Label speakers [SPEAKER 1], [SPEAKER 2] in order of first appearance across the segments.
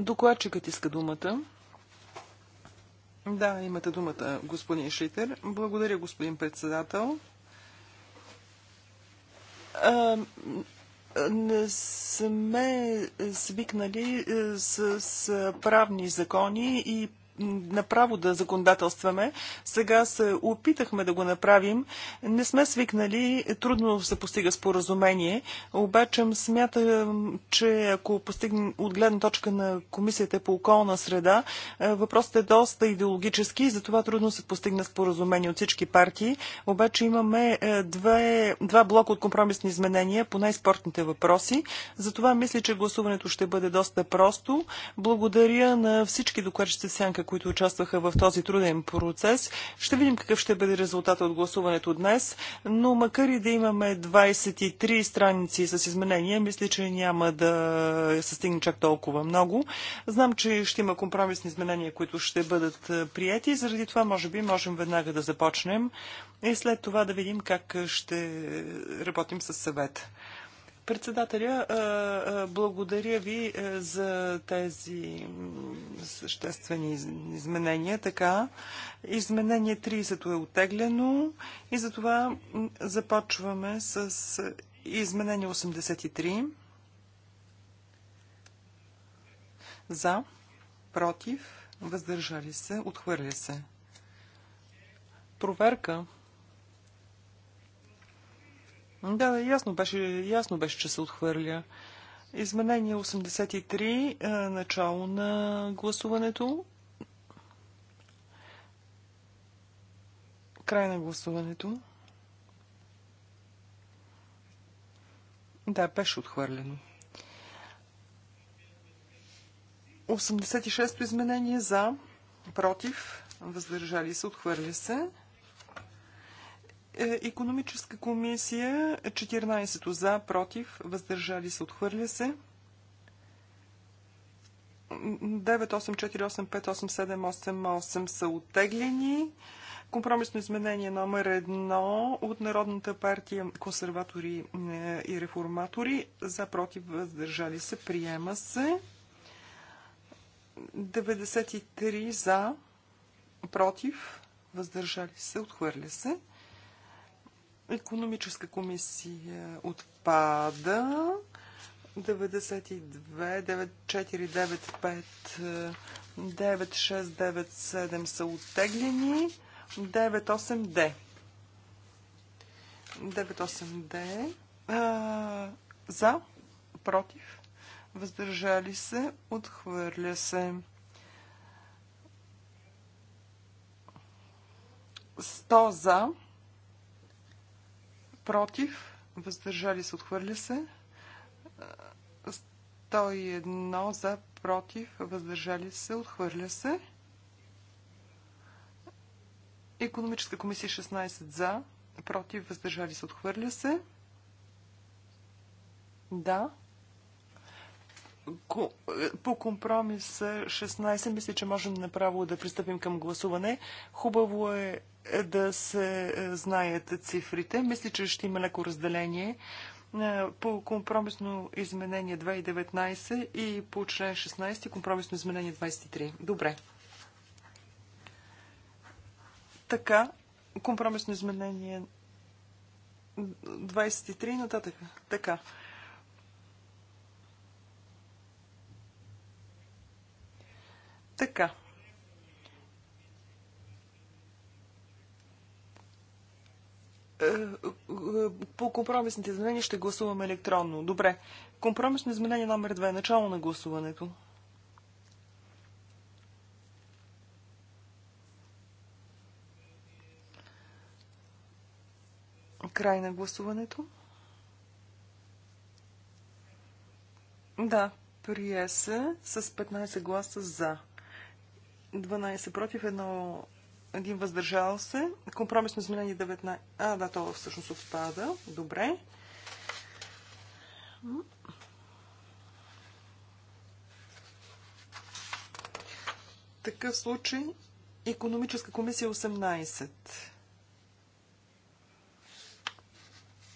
[SPEAKER 1] Докладчикът иска думата. Да, имате думата, господин Шитер. Благодаря, господин председател. А, не сме свикнали е, с, с правни закони и направо да законодателстваме. Сега се опитахме да го направим. Не сме свикнали, трудно се постига споразумение, обаче смятам, че ако постигне от гледна точка на Комисията по околна среда, е, въпросът е доста идеологически и затова трудно се постигна споразумение от всички партии. Обаче имаме е, две, два блока от компромисни изменения по най-спортните въпроси. Затова мисля, че гласуването ще бъде доста просто. Благодаря на всички докладчици Сянка, които участваха в този труден процес. Ще видим какъв ще бъде резултат от гласуването днес, но макар и да имаме 23 страници с изменения, мисля, че няма да се стигне чак толкова много. Знам, че ще има компромисни изменения, които ще бъдат прияти, заради това може би можем веднага да започнем и след това да видим как ще работим с съвета. Председателя, благодаря ви за тези съществени изменения. Така, изменение 30 е отеглено и затова започваме с изменение 83. За, против, въздържали се, отхвърля се. Проверка. Да, ясно беше, ясно беше, че се отхвърля. Изменение 83, е, начало на гласуването. Край на гласуването. Да, беше отхвърлено. 86-то изменение за, против, въздържали се, отхвърля се. Е, економическа комисия 14 за, против, въздържали се, отхвърля се. 9848587888 са оттеглени. Компромисно изменение номер едно от Народната партия консерватори е, и реформатори за против въздържали се приема се. 93 за против въздържали се отхвърля се. Економическа комисия отпада. 92, 9495, 9697 са оттеглени. 98D. 98D. за, против, въздържали се, отхвърля се. 100 за, против, въздържали се, отхвърля се. 101 за, против, въздържали се, отхвърля се. Економическа комисия 16 за, против, въздържали се, отхвърля се. Да по компромис 16 е, мисля, че можем направо да пристъпим към гласуване. Хубаво е, е да се е, знаят цифрите. Мисля, че ще има леко разделение по компромисно изменение 2019 и по член 16 компромисно изменение 23. Добре. Така, компромисно изменение 23 нататък. Така. Така. Е, е, по компромисните изменения ще гласуваме електронно. Добре. Компромисно изменение номер 2. Начало на гласуването. Край на гласуването. Да, прие се с 15 гласа за. 12 против, едно, един въздържал се. Компромисно изменение 19. А, да, то всъщност отпада. Добре. такъв случай економическа комисия 18.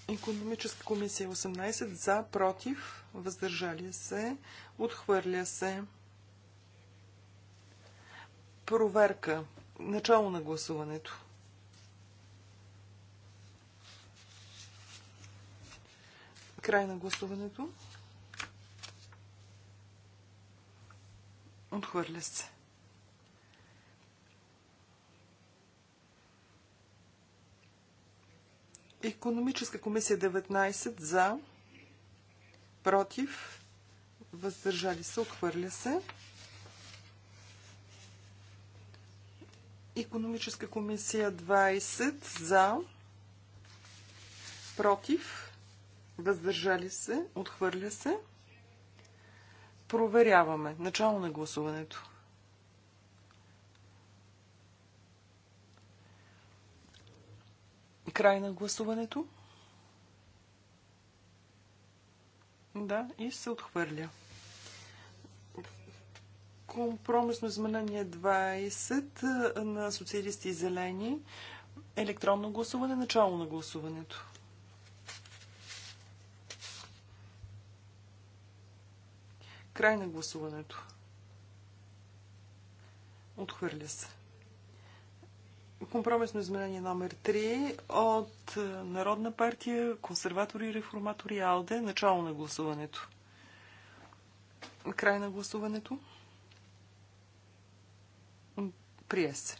[SPEAKER 1] Економическа комисия 18 за, против, въздържали се, отхвърля се. Проверка. Начало на гласуването. Край на гласуването. Отхвърля се. Економическа комисия 19 за, против, въздържали се, отхвърля се. Економическа комисия 20 за, против, въздържали се, отхвърля се. Проверяваме. Начало на гласуването. Край на гласуването. Да, и се отхвърля. Компромисно изменение 20 на социалисти и зелени. Електронно гласуване, начало на гласуването. Край на гласуването. Отхвърля се. Компромисно изменение номер 3 от Народна партия, консерватори и реформатори АЛДЕ. Начало на гласуването. Край на гласуването. Прие се.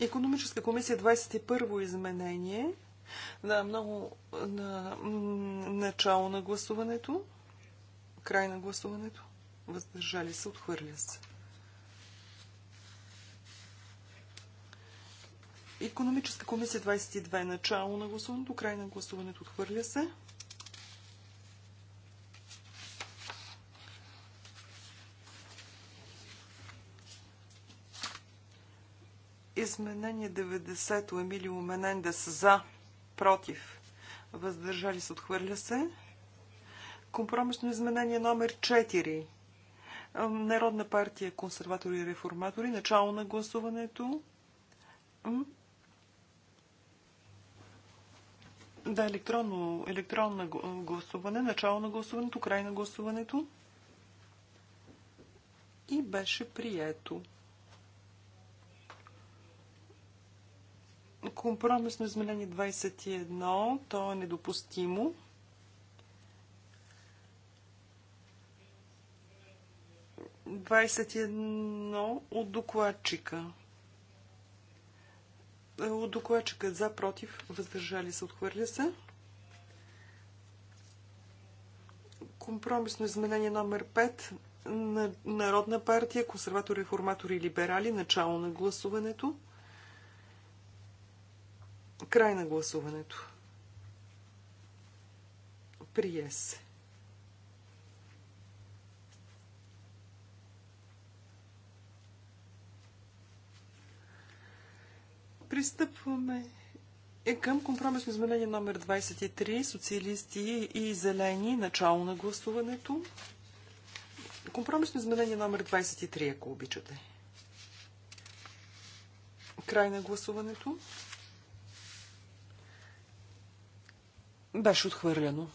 [SPEAKER 1] Економическа комисия 21 во изменение на много на, начало на гласуването, край на гласуването, въздържали се, отхвърля се. Економическа комисия 22. Начало на гласуването. Край на гласуването. Отхвърля се. Изменение 90-то Емилио Менендес за, против, въздържали се, отхвърля се. Компромисно изменение номер 4. Народна партия, консерватори и реформатори, начало на гласуването. Да, електронно, електронно гласуване, начало на гласуването, край на гласуването. И беше прието. Компромисно изменение 21, то е недопустимо. Двадесет едно от докладчика. Е, от докладчика за, против, въздържали се, отхвърля се. Компромисно изменение номер 5 на Народна партия, консерватори, реформатори и либерали, начало на гласуването. Край на гласуването. Прие се. Пристъпваме е към компромисно изменение номер 23, социалисти и зелени, начало на гласуването. Компромисно изменение номер 23, ако обичате. Край на гласуването. Беше отхвърлено.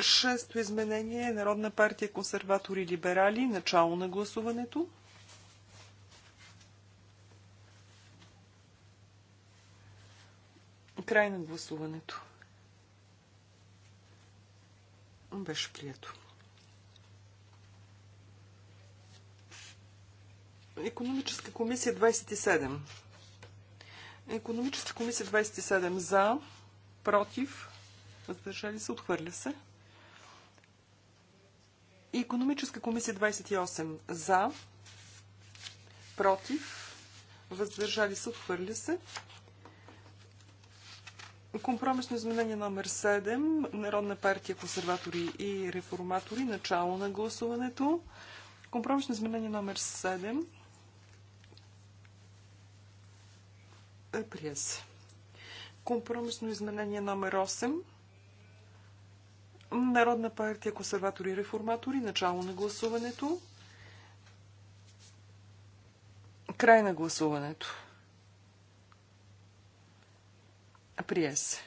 [SPEAKER 1] Шесто изменение е Народна партия консерватори и либерали. Начало на гласуването. Край на гласуването. Беше прието. Економическа комисия 27. Економическа комисия 27 за, против, въздържали се, отхвърля се. Економическа комисия 28 за, против, въздържали се, отхвърля се. Компромисно изменение номер 7. Народна партия, консерватори и реформатори. Начало на гласуването. Компромисно изменение номер 7. Е се. Компромисно изменение номер 8. Народна партия, консерватори и реформатори. Начало на гласуването. Край на гласуването. Прие се.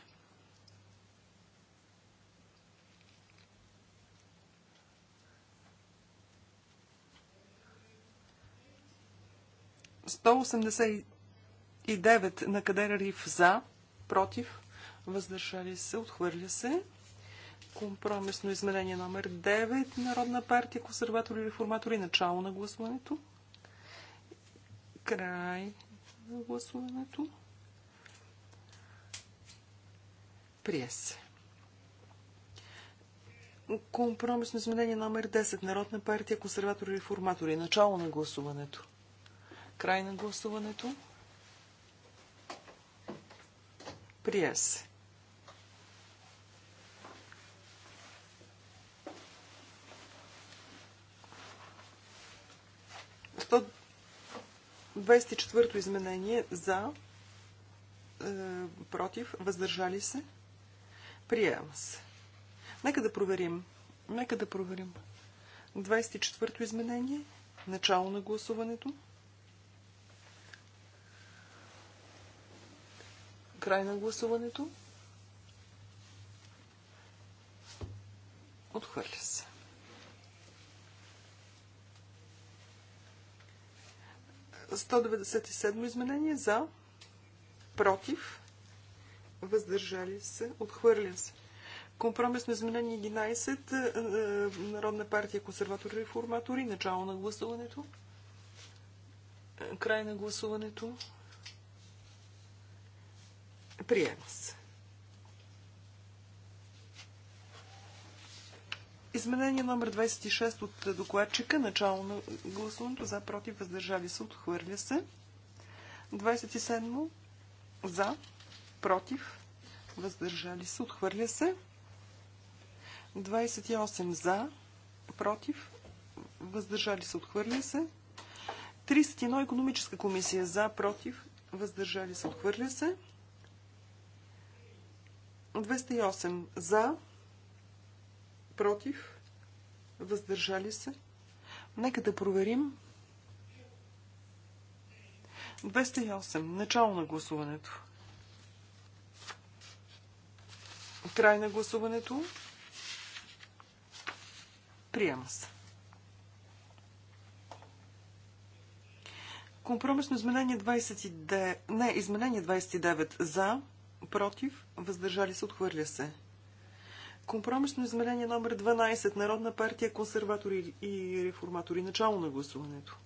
[SPEAKER 1] Сто и девет на Кадера Риф за, против, въздържали се, отхвърля се. Компромисно изменение номер 9. Народна партия, консерватори и реформатори. Начало на гласуването. Край на гласуването. Прие се. Компромисно изменение номер 10. Народна партия, консерватори и реформатори. Начало на гласуването. Край на гласуването. Прие се. Сто... 24-то изменение за, е, против, въздържали се. Приема се. Нека да проверим. Нека да проверим. 24-то изменение. Начало на гласуването. Край на гласуването. Отхвърля се. Сто изменение за против въздържали се, отхвърля се. Компромисно изменение 11, е, е, Народна партия консерватори и реформатори, начало на гласуването, е, край на гласуването, приема се. Изменение номер 26 от докладчика, начало на гласуването, за, против, въздържали се, отхвърля се. 27 за, против, въздържали се, отхвърля се. 28 за, против, въздържали се, отхвърля се. 31 економическа комисия за, против, въздържали се, отхвърля се. 208 за, против, въздържали се. Нека да проверим. 208. Начало на гласуването. Край на гласуването. Приема се. Компромисно изменение 29... Не, изменение 29 за, против, въздържали се, отхвърля се. Компромисно изменение номер 12. Народна партия, консерватори и реформатори. Начало на гласуването.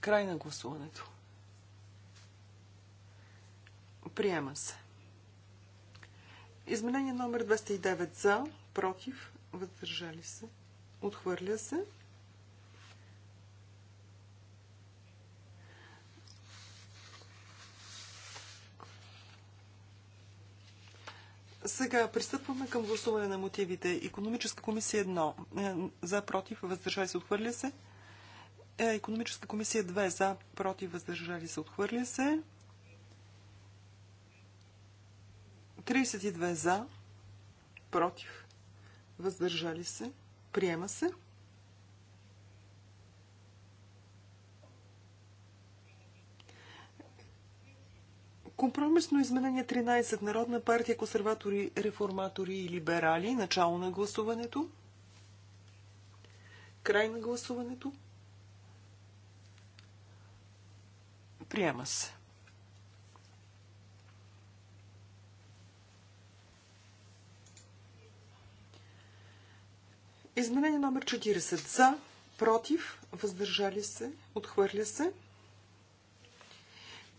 [SPEAKER 1] Край на гласуването. Приема се. Изменение номер 209 за, против, въздържали се, отхвърля се. Сега пристъпваме към гласуване на мотивите. Економическа комисия 1 е, за, против, въздържали се, отхвърля се. Економическа комисия 2 за, против, въздържали се, отхвърля се. 32 за, против, въздържали се, приема се. Компромисно изменение 13 Народна партия, консерватори, реформатори и либерали. Начало на гласуването. Край на гласуването. Приема се. Изменение номер 40. За, против, въздържали се, отхвърля се.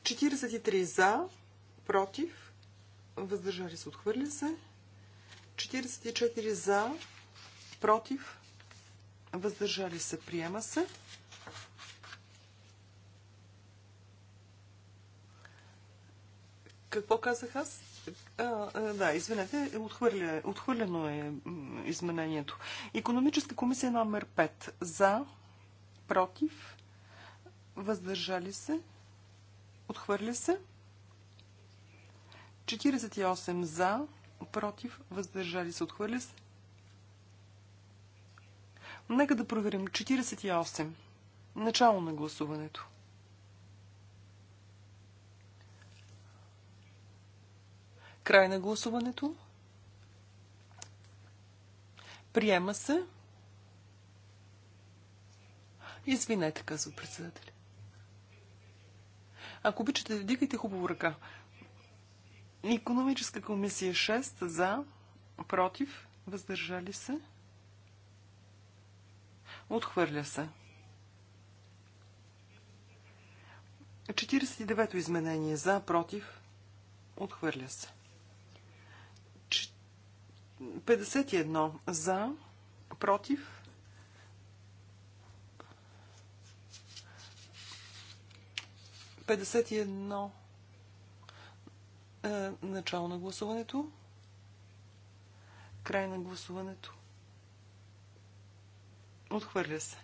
[SPEAKER 1] 43 за, против, въздържали се, отхвърля се. 44 за, против, въздържали се, приема се. Какво казах аз? А, да, извинете, е отхвърля, отхвърлено е изменението. Економическа комисия номер 5. За, против, въздържали се, отхвърля се. 48 за, против, въздържали се, отхвърля се. Нека да проверим. 48. Начало на гласуването. Край на гласуването. Приема се. Извинете, казва председателя. Ако обичате, дигайте хубаво ръка. Економическа комисия 6 за, против, въздържали се. Отхвърля се. 49-то изменение за, против, отхвърля се. 51 за, против. Петдесет и едно е, начало на гласуването, край на гласуването. Отхвърля се.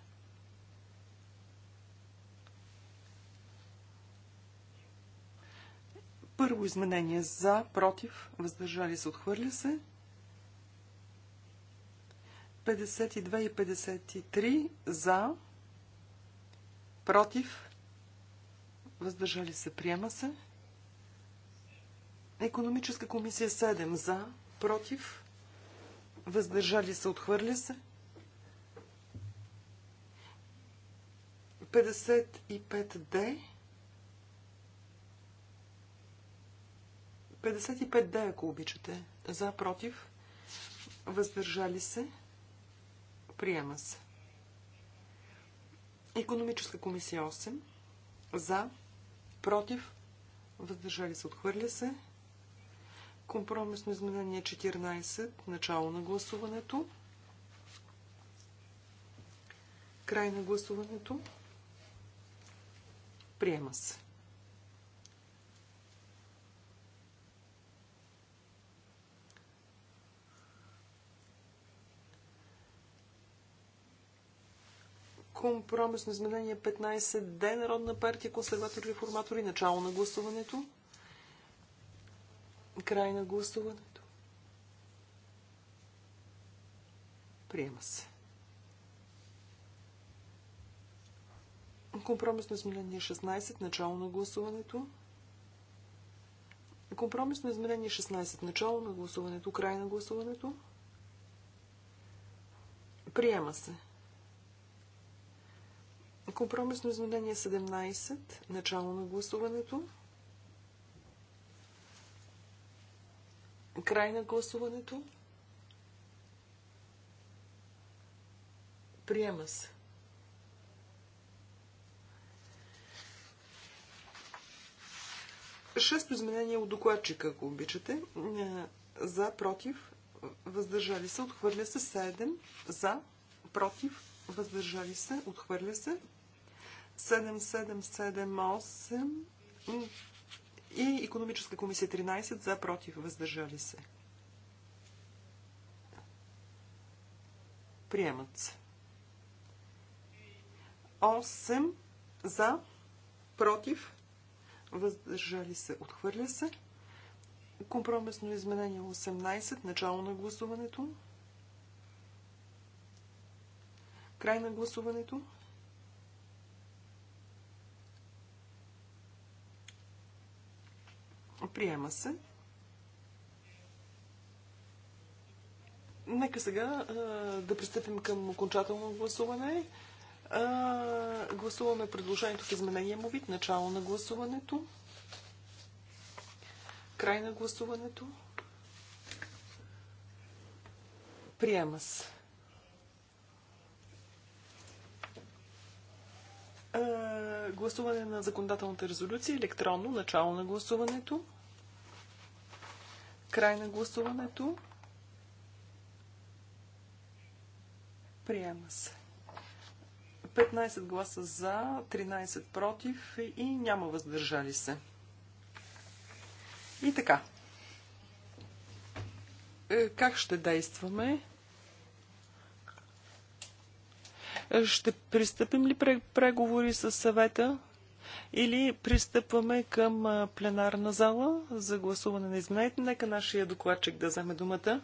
[SPEAKER 1] Първо изменение за, против, въздържали се, отхвърля се. 52 и 53 за, против, въздържали се, приема се. Економическа комисия 7 за, против, въздържали се, отхвърля се. 55D 55D, ако обичате. За, против, въздържали се. Приема се. Економическа комисия 8. За. Против. Въздържали се. Отхвърля се. Компромисно изменение 14. Начало на гласуването. Край на гласуването. Приема се. Компромисно изменение 15D, Народна партия, консерватори, реформатори, начало на гласуването. Край на гласуването. Приема се. Компромисно изменение 16, начало на гласуването. Компромисно изменение 16, начало на гласуването, край на гласуването. Приема се. Компромисно изменение 17. Начало на гласуването. Край на гласуването. Приема се. Шесто изменение от докладчика, ако обичате. Е, за, против, въздържали се, отхвърля се. 7. За, против, въздържали се, отхвърля се. 7778 и економическа комисия 13 за против въздържали се. Приемат се. 8 за против въздържали се. Отхвърля се. Компромисно изменение 18. Начало на гласуването. Край на гласуването. Приема се. Нека сега а, да пристъпим към окончателно гласуване. А, гласуваме предложението в изменение му вид. Начало на гласуването. Край на гласуването. Приема се. гласуване на законодателната резолюция, електронно, начало на гласуването, край на гласуването, приема се. 15 гласа за, 13 против и няма въздържали се. И така. Е, как ще действаме? Ще пристъпим ли преговори с съвета или пристъпваме към пленарна зала за гласуване на изменението? Нека нашия докладчик да вземе думата.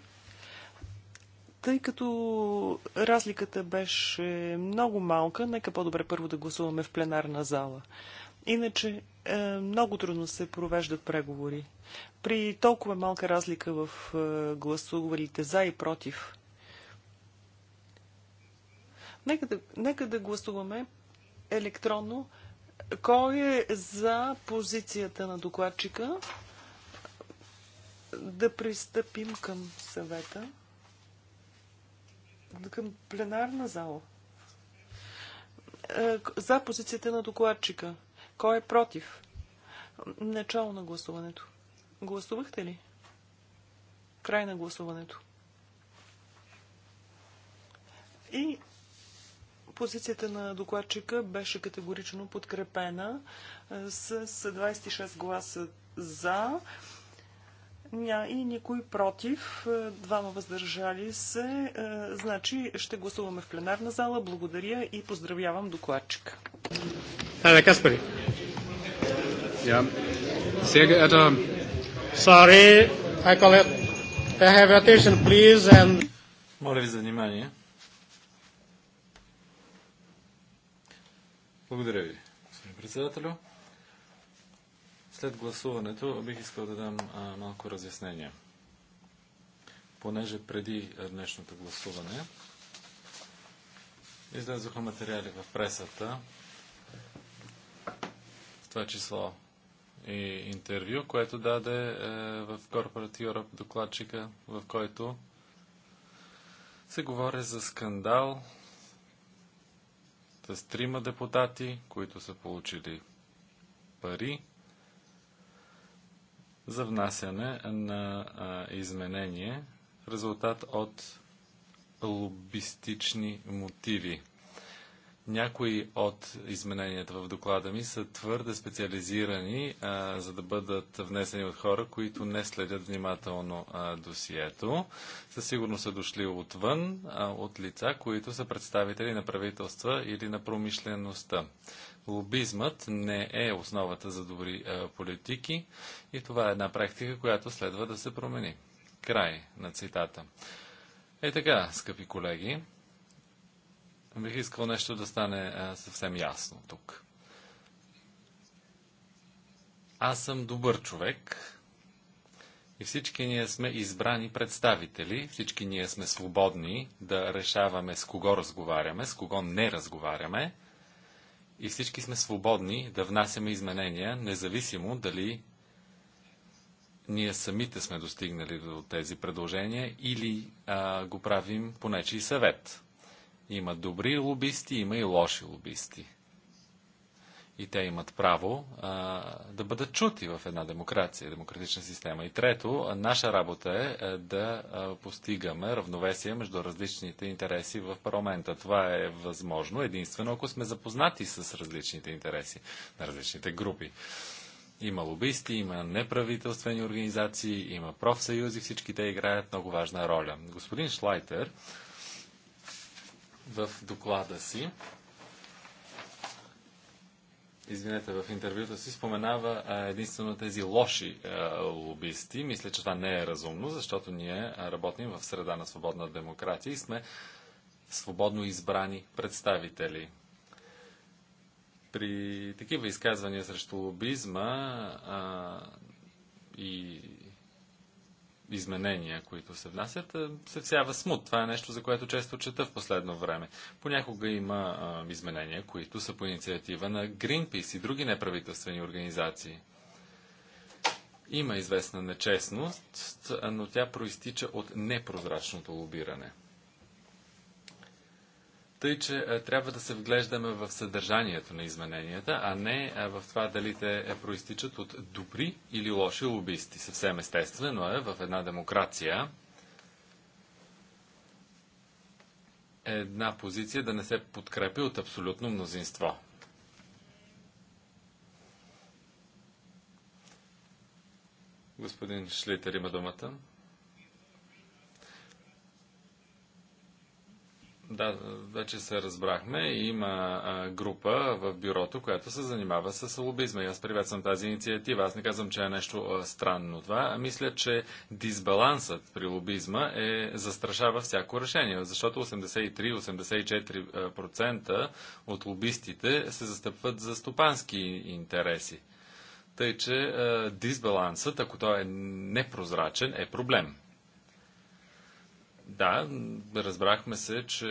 [SPEAKER 1] Тъй като разликата беше много малка, нека по-добре първо да гласуваме в пленарна зала. Иначе е, много трудно се провеждат преговори. При толкова малка разлика в е, гласувалите за и против. Нека да, нека да гласуваме електронно кой е за позицията на докладчика да пристъпим към съвета, към пленарна зала. Е, за позицията на докладчика. Кой е против? Начало на гласуването. Гласувахте ли? Край на гласуването. И Позицията на докладчика беше категорично подкрепена с 26 гласа за и никой против, двама въздържали се. Значи ще гласуваме в пленарна зала. Благодаря и поздравявам докладчика.
[SPEAKER 2] Herr Каспари. Ja, sehr geehrter. Sorry, I call it. I have attention, please, and...
[SPEAKER 3] Моля ви за внимание. Благодаря ви, господин председателю. След гласуването бих искал да дам а, малко разяснение. Понеже преди днешното гласуване излязоха материали в пресата, в това число и интервю, което даде е, в Corporate Europe докладчика, в който се говори за скандал с трима депутати, които са получили пари за внасяне на изменение в резултат от лобистични мотиви. Някои от измененията в доклада ми са твърде специализирани, а, за да бъдат внесени от хора, които не следят внимателно а, досието. Със сигурност са дошли отвън, а, от лица, които са представители на правителства или на промишлеността. Лобизмът не е основата за добри а, политики и това е една практика, която следва да се промени. Край на цитата. Е така, скъпи колеги, бих искал нещо да стане съвсем ясно тук. Аз съм добър човек и всички ние сме избрани представители, всички ние сме свободни да решаваме с кого разговаряме, с кого не разговаряме и всички сме свободни да внасяме изменения, независимо дали ние самите сме достигнали до тези предложения или а, го правим по нечи съвет. Има добри лобисти, има и лоши лобисти. И те имат право а, да бъдат чути в една демокрация, демократична система. И трето, наша работа е, е да постигаме равновесие между различните интереси в парламента. Това е възможно единствено, ако сме запознати с различните интереси на различните групи. Има лобисти, има неправителствени организации, има профсъюзи, всички те играят много важна роля. Господин Шлайтер в доклада си, извинете, в интервюта си споменава единствено тези лоши лобисти. Мисля, че това не е разумно, защото ние работим в среда на свободна демокрация и сме свободно избрани представители. При такива изказвания срещу лобизма а, и изменения, които се внасят, се всява смут. Това е нещо, за което често чета в последно време. Понякога има а, изменения, които са по инициатива на Greenpeace и други неправителствени организации. Има известна нечестност, но тя проистича от непрозрачното лобиране. Тъй, че е, трябва да се вглеждаме в съдържанието на измененията, а не е, в това дали те е, проистичат от добри или лоши лобисти. Съвсем естествено е в една демокрация една позиция да не се подкрепи от абсолютно мнозинство. Господин Шлитер има думата. Да, вече се разбрахме. Има група в бюрото, която се занимава с лобизма. И аз приветствам тази инициатива. Аз не казвам, че е нещо странно това. мисля, че дисбалансът при лобизма е, застрашава всяко решение, защото 83-84% от лобистите се застъпват за стопански интереси. Тъй, че дисбалансът, ако той е непрозрачен, е проблем. Да, разбрахме се, че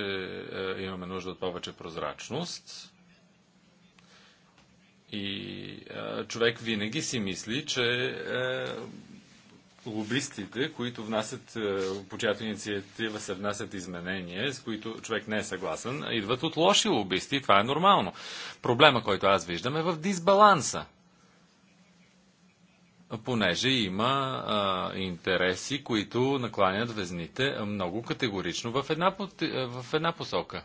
[SPEAKER 3] е, имаме нужда от повече прозрачност. И е, човек винаги си мисли, че е, лобистите, които внасят, по чиято инициатива се внасят изменения, с които човек не е съгласен, идват от лоши лобисти това е нормално. Проблема, който аз виждам е в дисбаланса понеже има а, интереси, които накланят везните много категорично в една, в една посока.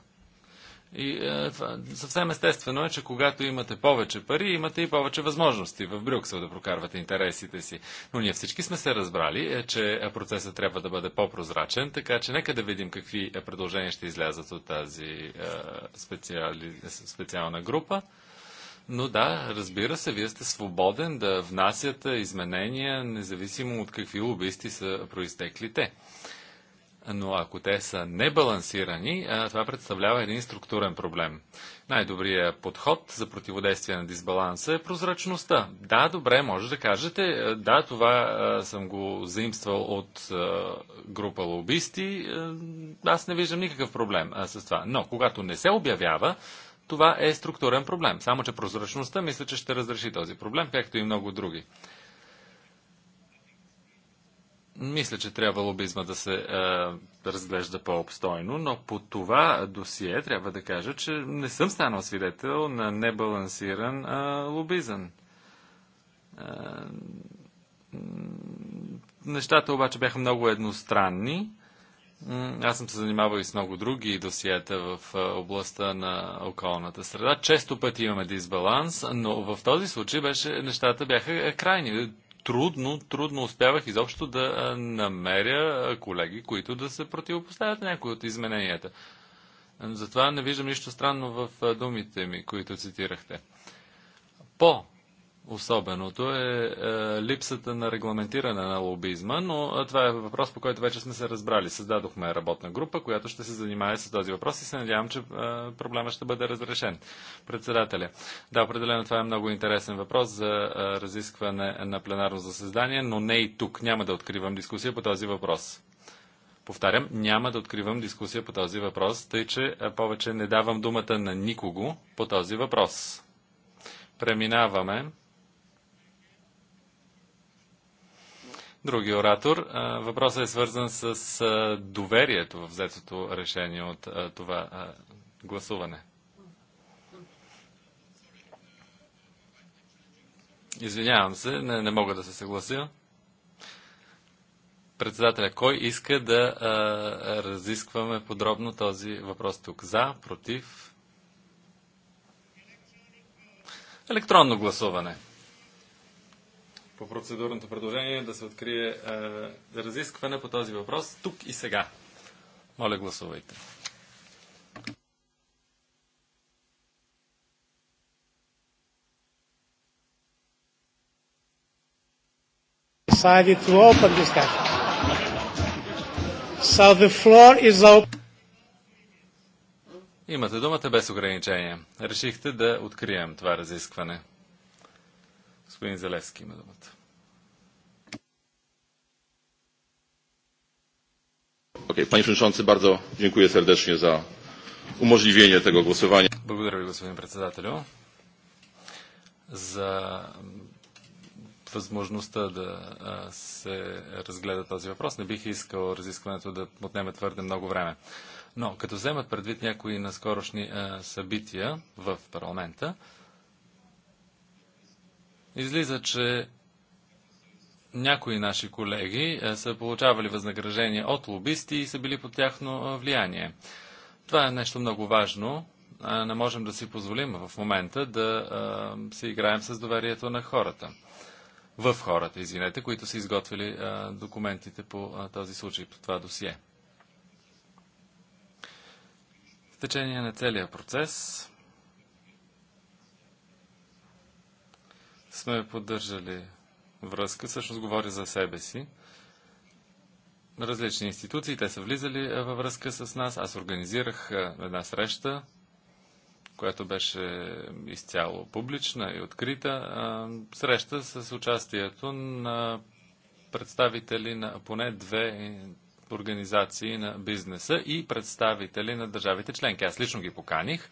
[SPEAKER 3] И а, съвсем естествено е, че когато имате повече пари, имате и повече възможности в Брюксел да прокарвате интересите си. Но ние всички сме се разбрали, е, че процесът трябва да бъде по-прозрачен, така че нека да видим какви е, предложения ще излязат от тази а, е, специали, специална група. Но да, разбира се, вие сте свободен да внасяте изменения, независимо от какви лобисти са произтекли те. Но ако те са небалансирани, това представлява един структурен проблем. Най-добрият подход за противодействие на дисбаланса е прозрачността. Да, добре, може да кажете, да, това съм го заимствал от група лобисти, аз не виждам никакъв проблем с това. Но когато не се обявява, това е структурен проблем. Само, че прозрачността мисля, че ще разреши този проблем, както и много други. Мисля, че трябва лобизма да се е, разглежда по-обстойно, но по това досие трябва да кажа, че не съм станал свидетел на небалансиран е, лобизъм. Е, нещата обаче бяха много едностранни аз съм се занимавал и с много други досиета в областта на околната среда. Често пъти имаме дисбаланс, но в този случай беше, нещата бяха крайни. Трудно, трудно успявах изобщо да намеря колеги, които да се противопоставят някои от измененията. Затова не виждам нищо странно в думите ми, които цитирахте. По Особеното е, е липсата на регламентиране на лобизма, но е, това е въпрос, по който вече сме се разбрали. Създадохме работна група, която ще се занимае с този въпрос и се надявам, че е, проблема ще бъде разрешен. Председателя. Да, определено това е много интересен въпрос за е, разискване на пленарно заседание, но не и тук. Няма да откривам дискусия по този въпрос. Повтарям, няма да откривам дискусия по този въпрос, тъй че е, повече не давам думата на никого по този въпрос. Преминаваме Други оратор. Въпросът е свързан с доверието в взетото решение от това гласуване. Извинявам се, не, не мога да се съглася. Председателя, кой иска да а, разискваме подробно този въпрос тук? За, против? Електронно гласуване по процедурното предложение да се открие е, разискване по този въпрос тук и сега. Моля, гласувайте. Имате думата без ограничения. Решихте да открием това разискване. Господин Зелевски има думата.
[SPEAKER 4] Okay. Panie Przewodniczący, bardzo dziękuję serdecznie za umożliwienie tego głosowania.
[SPEAKER 3] Dziękuję Panie Przewodniczący za за възможността да се разгледа този въпрос. Не бих искал разискването да отнеме твърде много време. Но като вземат предвид някои наскорошни а, събития в парламента, Излиза, че някои наши колеги е, са получавали възнаграждение от лобисти и са били под тяхно е, влияние. Това е нещо много важно. Е, не можем да си позволим в момента да се играем с доверието на хората. В хората, извинете, които са изготвили документите по този случай, по това досие. В течение на целия процес сме поддържали връзка, всъщност говоря за себе си. Различни институции, те са влизали е, във връзка с нас. Аз организирах е, една среща, която беше изцяло публична и открита. Е, среща с участието на представители на поне две организации на бизнеса и представители на държавите членки. Аз лично ги поканих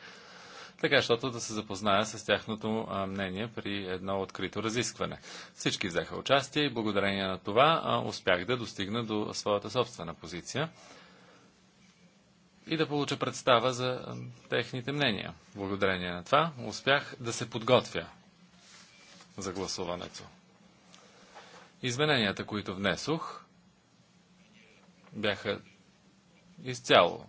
[SPEAKER 3] така защото да се запозная с тяхното мнение при едно открито разискване. Всички взеха участие и благодарение на това успях да достигна до своята собствена позиция и да получа представа за техните мнения. Благодарение на това успях да се подготвя за гласуването. Измененията, които внесох, бяха изцяло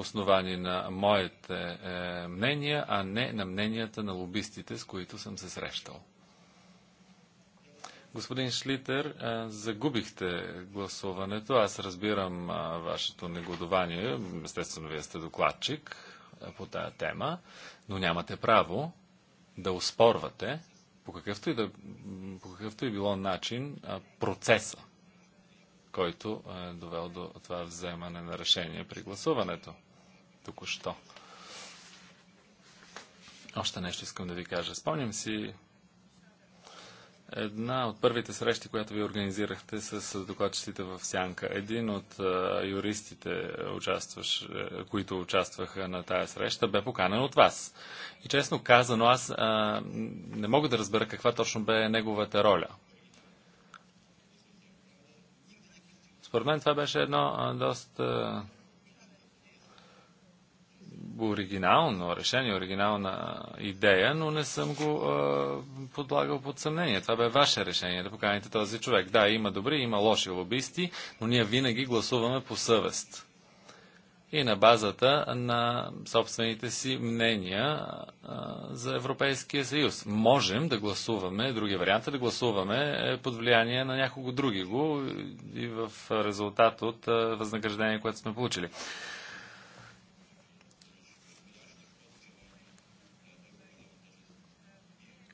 [SPEAKER 3] основани на моите е, мнения, а не на мненията на лобистите, с които съм се срещал. Господин Шлитер, е, загубихте гласуването. Аз разбирам е, вашето негодование. Естествено, вие сте докладчик е, по тая тема, но нямате право да успорвате по какъвто и, да, по какъвто и било начин е, процеса който е довел до това вземане на решение при гласуването току-що. Още нещо искам да ви кажа. Спомням си една от първите срещи, която ви организирахте с докладчиците в Сянка. Един от а, юристите, участваш, които участваха на тая среща, бе поканен от вас. И честно казано, аз а, не мога да разбера каква точно бе неговата роля. Според мен това беше едно а, доста оригинално решение, оригинална идея, но не съм го а, подлагал под съмнение. Това бе ваше решение да поканите този човек. Да, има добри, има лоши лобисти, но ние винаги гласуваме по съвест. И на базата на собствените си мнения а, за Европейския съюз. Можем да гласуваме, други варианти да гласуваме е, под влияние на някого други го и в резултат от възнаграждение, което сме получили.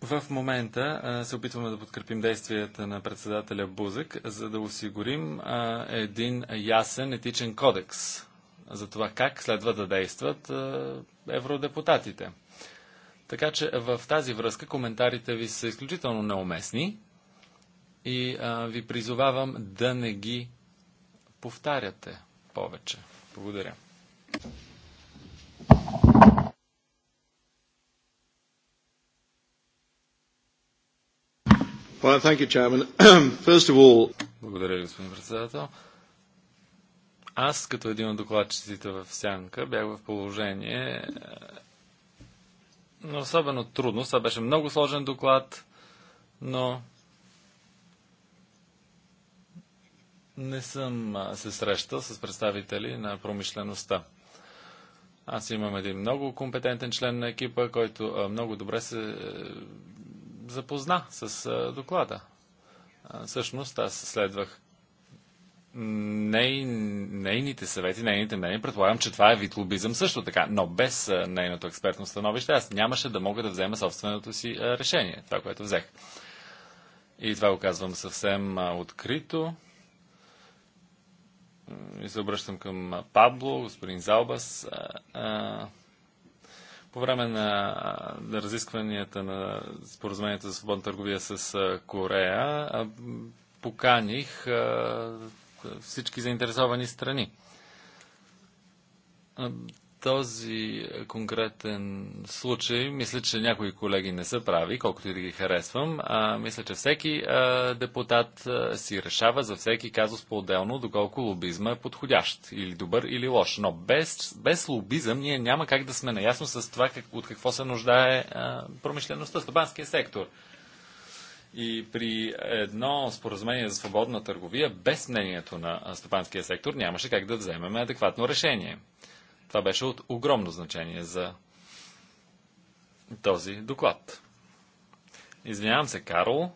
[SPEAKER 3] В момента се опитваме да подкрепим действията на председателя Бузък, за да осигурим един ясен етичен кодекс за това как следва да действат евродепутатите. Така че в тази връзка коментарите ви са изключително неуместни и ви призовавам да не ги повтаряте повече. Благодаря.
[SPEAKER 4] Благодаря,
[SPEAKER 3] господин председател. Аз, като един от докладчиците в Сянка, бях в положение е, на особено трудно. Това беше много сложен доклад, но не съм се срещал с представители на промишлеността. Аз имам един много компетентен член на екипа, който много добре се е, запозна с доклада. Всъщност аз следвах ней, нейните съвети, нейните мнения. Предполагам, че това е вид лобизъм също така. Но без нейното експертно становище аз нямаше да мога да взема собственото си решение. Това, което взех. И това го казвам съвсем открито. И се обръщам към Пабло, господин Залбас. По време на, разискванията на споразумението за свободна търговия с Корея поканих всички заинтересовани страни този е, конкретен случай, мисля, че някои колеги не са прави, колкото и да ги харесвам. А, мисля, че всеки а, е, депутат а, е, си решава за всеки казус по-отделно, доколко лобизма е подходящ или добър или лош. Но без, без лобизъм ние няма как да сме наясно с това как, от какво се нуждае а, промишлеността, стопанския сектор. И при едно споразумение за свободна търговия, без мнението на стопанския сектор, нямаше как да вземем адекватно решение. Това беше от огромно значение за този доклад. Извинявам се, Карл.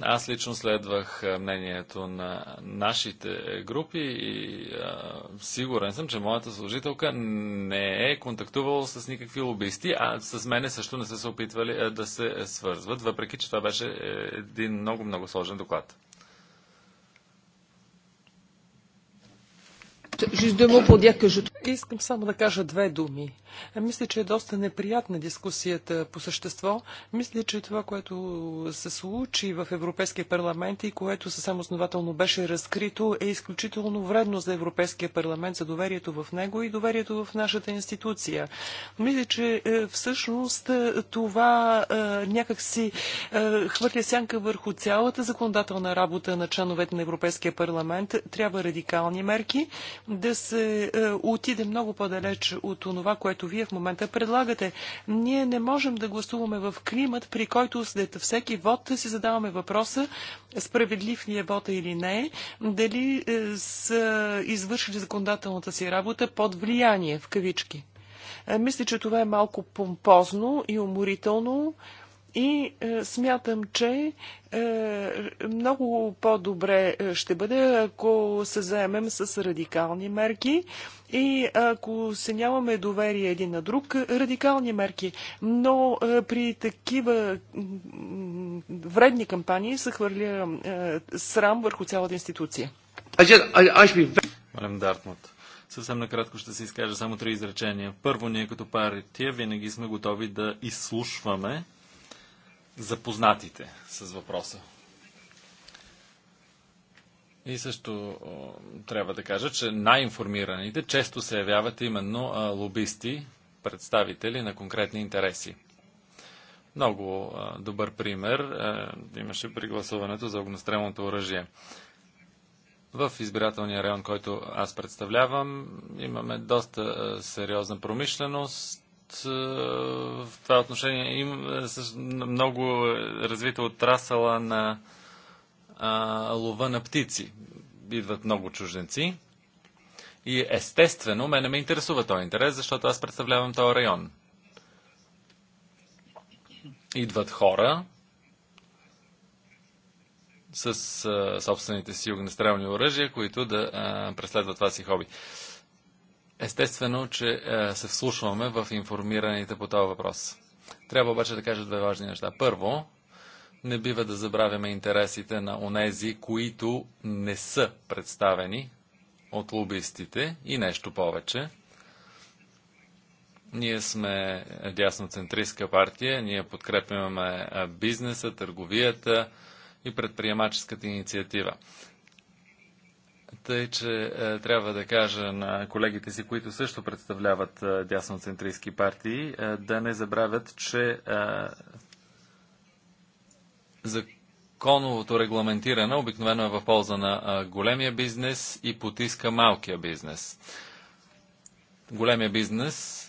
[SPEAKER 3] Аз лично следвах мнението на нашите групи и а, сигурен съм, че моята служителка не е контактувала с никакви лобисти, а с мене също не са се опитвали а, да се свързват, въпреки че това беше е, един много-много сложен доклад.
[SPEAKER 1] Искам само да кажа две думи. Мисля, че е доста неприятна дискусията по същество. Мисля, че това, което се случи в Европейския парламент и което съвсем основателно беше разкрито, е изключително вредно за Европейския парламент, за доверието в него и доверието в нашата институция. Мисля, че е, всъщност е, това е, някакси хвърля сянка върху цялата законодателна работа на членовете на Европейския парламент. Трябва радикални мерки да се е, отиде много по-далеч от това, което вие в момента предлагате. Ние не можем да гласуваме в климат, при който след всеки вод си задаваме въпроса справедлив ли е вода или не, дали е, са извършили законодателната си работа под влияние, в кавички. Е, мисля, че това е малко помпозно и уморително. И е, смятам, че е, много по-добре е, ще бъде, ако се заемем с радикални мерки и ако се нямаме доверие един на друг, радикални мерки. Но е, при такива вредни кампании се хвърля е, срам върху цялата институция.
[SPEAKER 3] Малем Дартмут. Съвсем накратко ще се изкажа само три изречения. Първо, ние като партия винаги сме готови да изслушваме запознатите с въпроса. И също трябва да кажа, че най-информираните често се явяват именно лобисти, представители на конкретни интереси. Много добър пример имаше при гласуването за огнестрелното оръжие. В избирателния район, който аз представлявам, имаме доста сериозна промишленост, е, в това отношение им е, много развита отрасъла на лова на птици. Идват много чужденци. И естествено, мене ме интересува този интерес, защото аз представлявам този район. Идват хора с е, собствените си огнестрелни оръжия, които да преследват това си хоби. Естествено, че е, се вслушваме в информираните по този въпрос. Трябва обаче да кажа две важни неща. Първо, не бива да забравяме интересите на онези, които не са представени от лобистите и нещо повече. Ние сме дясноцентристска партия, ние подкрепяме бизнеса, търговията и предприемаческата инициатива. Тъй, че е, трябва да кажа на колегите си, които също представляват дясно е, дясноцентристски партии, е, да не забравят, че законовото регламентиране обикновено е в полза на големия бизнес и потиска малкия бизнес. Големия бизнес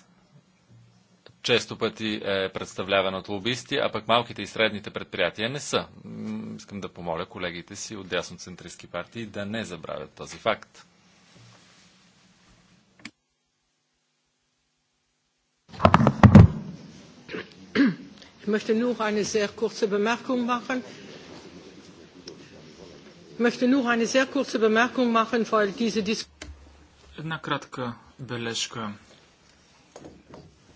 [SPEAKER 3] често пъти е представляван от лобисти, а пък малките и средните предприятия не са. Искам да помоля колегите си от дясноцентристски партии да не забравят този факт.
[SPEAKER 2] Ich möchte nur eine sehr kurze Bemerkung machen. Ich möchte nur eine sehr kurze Bemerkung machen, weil diese Diskussion.
[SPEAKER 5] Една кратка бележка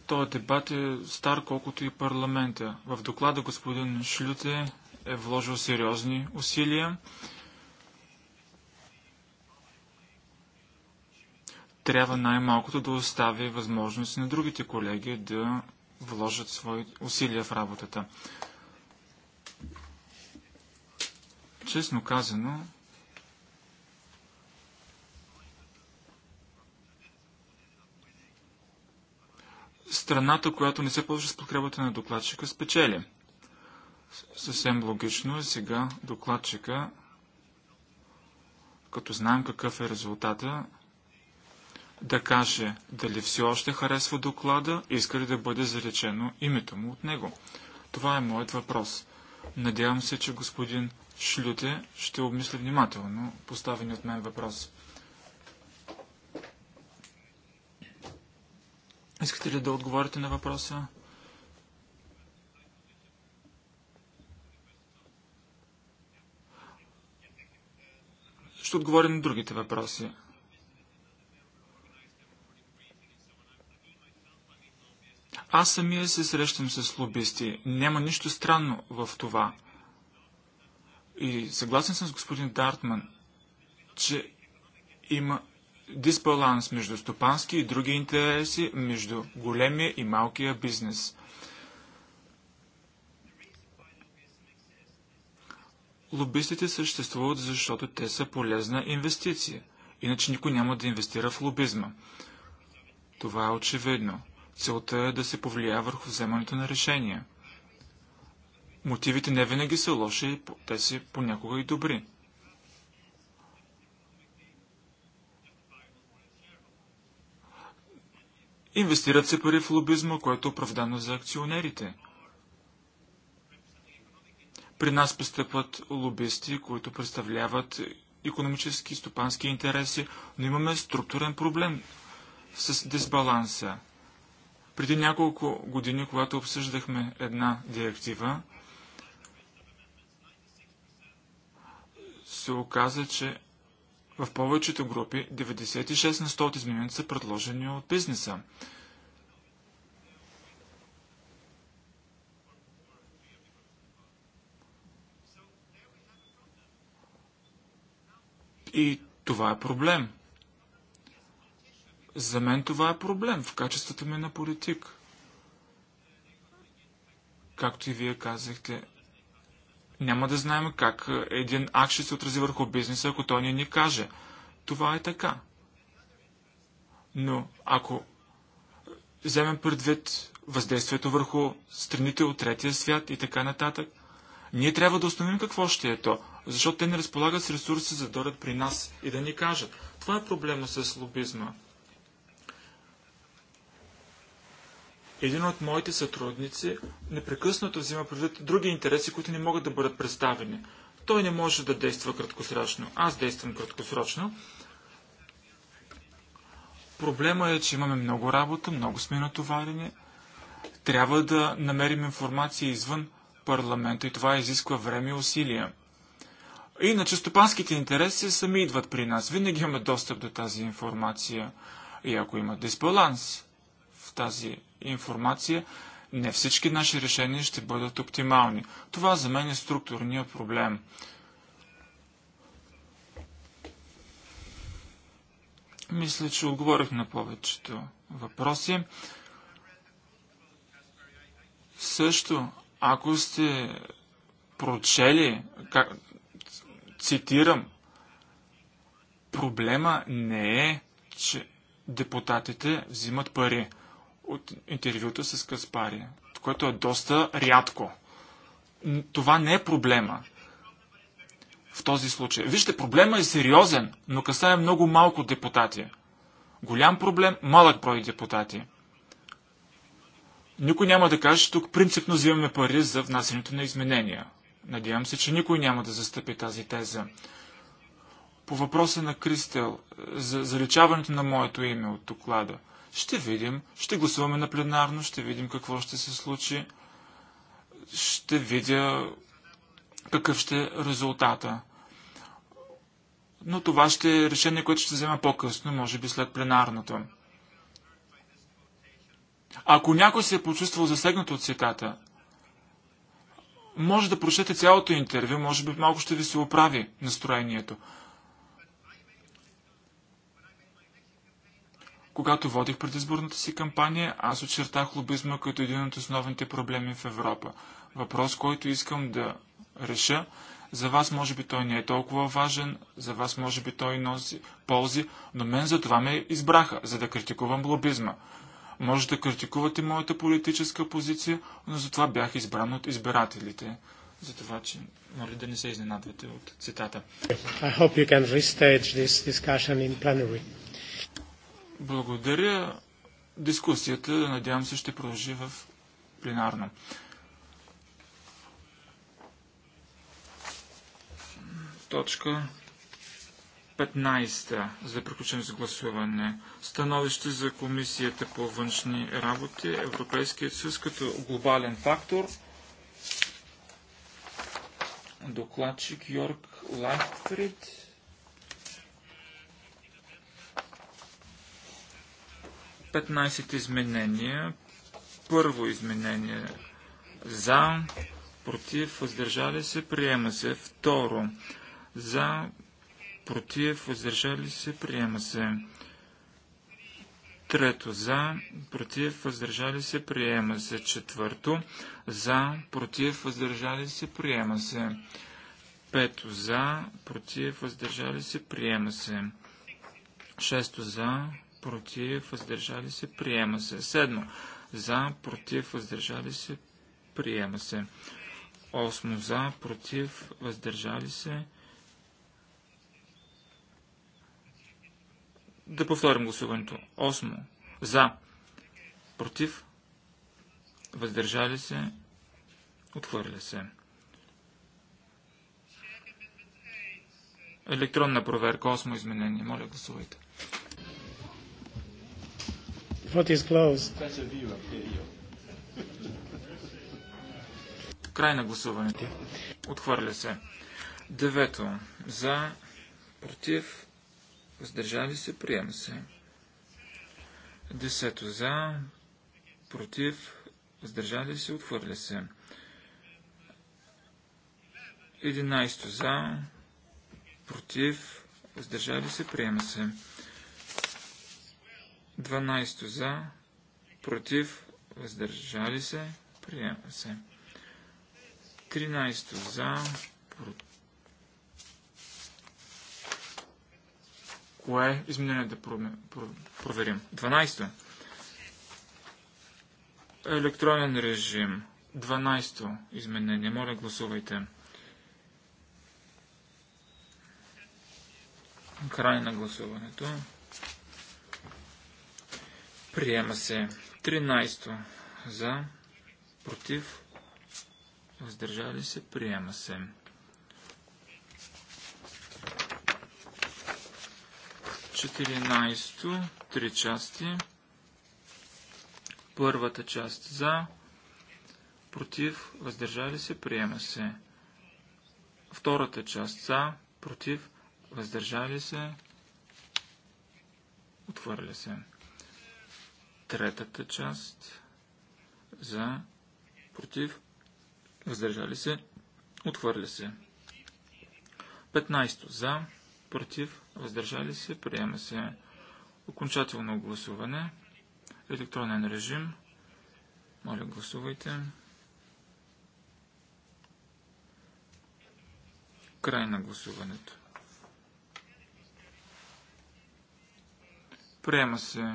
[SPEAKER 5] той дебат е стар колкото и парламента. В доклада господин Шлюте е вложил сериозни усилия. Трябва най-малкото да остави възможност на другите колеги да вложат свои усилия в работата. Честно казано, страната, която не се ползва с подкрепата на докладчика, спечели. Съвсем логично е сега докладчика, като знаем какъв е резултата, да каже дали все още харесва доклада и иска ли да бъде заречено името му от него. Това е моят въпрос. Надявам се, че господин Шлюте ще обмисли внимателно поставени от мен въпрос. Искате ли да отговорите на въпроса? Ще отговоря на другите въпроси. Аз самия се срещам с лобисти. Няма нищо странно в това. И съгласен съм с господин Дартман, че има дисбаланс между стопански и други интереси, между големия и малкия бизнес. Лобистите съществуват, защото те са полезна инвестиция. Иначе никой няма да инвестира в лобизма. Това е очевидно. Целта е да се повлия върху вземането на решения. Мотивите не винаги са лоши, те са понякога и добри. Инвестират се пари в лобизма, което е оправдано за акционерите. При нас пристъпват лобисти, които представляват економически и стопански интереси, но имаме структурен проблем с дисбаланса. Преди няколко години, когато обсъждахме една директива, се оказа, че в повечето групи 96 на 100 от измененията са предложени от бизнеса. И това е проблем. За мен това е проблем в качеството ми на политик. Както и вие казахте, няма да знаем как е, един акт ще се отрази върху бизнеса, ако той не ни каже. Това е така. Но ако вземем предвид въздействието върху страните от третия свят и така нататък, ние трябва да установим какво ще е то, защото те не разполагат с ресурси за да дойдат при нас и да ни кажат. Това е проблема с лобизма. Един от моите сътрудници непрекъснато взима предвид други интереси, които не могат да бъдат представени. Той не може да действа краткосрочно. Аз действам краткосрочно. Проблема е, че имаме много работа, много сме натоварени. Трябва да намерим информация извън парламента и това изисква време и усилия. Иначе стопанските интереси сами идват при нас. Винаги имаме достъп до тази информация. И ако има дисбаланс, тази информация, не всички наши решения ще бъдат оптимални. Това за мен е структурния проблем. Мисля, че отговорих на повечето въпроси. Също, ако сте прочели, как, цитирам, проблема не е, че депутатите взимат пари от интервюто с Каспари, което е доста рядко. Това не е проблема в този случай. Вижте, проблема е сериозен, но касае много малко депутати. Голям проблем, малък брой депутати. Никой няма да каже, че тук принципно взимаме пари за внасянето на изменения. Надявам се, че никой няма да застъпи тази теза. По въпроса на Кристел, за заличаването на моето име от доклада – ще видим, ще гласуваме на пленарно, ще видим какво ще се случи. Ще видя какъв ще е резултата. Но това ще е решение, което ще взема по-късно, може би след пленарното. Ако някой се е почувствал засегнат от цитата, може да прочете цялото интервю, може би малко ще ви се оправи настроението. Когато водих предизборната си кампания, аз очертах лобизма като един от основните проблеми в Европа. Въпрос, който искам да реша. За вас може би той не е толкова важен, за вас може би той носи ползи, но мен за това ме избраха, за да критикувам лобизма. Може да критикувате моята политическа позиция, но за това бях избран от избирателите. За това, че моля да не се изненадвате от цитата.
[SPEAKER 2] I hope you can restage this discussion in plenary.
[SPEAKER 5] Благодаря. Дискусията, надявам се, ще продължи в пленарно. Точка 15, за да приключим с гласуване. Становище за Комисията по външни работи, Европейският съюз като глобален фактор. Докладчик Йорк Лайфрид. 15 изменения. Първо изменение за, против, въздържали се, приема се. Второ за, против, въздържали се, приема се. Трето за, против, въздържали се, приема се. Четвърто за, против, въздържали се, приема се. Пето за, против, въздържали се, приема се. Шесто за, против, въздържали се, приема се. Седмо, за, против, въздържали се, приема се. Осмо, за, против, въздържали се. Да повторим гласуването. Осмо, за, против, въздържали се, отхвърля се. Електронна проверка, осмо изменение. Моля, гласувайте.
[SPEAKER 2] Vote is
[SPEAKER 5] Край на гласуването. Отхвърля се. Девето. За, против, въздържали се, приема се. Десето. За, против, въздържали се, отхвърля се. Единайсто. За, против, въздържали се, приема се. 12 за, против, въздържали се, приема се. 13 за, Кое е изменение да проверим? 12. Електронен режим. 12 изменение. Моля, гласувайте. Край на гласуването. Приема се. 13 за, против, въздържали се, приема се. Четиринайсто, три части. Първата част за, против, въздържали се, приема се. Втората част за, против, въздържали се, отвърля се. Третата част за, против, въздържали се, отхвърля се. 15. За, против, въздържали се, приема се. Окончателно гласуване. Електронен режим. Моля, гласувайте. Край на гласуването. Приема се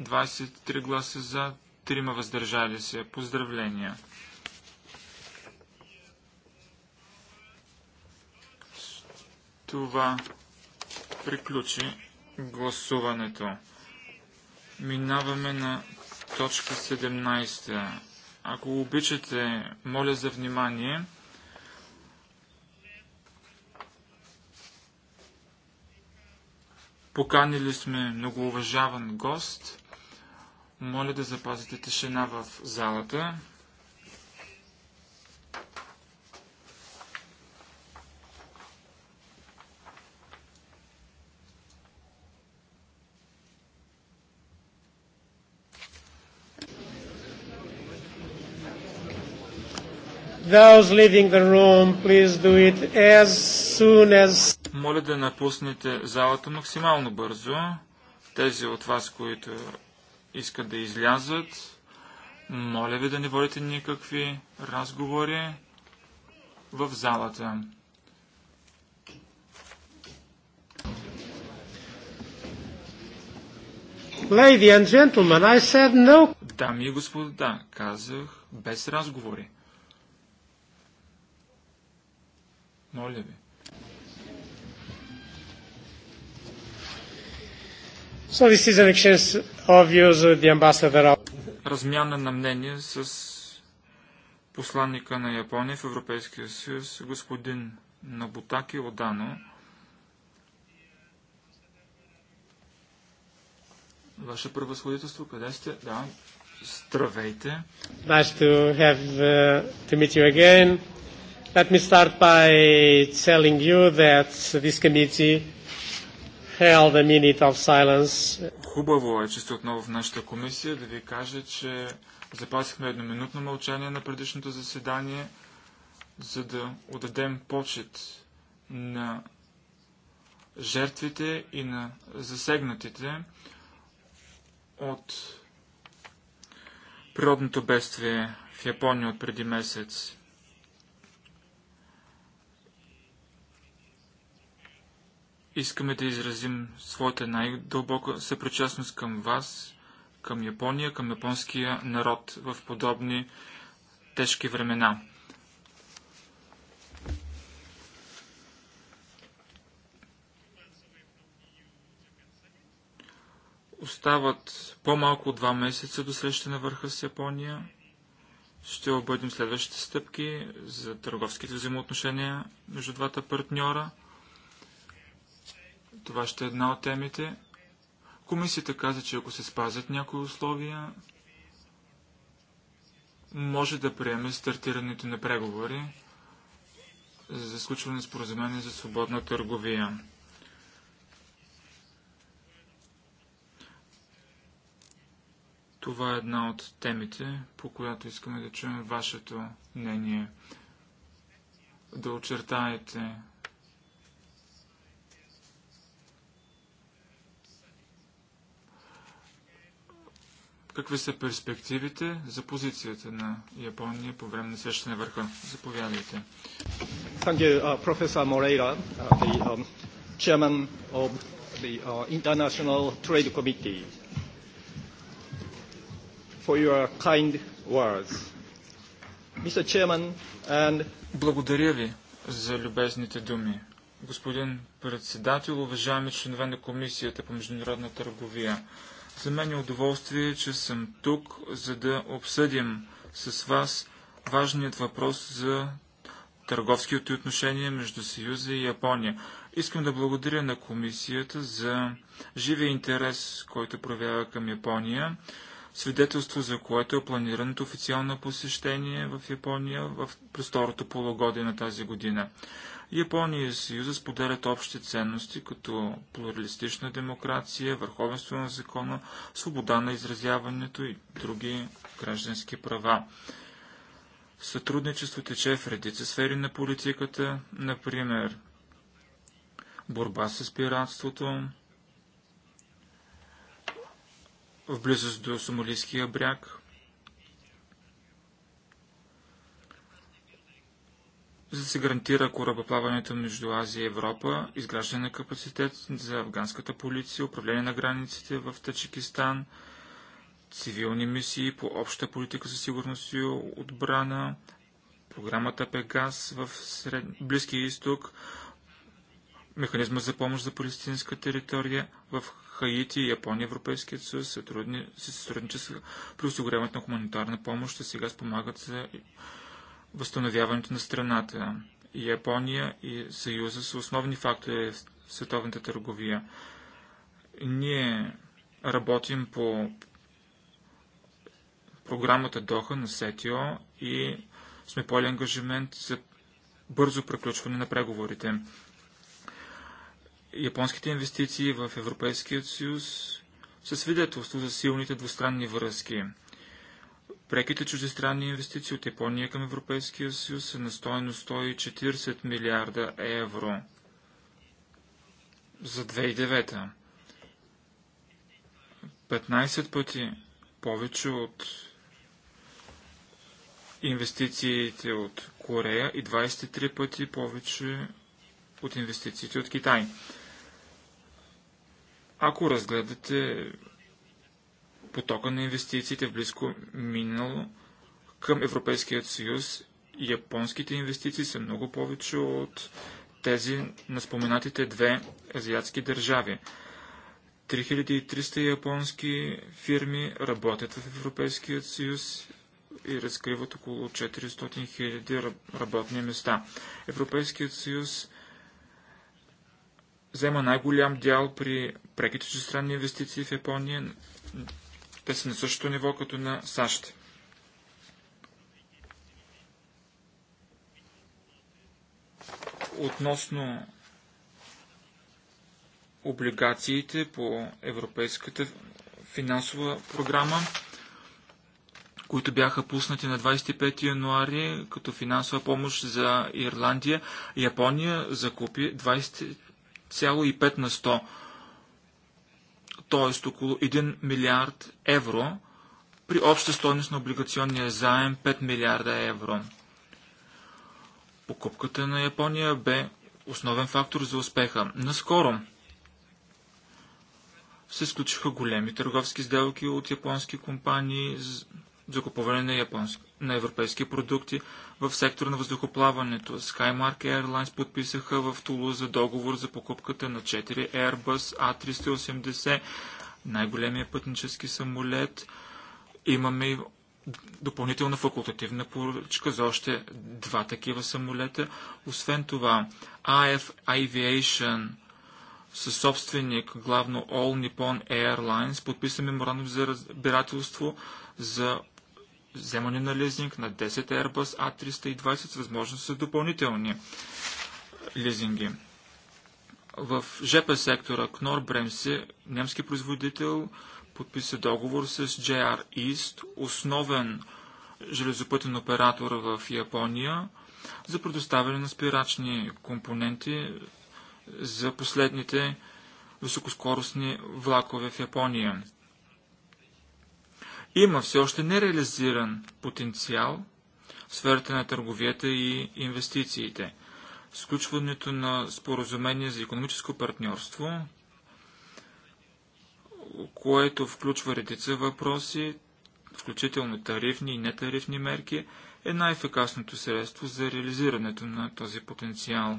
[SPEAKER 5] 23 гласа за, 3 въздържали се. Поздравления! това приключи гласуването. Минаваме на точка 17. Ако обичате, моля за внимание. Поканили сме многоуважаван гост – моля да запазите тишина в залата.
[SPEAKER 2] Those leaving the room, please do it as soon as... Моля да
[SPEAKER 5] напуснете залата максимално бързо. Тези от вас, които искат да излязат. Моля ви да не водите никакви разговори в залата.
[SPEAKER 2] Lady and gentlemen, I said no.
[SPEAKER 5] Дами и господа, казах без разговори. Моля ви.
[SPEAKER 2] So this is an exchange Uh,
[SPEAKER 5] Размяна на мнение с посланника на Япония в Европейския съюз, господин Набутаки Одано. Ваше превъзходителство, къде сте? Да, здравейте.
[SPEAKER 2] Nice to have uh, to meet you again. Let me start by telling you that this committee held a minute of silence.
[SPEAKER 5] Хубаво е, че сте отново в нашата комисия, да ви кажа, че запасихме едноминутно мълчание на предишното заседание, за да отдадем почет на жертвите и на засегнатите от природното бедствие в Япония от преди месец. Искаме да изразим своята най-дълбока съпричастност към вас, към Япония, към японския народ в подобни тежки времена. Остават по-малко от два месеца до среща на върха с Япония. Ще объдим следващите стъпки за търговските взаимоотношения между двата партньора – това ще е една от темите. Комисията каза, че ако се спазят някои условия, може да приеме стартирането на преговори за сключване на споразумение за свободна търговия. Това е една от темите, по която искаме да чуем вашето мнение. Да очертаете какви са перспективите за позицията на Япония по време на среща на върха. Заповядайте.
[SPEAKER 2] Thank you, uh, Professor Moreira, uh, the um, chairman of the uh, International Trade Committee, for your kind words. Mr. Chairman
[SPEAKER 5] and... Благодаря ви за любезните думи. Господин председател, уважаеми членове на Комисията по международна търговия, за мен е удоволствие, че съм тук, за да обсъдим с вас важният въпрос за търговските отношения между Съюза и Япония. Искам да благодаря на комисията за живия интерес, който проявява към Япония, свидетелство за което е планираното официално посещение в Япония в престорото второто полугодие на тази година. Япония и Съюза споделят общи ценности, като плуралистична демокрация, върховенство на закона, свобода на изразяването и други граждански права. Сътрудничество тече в редица сфери на политиката, например борба с пиратството, в близост до Сомалийския бряг – за да се гарантира корабоплаването между Азия и Европа, изграждане на капацитет за афганската полиция, управление на границите в Таджикистан, цивилни мисии по обща политика за сигурност и отбрана, програмата Пегас в Сред... Близкия изток, механизма за помощ за палестинска територия в Хаити, Япония, Европейският съюз сътрудни... сътрудничество при осигуряването на хуманитарна помощ, а сега спомагат за възстановяването на страната. Япония и Съюза са основни фактори в световната търговия. Ние работим по програмата Доха на СЕТИО и сме поели ангажимент за бързо приключване на преговорите. Японските инвестиции в Европейския съюз са свидетелство за силните двустранни връзки – Преките чуждестранни инвестиции от Япония към Европейския съюз са на стоеност 140 милиарда евро за 2009. 15 пъти повече от инвестициите от Корея и 23 пъти повече от инвестициите от Китай. Ако разгледате потока на инвестициите в близко минало към Европейският съюз. Японските инвестиции са много повече от тези на споменатите две азиатски държави. 3300 японски фирми работят в Европейският съюз и разкриват около 400 000 работни места. Европейският съюз взема най-голям дял при преките чуждестранни инвестиции в Япония те са на същото ниво като на САЩ. Относно облигациите по Европейската финансова програма, които бяха пуснати на 25 януари като финансова помощ за Ирландия. Япония закупи 20,5 на 100 т.е. около 1 милиард евро, при обща стойност на облигационния заем 5 милиарда евро. Покупката на Япония бе основен фактор за успеха. Наскоро се изключиха големи търговски сделки от японски компании за купуване на, японски, на европейски продукти в сектора на въздухоплаването. Skymark Airlines подписаха в Тулуза договор за покупката на 4 Airbus A380, най-големия пътнически самолет. Имаме и допълнителна факултативна поръчка за още два такива самолета. Освен това, AF Aviation със собственик, главно All Nippon Airlines, подписа меморандум за разбирателство за вземане на лизинг на 10 Airbus A320 с възможност за допълнителни лизинги. В ЖП сектора Кнор Бремси, немски производител, подписа договор с JR East, основен железопътен оператор в Япония, за предоставяне на спирачни компоненти за последните високоскоростни влакове в Япония. Има все още нереализиран потенциал в сферата на търговията и инвестициите. Сключването на споразумение за економическо партньорство, което включва редица въпроси, включително тарифни и нетарифни мерки, е най-ефикасното средство за реализирането на този потенциал.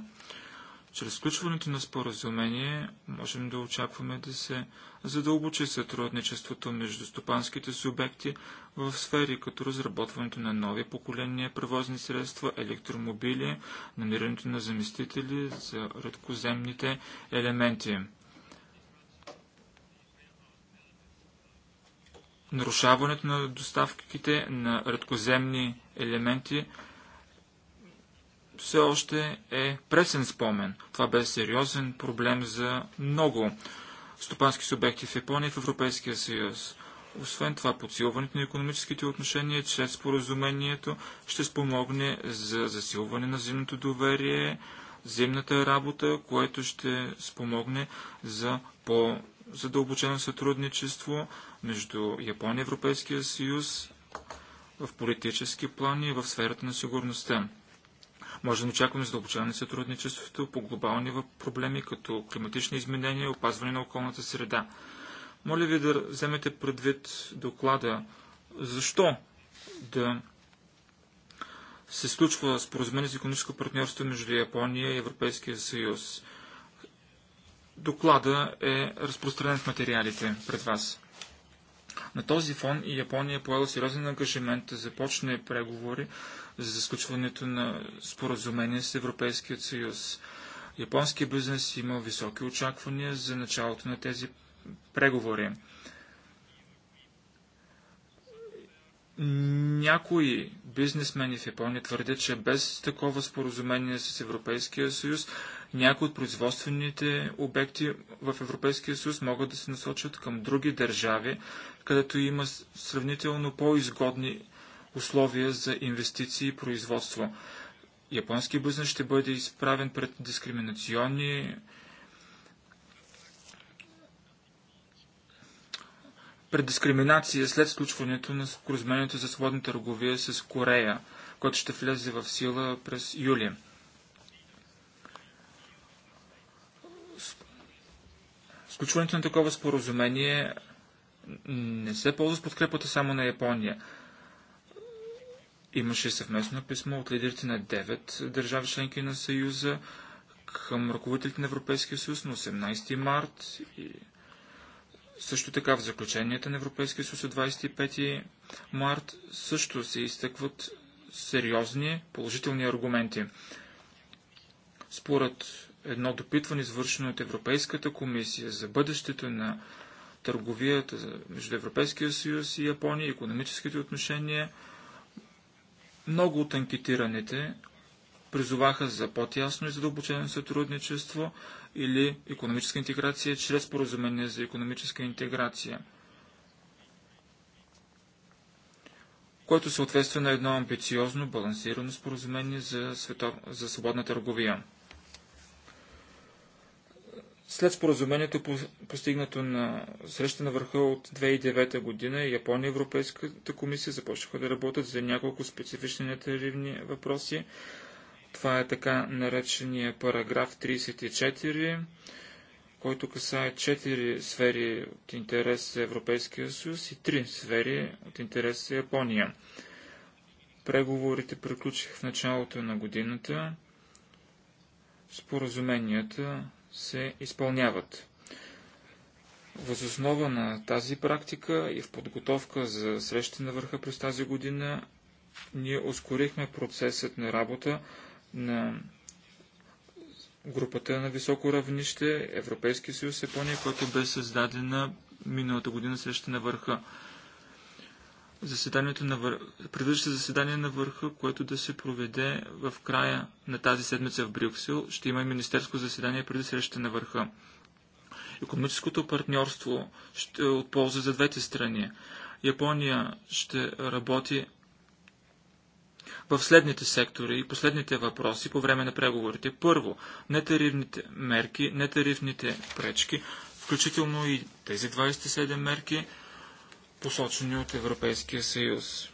[SPEAKER 5] Чрез включването на споразумение можем да очакваме да се задълбочи сътрудничеството между стопанските субекти в сфери като разработването на нови поколения превозни средства, електромобили, намирането на заместители за редкоземните елементи. Нарушаването на доставките на редкоземни елементи все още е пресен спомен. Това бе сериозен проблем за много стопански субекти в Япония и в Европейския съюз. Освен това, подсилването на економическите отношения чрез споразумението ще спомогне за засилване на зимното доверие, зимната работа, което ще спомогне за по-задълбочено сътрудничество между Япония и Европейския съюз в политически плани и в сферата на сигурността. Може да очакваме задълбочаване сътрудничеството по глобални проблеми, като климатични изменения и опазване на околната среда. Моля ви да вземете предвид доклада. Защо да се случва споразумение за економическо партньорство между Япония и Европейския съюз? Доклада е разпространен в материалите пред вас. На този фон и Япония е поела сериозен ангажимент да започне преговори за сключването на споразумение с Европейският съюз. Японският бизнес има високи очаквания за началото на тези преговори. Някои бизнесмени в Япония твърдят, че без такова споразумение с Европейския съюз, някои от производствените обекти в Европейския съюз могат да се насочат към други държави, където има сравнително по-изгодни условия за инвестиции и производство. Японски бизнес ще бъде изправен пред дискриминационни пред дискриминация след сключването на споразумението за свободна търговия с Корея, което ще влезе в сила през юли. Сключването на такова споразумение не се ползва с подкрепата само на Япония. Имаше съвместно писмо от лидерите на 9 държави членки на Съюза към ръководителите на Европейския съюз на 18 март и също така в заключенията на Европейския съюз от 25 март също се изтъкват сериозни положителни аргументи. Според едно допитване, извършено от Европейската комисия за бъдещето на търговията между Европейския съюз и Япония, економическите отношения – много от анкетираните призоваха за по-тясно и задълбочено сътрудничество или економическа интеграция чрез поразумение за економическа интеграция, което съответства на едно амбициозно, балансирано споразумение за, светов... за свободна търговия. След споразумението, по постигнато на среща на върха от 2009 година, Япония и Европейската комисия започнаха да работят за няколко специфични нетаривни въпроси. Това е така наречения параграф 34, който касае 4 сфери от интерес за Европейския съюз и 3 сфери от интерес за Япония. Преговорите приключиха в началото на годината. Споразуменията се изпълняват. Възоснова на тази практика и в подготовка за среща на върха през тази година, ние ускорихме процесът на работа на групата на високо равнище Европейски съюз Япония, е която бе създадена миналата година среща на върха заседанието на вър... предвижда заседание на върха, което да се проведе в края на тази седмица в Брюксел. Ще има и министерско заседание преди срещата на върха. Економическото партньорство ще е от полза за двете страни. Япония ще работи в следните сектори и последните въпроси по време на преговорите. Първо, нетарифните мерки, нетарифните пречки, включително и тези 27 мерки – посочени от Европейския съюз.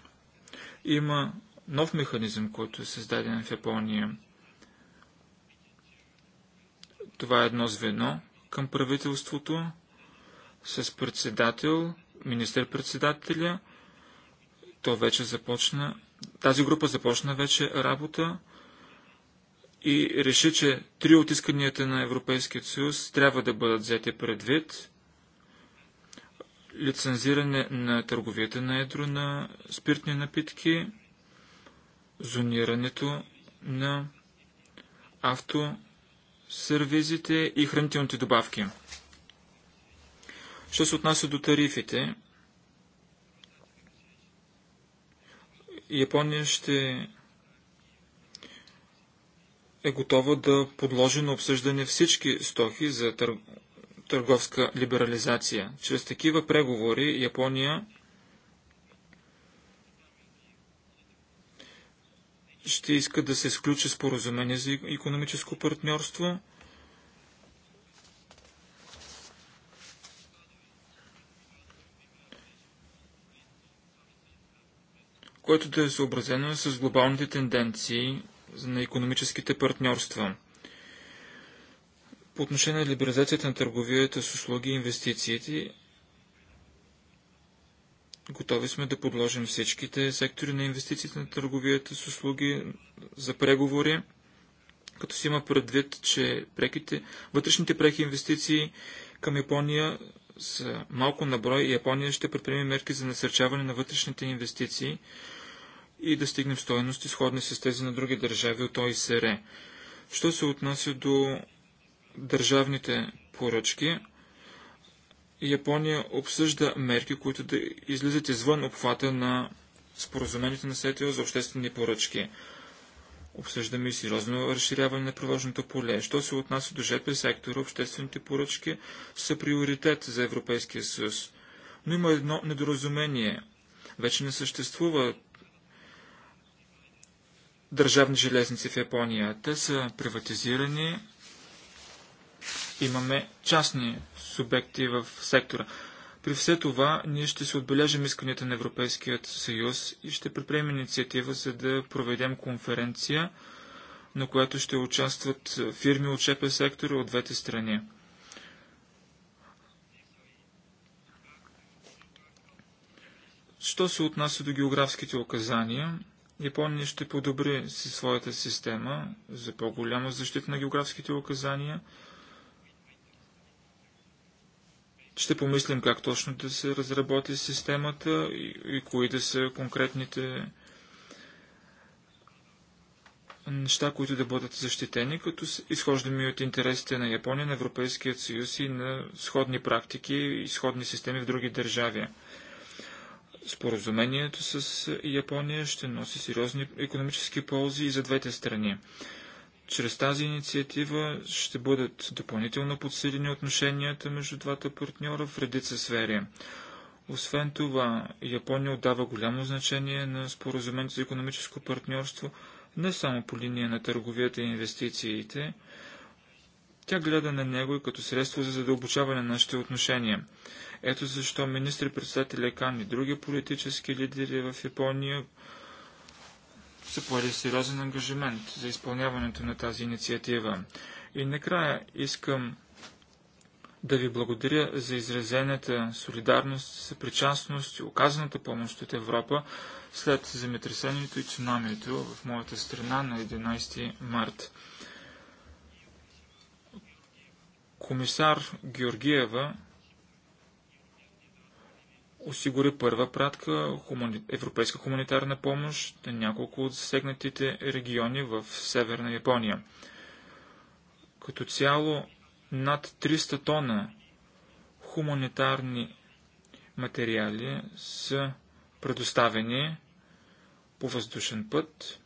[SPEAKER 5] Има нов механизъм, който е създаден в Япония. Това е едно звено към правителството с председател, министър-председателя. То вече започна, тази група започна вече работа и реши, че три от исканията на Европейския съюз трябва да бъдат взети предвид лицензиране на търговията на едро на спиртни напитки, зонирането на автосервизите и хранителните добавки. Що се отнася до тарифите, Япония ще е готова да подложи на обсъждане всички стоки за търговията търговска либерализация. Чрез такива преговори Япония ще иска да се изключи споразумение за економическо партньорство. което да е съобразено с глобалните тенденции на економическите партньорства по отношение на либерализацията на търговията с услуги и инвестициите. Готови сме да подложим всичките сектори на инвестициите на търговията с услуги за преговори, като си има предвид, че преките, вътрешните преки инвестиции към Япония са малко на брой и Япония ще предприеме мерки за насърчаване на вътрешните инвестиции и да стигнем стоености, сходни с тези на други държави от ОИСР. Е. Що се отнася до държавните поръчки, Япония обсъжда мерки, които да излизат извън обхвата на споразумението на СТО за обществени поръчки. Обсъждаме и сериозно разширяване на приложеното поле. Що се отнася до ЖП сектора, обществените поръчки са приоритет за Европейския съюз. Но има едно недоразумение. Вече не съществува държавни железници в Япония. Те са приватизирани, имаме частни субекти в сектора. При все това, ние ще се отбележим исканията на Европейският съюз и ще предприемем инициатива, за да проведем конференция, на която ще участват фирми от ЧП сектора от двете страни. Що се отнася до географските указания, Япония ще подобри си своята система за по-голяма защита на географските указания – Ще помислим как точно да се разработи системата и, и кои да са конкретните неща, които да бъдат защитени, като изхождаме от интересите на Япония, на Европейския съюз и на сходни практики и сходни системи в други държави. Споразумението с Япония ще носи сериозни економически ползи и за двете страни. Чрез тази инициатива ще бъдат допълнително подсилени отношенията между двата партньора в редица сфери. Освен това, Япония отдава голямо значение на споразумението за економическо партньорство не само по линия на търговията и инвестициите, тя гледа на него и като средство за задълбочаване на нашите отношения. Ето защо министри, председатели Кан и други политически лидери в Япония са поели сериозен ангажимент за изпълняването на тази инициатива. И накрая искам да ви благодаря за изразената солидарност, съпричастност и оказаната помощ от Европа след земетресението и цунамието в моята страна на 11 март. Комисар Георгиева осигури първа пратка европейска хуманитарна помощ на няколко от засегнатите региони в Северна Япония. Като цяло над 300 тона хуманитарни материали са предоставени по въздушен път.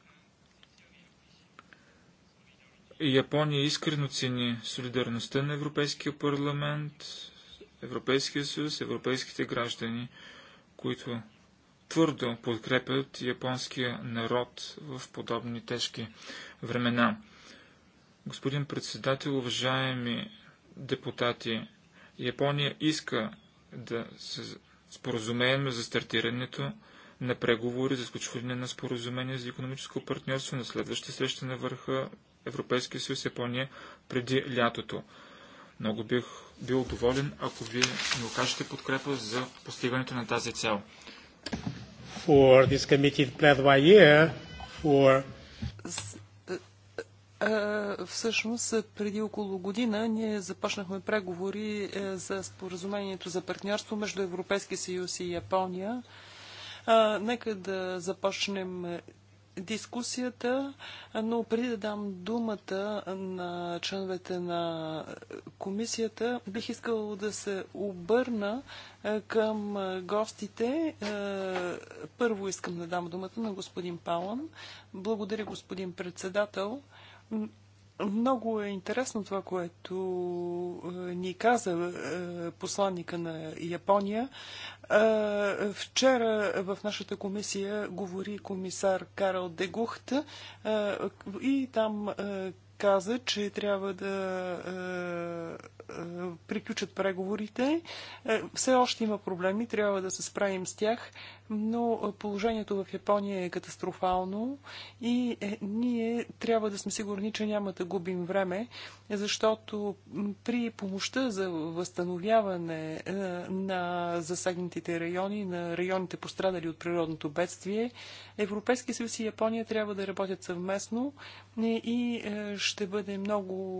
[SPEAKER 5] Япония искрено цени солидарността на Европейския парламент Европейския съюз, европейските граждани, които твърдо подкрепят японския народ в подобни тежки времена. Господин председател, уважаеми депутати, Япония иска да се споразумеем за стартирането на преговори за сключване на споразумение за економическо партньорство на следващата среща на върха Европейския съюз Япония преди лятото. Много бих бил доволен, ако вие ни окажете подкрепа за постигането на тази цел.
[SPEAKER 2] For this committee plaidoyer for
[SPEAKER 1] е, е, всъщност преди около година ние започнахме преговори е, за споразумението за партньорство между Европейския съюз и Япония. Нека да започнем дискусията, но преди да дам думата на членовете на комисията, бих искала да се обърна е, към е, гостите. Е, първо искам да дам думата на господин Палан. Благодаря, господин председател. Много е интересно това, което ни каза посланника на Япония. Вчера в нашата комисия говори комисар Карл Дегухт и там каза, че трябва да е, приключат преговорите. Е, все още има проблеми, трябва да се справим с тях, но положението в Япония е катастрофално и е, ние трябва да сме сигурни, че няма да губим време, защото при помощта за възстановяване на засегнатите райони, на районите пострадали от природното бедствие, Европейския съюз и Япония трябва да работят съвместно и ще бъде много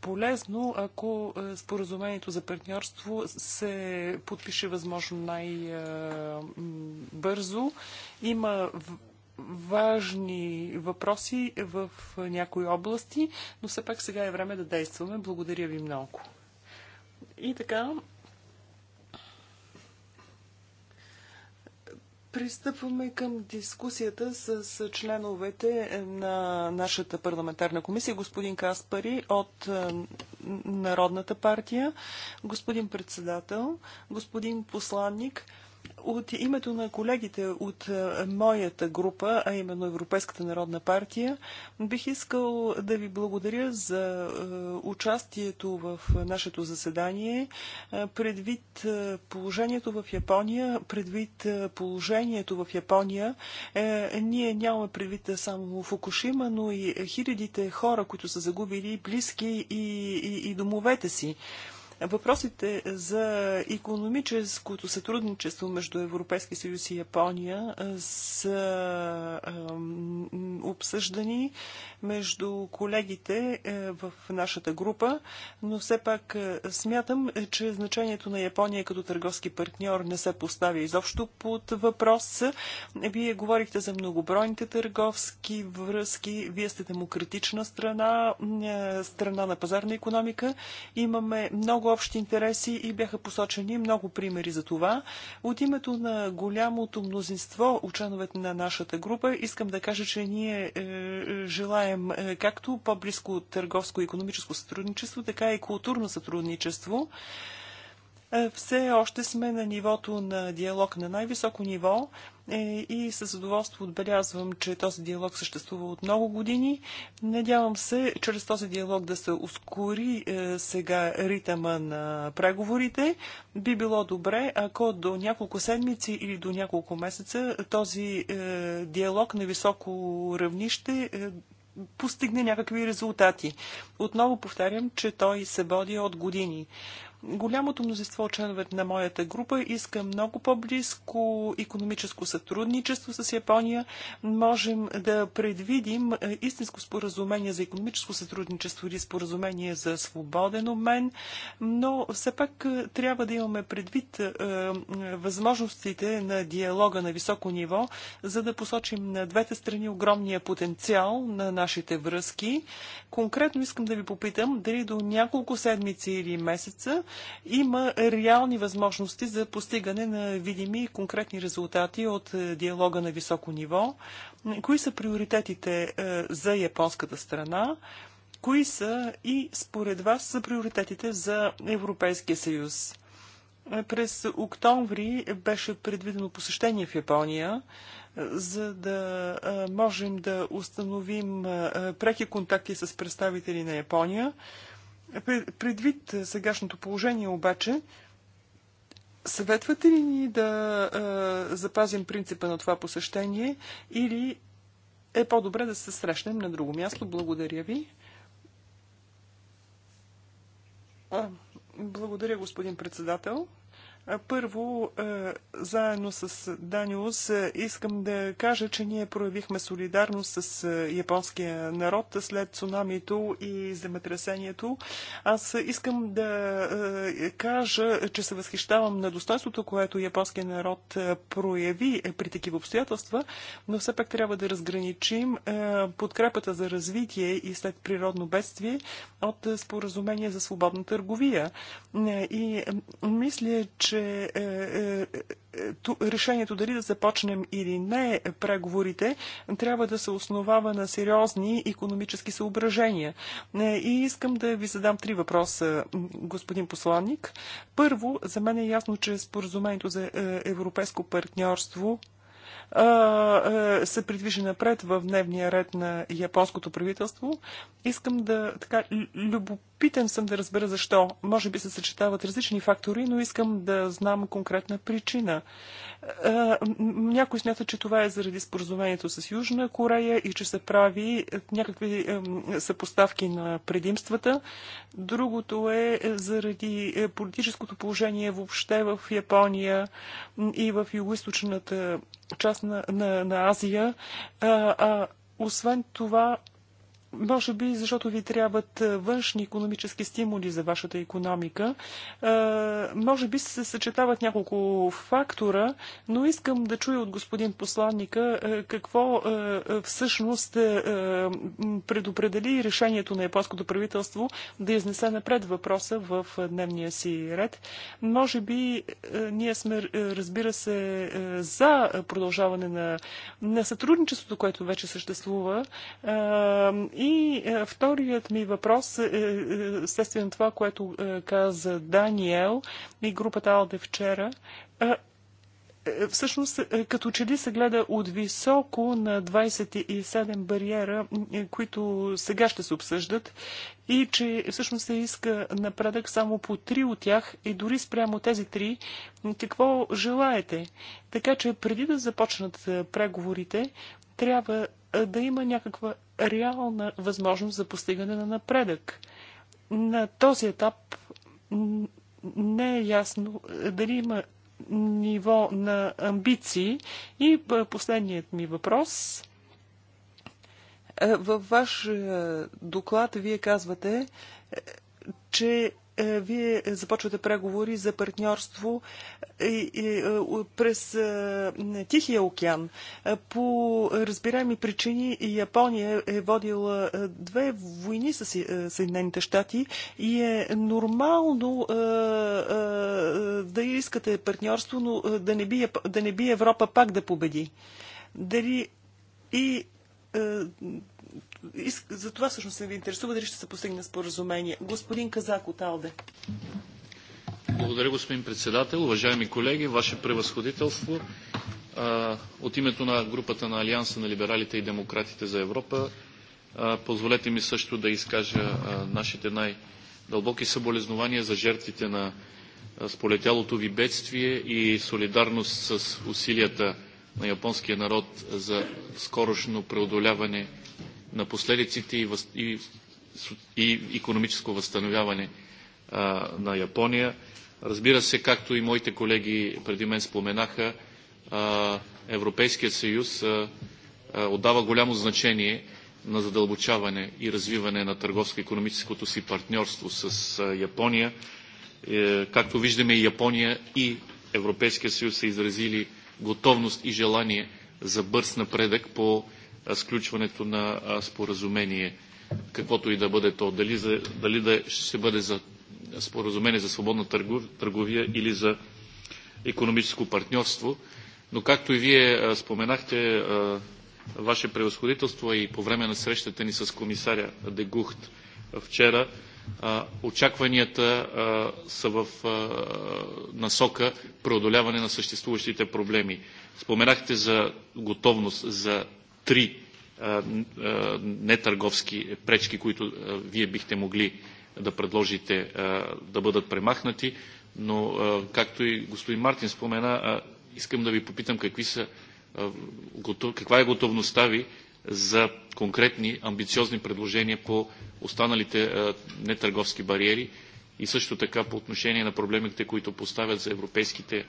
[SPEAKER 1] полезно, ако е, споразумението за партньорство се подпише възможно най-бързо. Има важни въпроси в някои области, но все пак сега е време да действаме. Благодаря ви много. И така, Пристъпваме към дискусията с членовете на нашата парламентарна комисия. Господин Каспари от е, Народната партия, господин председател, господин посланник. От името на колегите от е, моята група, а именно Европейската народна партия, бих искал да ви благодаря за е, участието в нашето заседание, е, предвид положението в Япония, предвид положението в Япония. Ние нямаме предвид само Фукушима, но и хилядите хора, които са загубили близки и, и, и домовете си. Въпросите за економическото сътрудничество между Европейски съюз и Япония са обсъждани между колегите в нашата група, но все пак смятам, че значението на Япония като търговски партньор не се поставя изобщо под въпрос. Вие говорихте за многобройните търговски връзки. Вие сте демократична страна, страна на пазарна економика. Имаме много много общи интереси и бяха посочени много примери за това. От името на голямото мнозинство ученовете на нашата група искам да кажа, че ние е, е желаем е, както по-близко търговско и економическо сътрудничество, така и културно сътрудничество. Е, все още сме на нивото на диалог на най-високо ниво е, и със задоволство отбелязвам, че този диалог съществува от много години. Надявам се, чрез този диалог да се ускори е, сега ритъма на преговорите. Би било добре, ако до няколко седмици или до няколко месеца този диалог на високо равнище постигне някакви резултати. Отново повтарям, че той се води от години. Голямото мнозинство членовете на моята група иска много по-близко економическо сътрудничество с Япония. Можем да предвидим е, истинско споразумение за економическо сътрудничество или споразумение за свободен обмен, но все пак е, трябва да имаме предвид е, възможностите на диалога на високо ниво, за да посочим на двете страни огромния потенциал на нашите връзки. Конкретно искам да ви попитам дали до няколко седмици или месеца има реални възможности за постигане на видими и конкретни резултати от е, диалога на високо ниво. Кои са приоритетите е, за японската страна? Кои са и според вас са приоритетите за Европейския съюз? Е, през октомври беше предвидено посещение в Япония, за да можем да установим преки контакти с представители на Япония. Предвид сегашното положение обаче, съветвате ли ни да е, запазим принципа на това посещение или е по-добре да се срещнем на друго място? Благодаря ви. А, благодаря, господин председател. Първо, заедно с Даниус, искам да кажа, че ние проявихме солидарност с японския народ след цунамито и земетресението. Аз искам да кажа, че се възхищавам на достоинството, което японския народ прояви е, при такива обстоятелства, но все пак трябва да разграничим подкрепата за развитие и след природно бедствие от споразумение за свободна търговия. И мисля, че че е, е, е решението дали да започнем или не преговорите трябва да се основава на сериозни економически съображения. Е, и искам да ви задам три въпроса, господин посланник. Първо, за мен е ясно, че споразумението за е, европейско партньорство се придвижи напред в дневния ред на японското правителство. Искам да така любопитен съм да разбера защо. Може би се съчетават различни фактори, но искам да знам конкретна причина. Някой смята, че това е заради споразумението с Южна Корея и че се прави е, някакви съпоставки на предимствата. Другото е, е заради е, политическото положение въобще в Япония и в юго част част на, на, на Азия. А, а, освен това, може би защото ви трябват е, външни економически стимули за вашата економика. Е, може би се съчетават няколко фактора, но искам да чуя от господин посланника е, какво всъщност предопредели решението на японското правителство да изнесе напред въпроса в дневния си ред. Може би ние сме, разбира се, за продължаване на, на сътрудничеството, което вече съществува и е, вторият ми въпрос, е, е, естествено това, което каза Даниел и групата Алде вчера, всъщност като че ли се гледа от високо на 27 бариера, които сега ще се обсъждат и че всъщност се иска напредък само по три от тях и дори спрямо тези три, какво желаете? Така че преди да започнат преговорите, трябва да има някаква реална възможност за постигане на напредък. На този етап не е ясно е, дали има ниво на амбиции. И последният ми въпрос. Е, във ваш е, доклад вие казвате, че е, вие започвате преговори за партньорство е, е, през Тихия океан. По разбираеми причини Япония е водила две войни с Съединените щати и е нормално да искате партньорство, но да не би, да не би Европа пак да победи. Дали и за това всъщност се ви интересува дали ще се постигне споразумение. Господин Казак от Алде.
[SPEAKER 4] Благодаря, господин председател. Уважаеми колеги, ваше превъзходителство. от името на групата на Алианса на либералите и демократите за Европа, позволете ми също да изкажа нашите най-дълбоки съболезнования за жертвите на сполетялото ви бедствие и солидарност с усилията на японския народ за скорошно преодоляване на последиците и, въз... и... и економическо възстановяване а, на Япония. Разбира се, както и моите колеги преди мен споменаха, а, Европейският съюз а, а, отдава голямо значение на задълбочаване и развиване на търговско-економическото си партньорство с а, Япония. Е, както виждаме и Япония и Европейския съюз са изразили готовност и желание за бърз напредък по сключването на споразумение, каквото и да бъде то, дали, за, дали да ще бъде за споразумение за свободна търговия или за економическо партньорство. Но както и вие споменахте, Ваше превъзходителство и по време на срещата ни с комисаря Дегухт вчера, очакванията са в насока преодоляване на съществуващите проблеми. Споменахте за готовност за три нетърговски пречки, които вие бихте могли да предложите да бъдат премахнати, но както и господин Мартин спомена, искам да ви попитам какви са, каква е готовността ви за конкретни амбициозни предложения по останалите нетърговски бариери и също така по отношение на проблемите, които поставят за европейските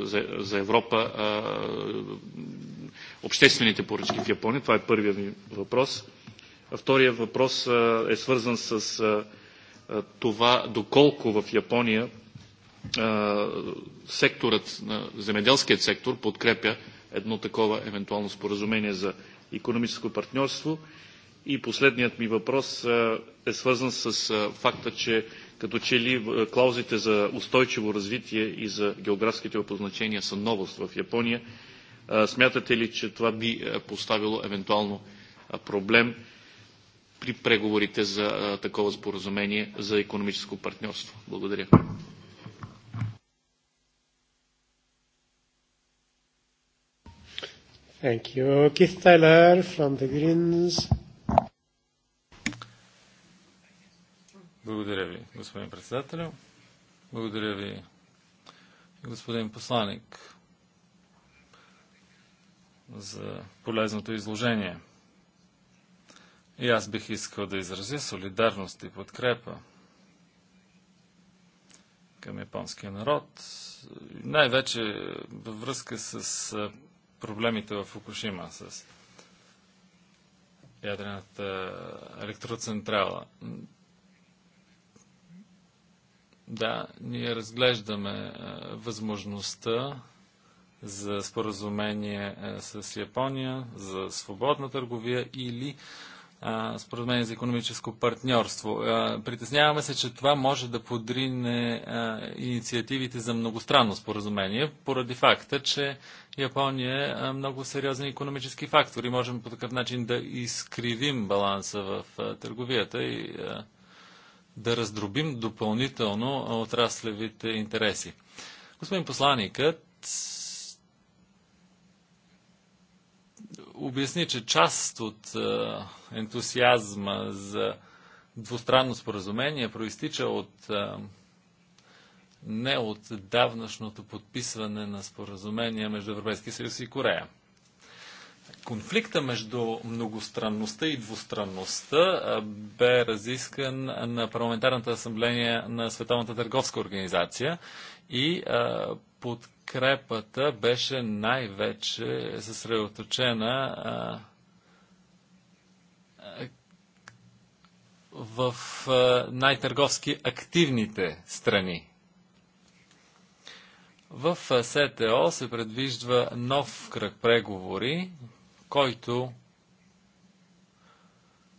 [SPEAKER 4] за, за Европа обществените поръчки в Япония? Това е първият ми въпрос. Вторият въпрос е свързан с това доколко в Япония секторът, земеделският сектор подкрепя едно такова евентуално споразумение за економическо партньорство. И последният ми въпрос е свързан с факта, че като че ли клаузите за устойчиво развитие и за географските обозначения са новост в Япония Смятате ли, че това би поставило евентуално проблем при преговорите за такова споразумение за економическо партньорство? Благодаря.
[SPEAKER 2] Thank you. Keith Tyler from the Greens.
[SPEAKER 3] Благодаря ви, господин председател. Благодаря ви, господин посланник за полезното изложение. И аз бих искал да изразя солидарност и подкрепа към японския народ, най-вече във връзка с проблемите в Фукушима, с ядрената електроцентрала. Да, ние разглеждаме възможността за споразумение е, с Япония, за свободна търговия или е, споразумение за економическо партньорство. Е, притесняваме се, че това може да подрине инициативите за многостранно споразумение, поради факта, че Япония е много сериозен економически фактор и можем по такъв начин да изкривим баланса в търговията и да раздробим допълнително отраслевите интереси. Господин посланикът обясни, че част от е, ентусиазма за двустранно споразумение проистича от е, не от давнашното подписване на споразумение между Европейския съюз и Корея. Конфликта между многостранността и двустранността е, бе разискан на Парламентарната асамблея на Световната търговска организация и подкрепата беше най-вече съсредоточена в най-търговски активните страни. В СТО се предвижда нов кръг преговори, който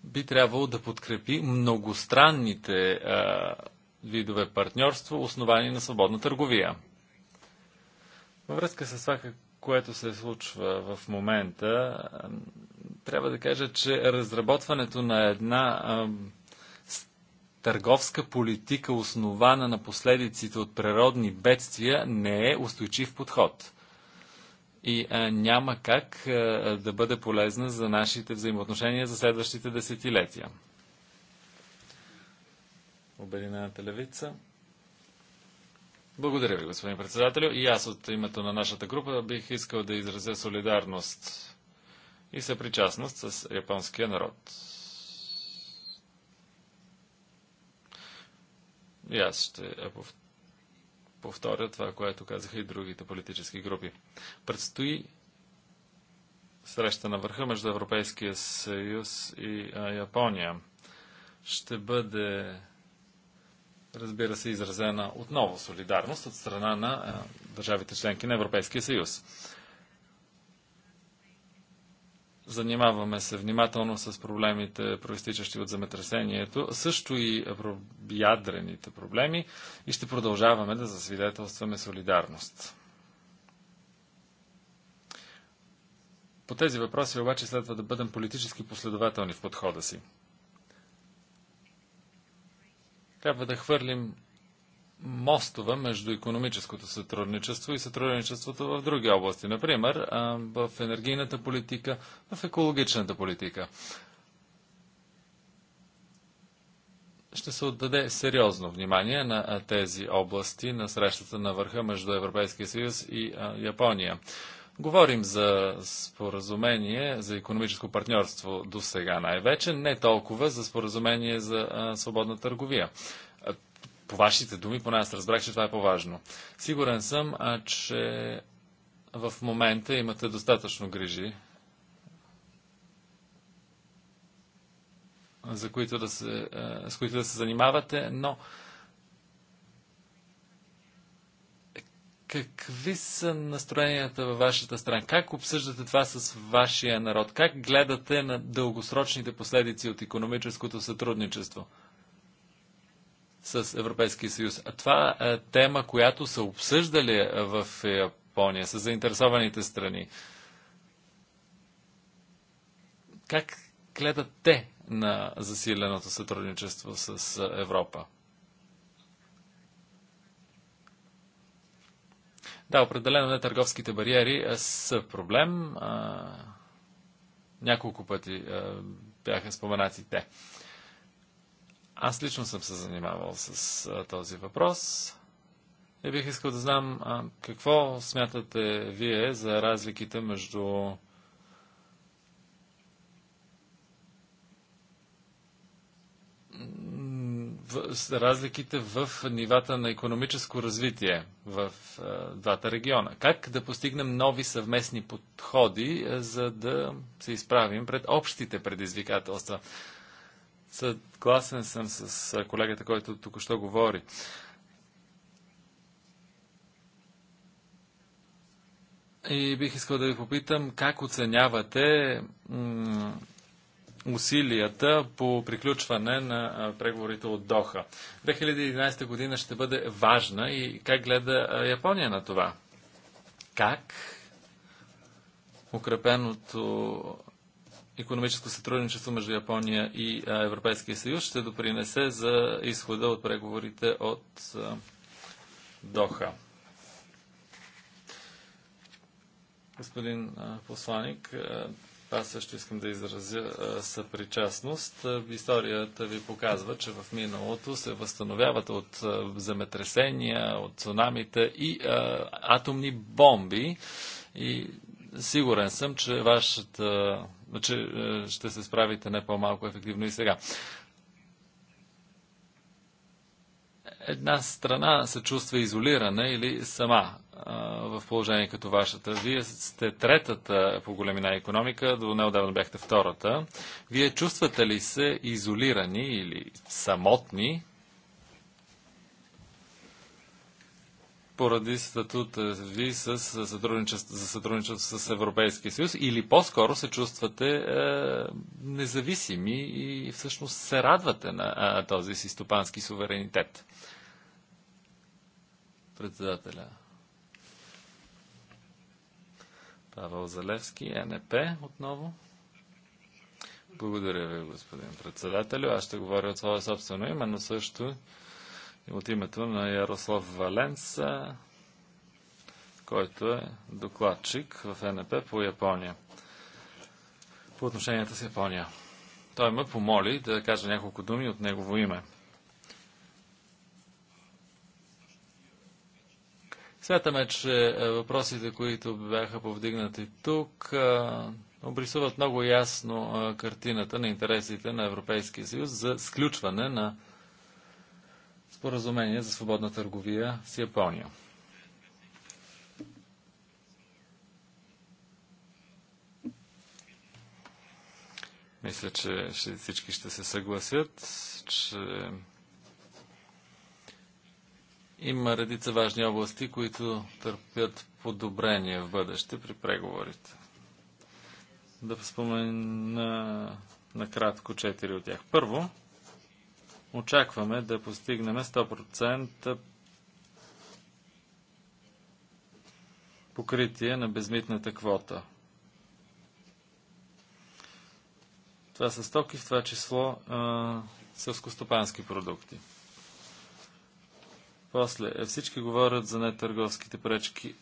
[SPEAKER 3] би трябвало да подкрепи многостранните а, видове партньорство, основани на свободна търговия. Във връзка с това, което се случва в момента, трябва да кажа, че разработването на една търговска политика, основана на последиците от природни бедствия, не е устойчив подход. И а, няма как а, да бъде полезна за нашите взаимоотношения за следващите десетилетия. Обединената левица. Благодаря ви, господин председател, И аз от името на нашата група бих искал да изразя солидарност и съпричастност с японския народ. И аз ще повторя това, което казаха и другите политически групи. Предстои среща на върха между Европейския съюз и Япония. Ще бъде разбира се, изразена отново солидарност от страна на е, държавите членки на Европейския съюз. Занимаваме се внимателно с проблемите, проистичащи от земетресението, също и ядрените проблеми и ще продължаваме да засвидетелстваме солидарност. По тези въпроси обаче следва да бъдем политически последователни в подхода си. Трябва да хвърлим мостове между економическото сътрудничество и сътрудничеството в други области. Например, в енергийната политика, в екологичната политика. ще се отдаде сериозно внимание на тези области на срещата на върха между Европейския съюз и Япония. Говорим за споразумение за економическо партньорство до сега най-вече, не толкова за споразумение за а, свободна търговия. По вашите думи, поне аз разбрах, че това е по-важно. Сигурен съм, а, че в момента имате достатъчно грижи, за които да се, а, с които да се занимавате, но а, Какви са настроенията във вашата страна? Как обсъждате това с вашия народ? Как гледате на дългосрочните последици от економическото сътрудничество с Европейския съюз? А това е тема, която са обсъждали в Япония с заинтересованите страни. Как гледат те на засиленото сътрудничество с Европа? Да, определено не търговските бариери е, са проблем. А, няколко пъти а, бяха споменати те. Аз лично съм се занимавал с а, този въпрос. И бих искал да знам а, какво смятате вие за разликите между в, с разликите в нивата на економическо развитие в а, е, двата региона. Как да постигнем нови съвместни подходи, а, е, за да се изправим пред общите предизвикателства? Съгласен съм с е, колегата, който току-що говори. И бих искал да ви попитам как оценявате усилията по приключване на преговорите от Доха. 2011 година ще бъде важна и как гледа Япония на това? Как укрепеното економическо сътрудничество между Япония и Европейския съюз ще допринесе за изхода от преговорите от Доха. Господин посланик, аз също искам да изразя съпричастност. Историята ви показва, че в миналото се възстановяват от земетресения, от цунамите и а, атомни бомби. И сигурен съм, че вашата че ще се справите не по-малко ефективно и сега. Една страна се чувства изолирана или сама в положение като вашата. Вие сте третата по големина економика, до неодавна бяхте втората. Вие чувствате ли се изолирани или самотни поради статута ви с сътрудничество, за сътрудничество с Европейския съюз или по-скоро се чувствате е, независими и всъщност се радвате на а, е, този си стопански суверенитет? Председателя. Павел Залевски, НП отново. Благодаря ви, господин председател. Аз ще говоря от своя собствено име, но също от името на Ярослав Валенса, който е докладчик в НП по Япония. По отношенията с Япония. Той ме помоли да кажа няколко думи от негово име. Смятаме, че е, въпросите, които бяха повдигнати тук, е, обрисуват много ясно е, картината на интересите на Европейския съюз за сключване на споразумение за свободна търговия с Япония. Мисля, че всички ще се съгласят, че има редица важни области, които търпят подобрение в бъдеще при преговорите. Да спомена накратко четири от тях. Първо, очакваме да постигнем 100% покритие на безмитната квота. Това са стоки, в това число селскостопански продукти. После, е, всички говорят за нетърговските пречки.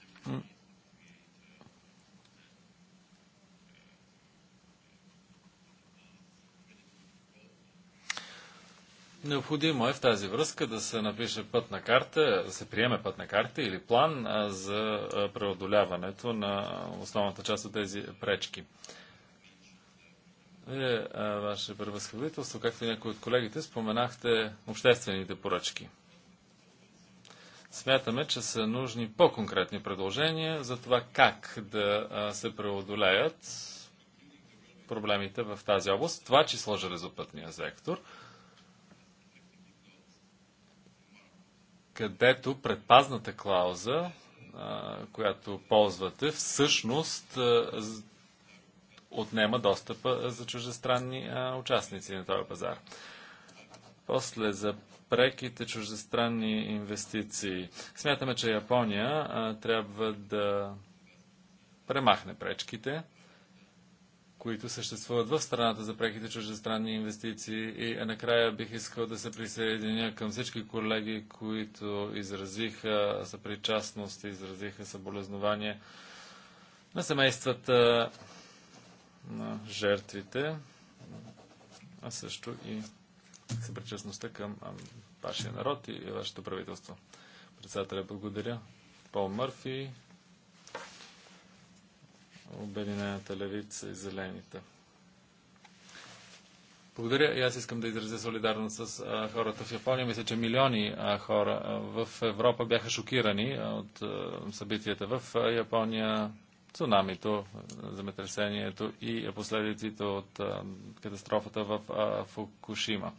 [SPEAKER 3] Необходимо е в тази връзка да се напише пътна карта, да се приеме пътна карта или план за преодоляването на основната част от тези пречки. Вие, ваше превъзходителство, както и някои от колегите, споменахте обществените поръчки – Смятаме, че са нужни по-конкретни предложения за това как да се преодолеят проблемите в тази област, това число железопътния сектор, където предпазната клауза, която ползвате, всъщност отнема достъпа за чуждестранни участници на този пазар. После за преките чуждестранни инвестиции. Смятаме, че Япония а, трябва да премахне пречките, които съществуват в страната за преките чуждестранни инвестиции. И накрая бих искал да се присъединя към всички колеги, които изразиха съпричастност, изразиха съболезнование на семействата на жертвите, а също и съпричастността към вашия народ и вашето правителство. Председателя, благодаря. Пол Мърфи, Обединената левица и Зелените. Благодаря и аз искам да изразя солидарност с а, хората в Япония. Мисля, че милиони а, хора а, в Европа бяха шокирани от събитията в Япония цунамито, е, земетресението и е, последиците от е, катастрофата в Фукушима.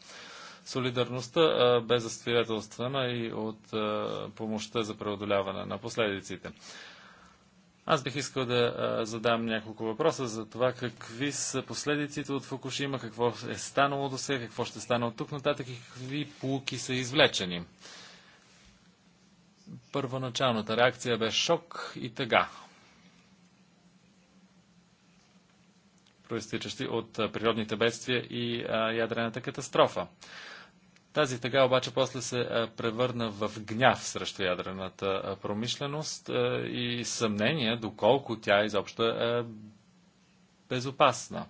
[SPEAKER 3] Солидарността бе засвидетелствана и от помощта за преодоляване на последиците. Аз бих искал да задам няколко въпроса за това какви са последиците от Фукушима, какво е станало до сега, какво ще стане от тук нататък и какви полуки са извлечени. Първоначалната реакция бе шок и тъга. проистичащи от природните бедствия и ядрената катастрофа. Тази тъга обаче после се превърна в гняв срещу ядрената промишленост и съмнение доколко тя е изобщо е безопасна.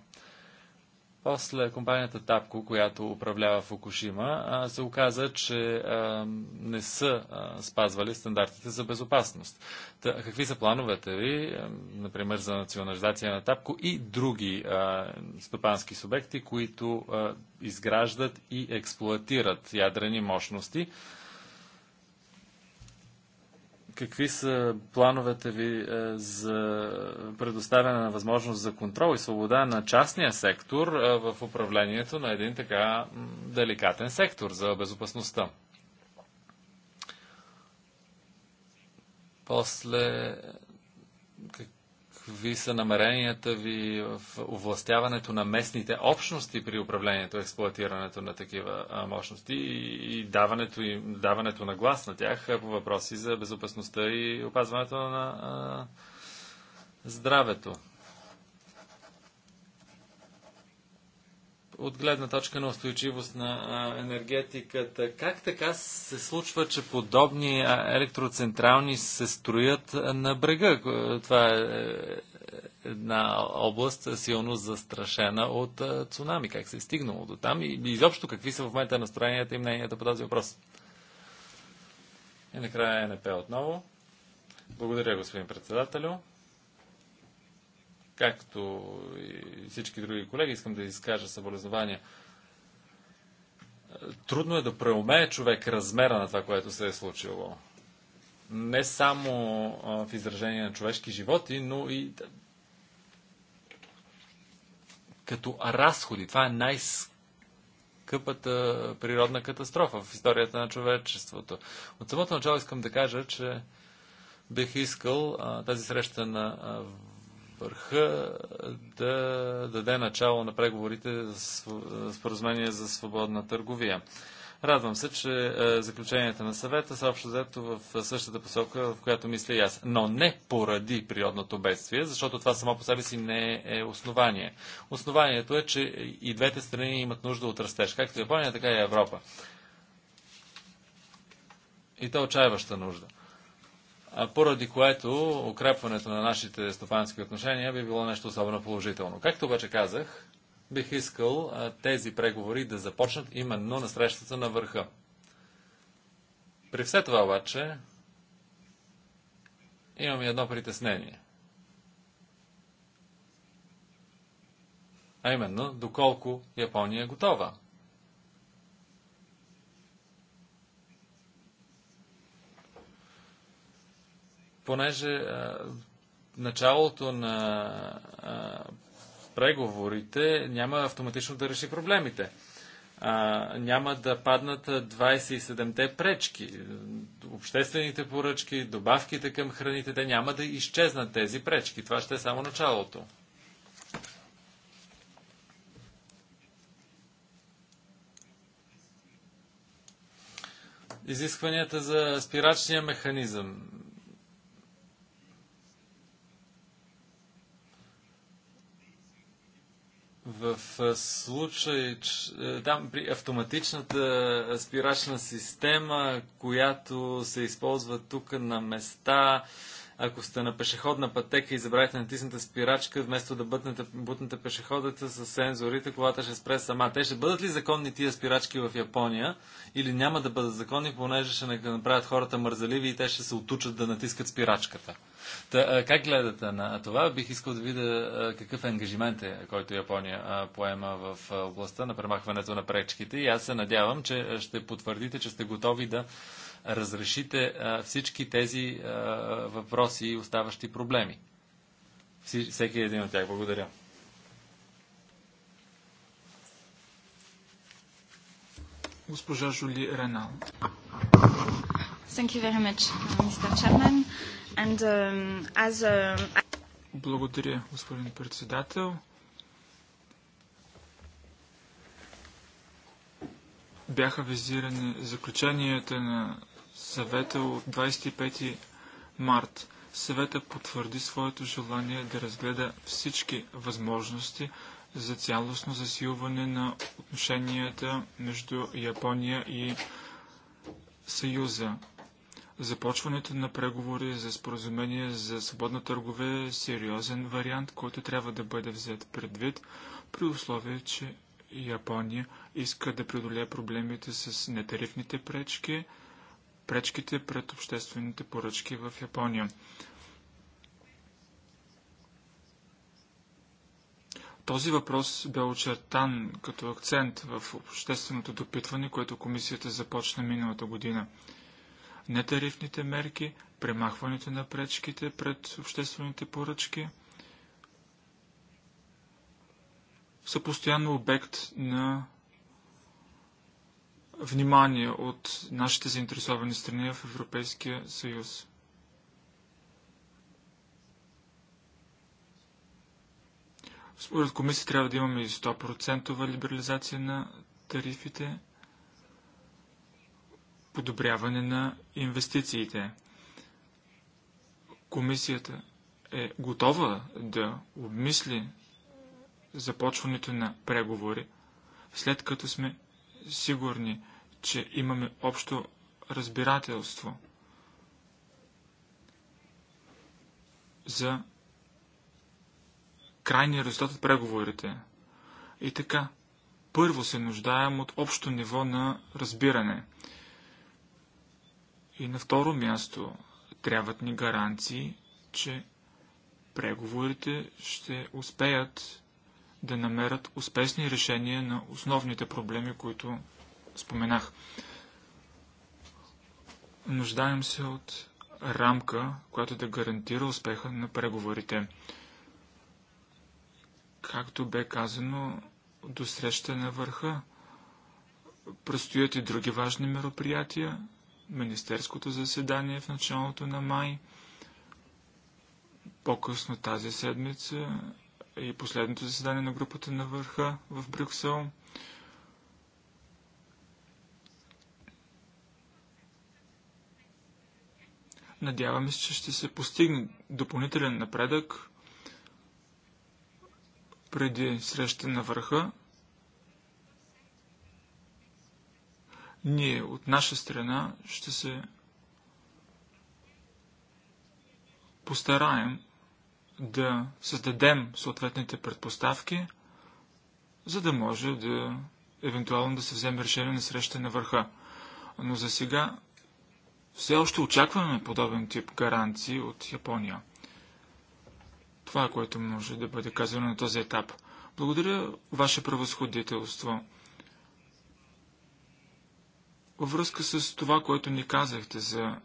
[SPEAKER 3] После компанията Тапко, която управлява Фукушима, се оказа, че не са спазвали стандартите за безопасност. какви са плановете ви, например, за национализация на Тапко и други стопански субекти, които изграждат и експлуатират ядрени мощности? какви са плановете ви е, за предоставяне на възможност за контрол и свобода на частния сектор е, в управлението на един така деликатен сектор за безопасността? После какви са намеренията ви в овластяването на местните общности при управлението, експлуатирането на такива мощности и даването, и даването на глас на тях по въпроси за безопасността и опазването на здравето. от гледна точка на устойчивост на енергетиката. Как така се случва, че подобни електроцентрални се строят на брега? Това е, е една област силно застрашена от цунами. Как се е стигнало до там и изобщо какви са в момента настроенията и мненията по този въпрос? И накрая НП отново. Благодаря, господин председателю както и всички други колеги, искам да изкажа съболезнования. Трудно е да преумее човек размера на това, което се е случило. Не само в изражение на човешки животи, но и като разходи. Това е най-скъпата природна катастрофа в историята на човечеството. От самото начало искам да кажа, че бих искал а, тази среща на а, върха да даде начало на преговорите за споразумение за свободна търговия. Радвам се, че е, заключенията на съвета са общо взето в същата посока, в която мисля и аз. Но не поради природното бедствие, защото това само по себе си не е основание. Основанието е, че и двете страни имат нужда от растеж, както Япония, така и Европа. И то отчаяваща нужда поради което укрепването на нашите стопански отношения би било нещо особено положително. Както обаче казах, бих искал тези преговори да започнат именно на срещата на върха. При все това обаче имам и едно притеснение. А именно, доколко Япония е готова понеже а, началото на а, преговорите няма автоматично да реши проблемите. А, няма да паднат 27-те пречки. Обществените поръчки, добавките към храните, те няма да изчезнат тези пречки. Това ще е само началото. Изискванията за спирачния механизъм В случай, там при автоматичната спирачна система, която се използва тук на места, ако сте на пешеходна пътека и забравите натисната спирачка, вместо да бутнете, бутнете пешеходата с сензорите, колата ще спре сама. Те ще бъдат ли законни тия спирачки в Япония или няма да бъдат законни, понеже ще направят хората мързаливи и те ще се отучат да натискат спирачката? Та, как гледате на това? Бих искал да видя какъв е ангажимент е, който Япония поема в областта на премахването на пречките и аз се надявам, че ще потвърдите, че сте готови да разрешите всички тези въпроси и оставащи проблеми. Всеки един от тях. Благодаря.
[SPEAKER 5] Госпожа Жули Ренал.
[SPEAKER 1] Thank you very much, uh, Mr. Chairman. And, um, as, um,
[SPEAKER 5] Благодаря, господин председател. Бяха визирани заключенията на съвета от 25 март. Съвета потвърди своето желание да разгледа всички възможности за цялостно засилване на отношенията между Япония и Съюза. Започването на преговори за споразумение за свободна търгове е сериозен вариант, който трябва да бъде взет предвид при условие, че Япония иска да преодолее проблемите с нетарифните пречки, пречките пред обществените поръчки в Япония. Този въпрос бе очертан като акцент в общественото допитване, което комисията започна миналата година нетарифните мерки, премахването на пречките пред обществените поръчки са постоянно обект на внимание от нашите заинтересовани страни в Европейския съюз. Според комисия трябва да имаме и 100% либерализация на тарифите – подобряване на инвестициите. Комисията е готова да обмисли започването на преговори, след като сме сигурни, че имаме общо разбирателство за крайния резултат от преговорите. И така, първо се нуждаем от общо ниво на разбиране – и на второ място, трябват ни гаранции, че преговорите ще успеят да намерят успешни решения на основните проблеми, които споменах. Нуждаем се от рамка, която да гарантира успеха на преговорите. Както бе казано, до среща на върха предстоят и други важни мероприятия, министерското заседание в началото на май. По-късно тази седмица и последното заседание на групата на върха в Брюксел. Надяваме се, че ще се постигне допълнителен напредък преди среща на върха Ние от наша страна ще се постараем да създадем съответните предпоставки, за да може да евентуално да се вземе решение на среща на върха. Но за сега все още очакваме подобен тип гаранции от Япония. Това е което може да бъде казано на този етап. Благодаря, Ваше превъзходителство. Във връзка с това, което ни казахте за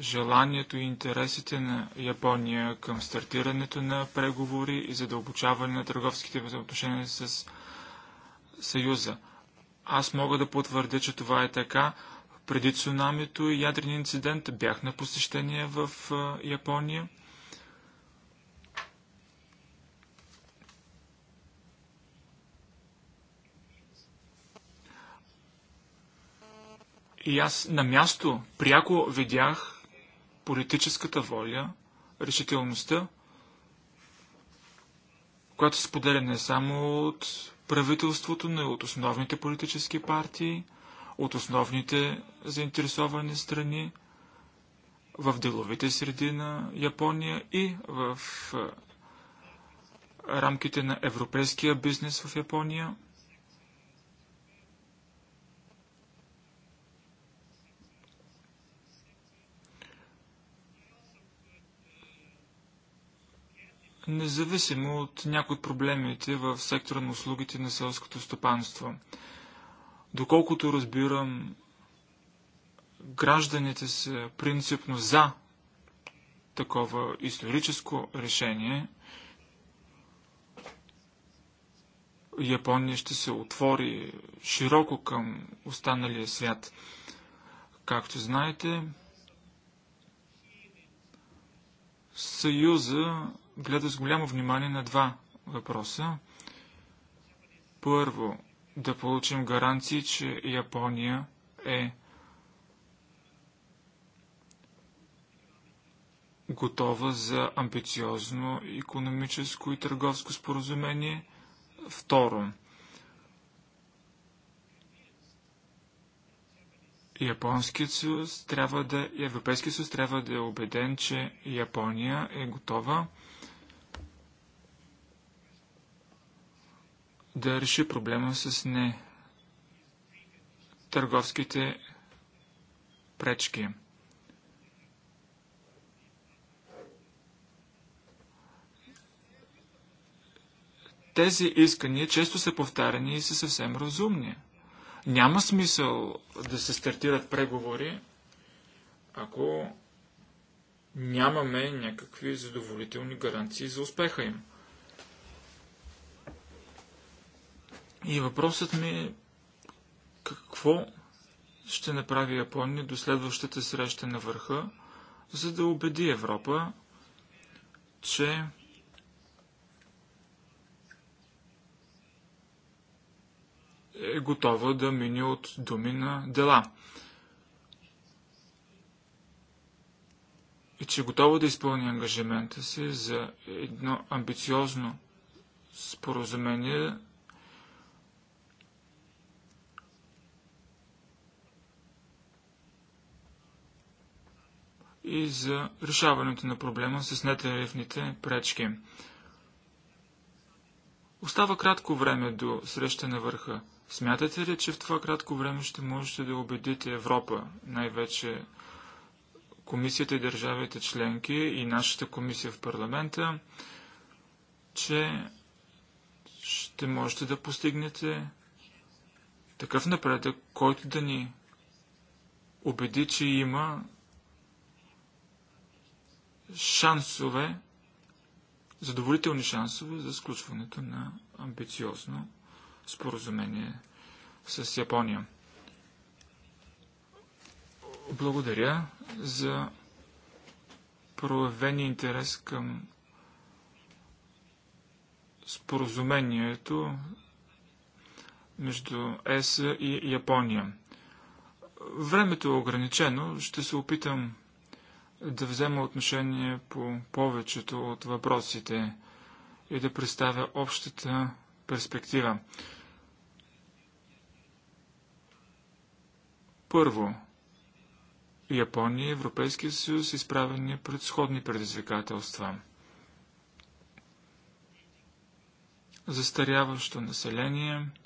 [SPEAKER 5] желанието и интересите на Япония към стартирането на преговори и задълбочаване на търговските взаимоотношения с Съюза. Аз мога да потвърдя, че това е така. Преди цунамито и ядрения инцидент бях на посещение в Япония – И аз на място пряко видях политическата воля, решителността, която се споделя не само от правителството, но и от основните политически партии, от основните заинтересовани страни в деловите среди на Япония и в рамките на европейския бизнес в Япония – независимо от някои проблемите в сектора на услугите на селското стопанство. Доколкото разбирам, гражданите са принципно за такова историческо решение. Япония ще се отвори широко към останалия свят. Както знаете, Съюза гледа с голямо внимание на два въпроса. Първо, да получим гаранции, че Япония е готова за амбициозно економическо и търговско споразумение. Второ, Японският съюз трябва да, Европейският съюз трябва да е убеден, че Япония е готова да реши проблема с не търговските пречки. Тези искания често са повтаряни и са съвсем разумни. Няма смисъл да се стартират преговори, ако нямаме някакви задоволителни гаранции за успеха им. И въпросът ми е какво ще направи Япония до следващата среща на върха, за да убеди Европа, че е готова да мине от думи на дела. И че е готова да изпълни ангажимента си за едно амбициозно споразумение и за решаването на проблема с нетарифните пречки. Остава кратко време до среща на върха. Смятате ли, че в това кратко време ще можете да убедите Европа, най-вече комисията и държавите членки и нашата комисия в парламента, че ще можете да постигнете такъв напредък, който да ни убеди, че има шансове, задоволителни шансове за сключването на амбициозно споразумение с Япония. Благодаря за проявения интерес към споразумението между ЕС и Япония. Времето е ограничено, ще се опитам да взема отношение по повечето от въпросите и да представя общата перспектива. Първо, Япония и Европейския съюз изправени пред сходни предизвикателства. Застаряващо население –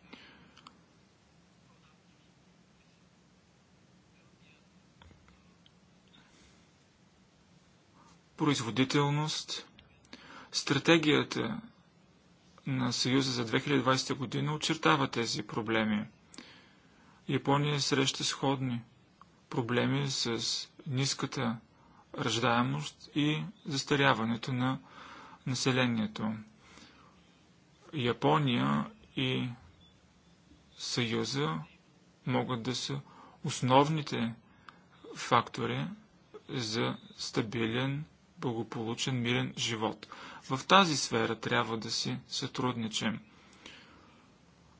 [SPEAKER 5] производителност. Стратегията
[SPEAKER 2] на Съюза за
[SPEAKER 5] 2020 година очертава тези проблеми. Япония среща сходни проблеми с ниската ръждаемост и застаряването на населението. Япония и Съюза могат да са основните фактори за стабилен благополучен, мирен живот. В тази сфера трябва да си сътрудничим.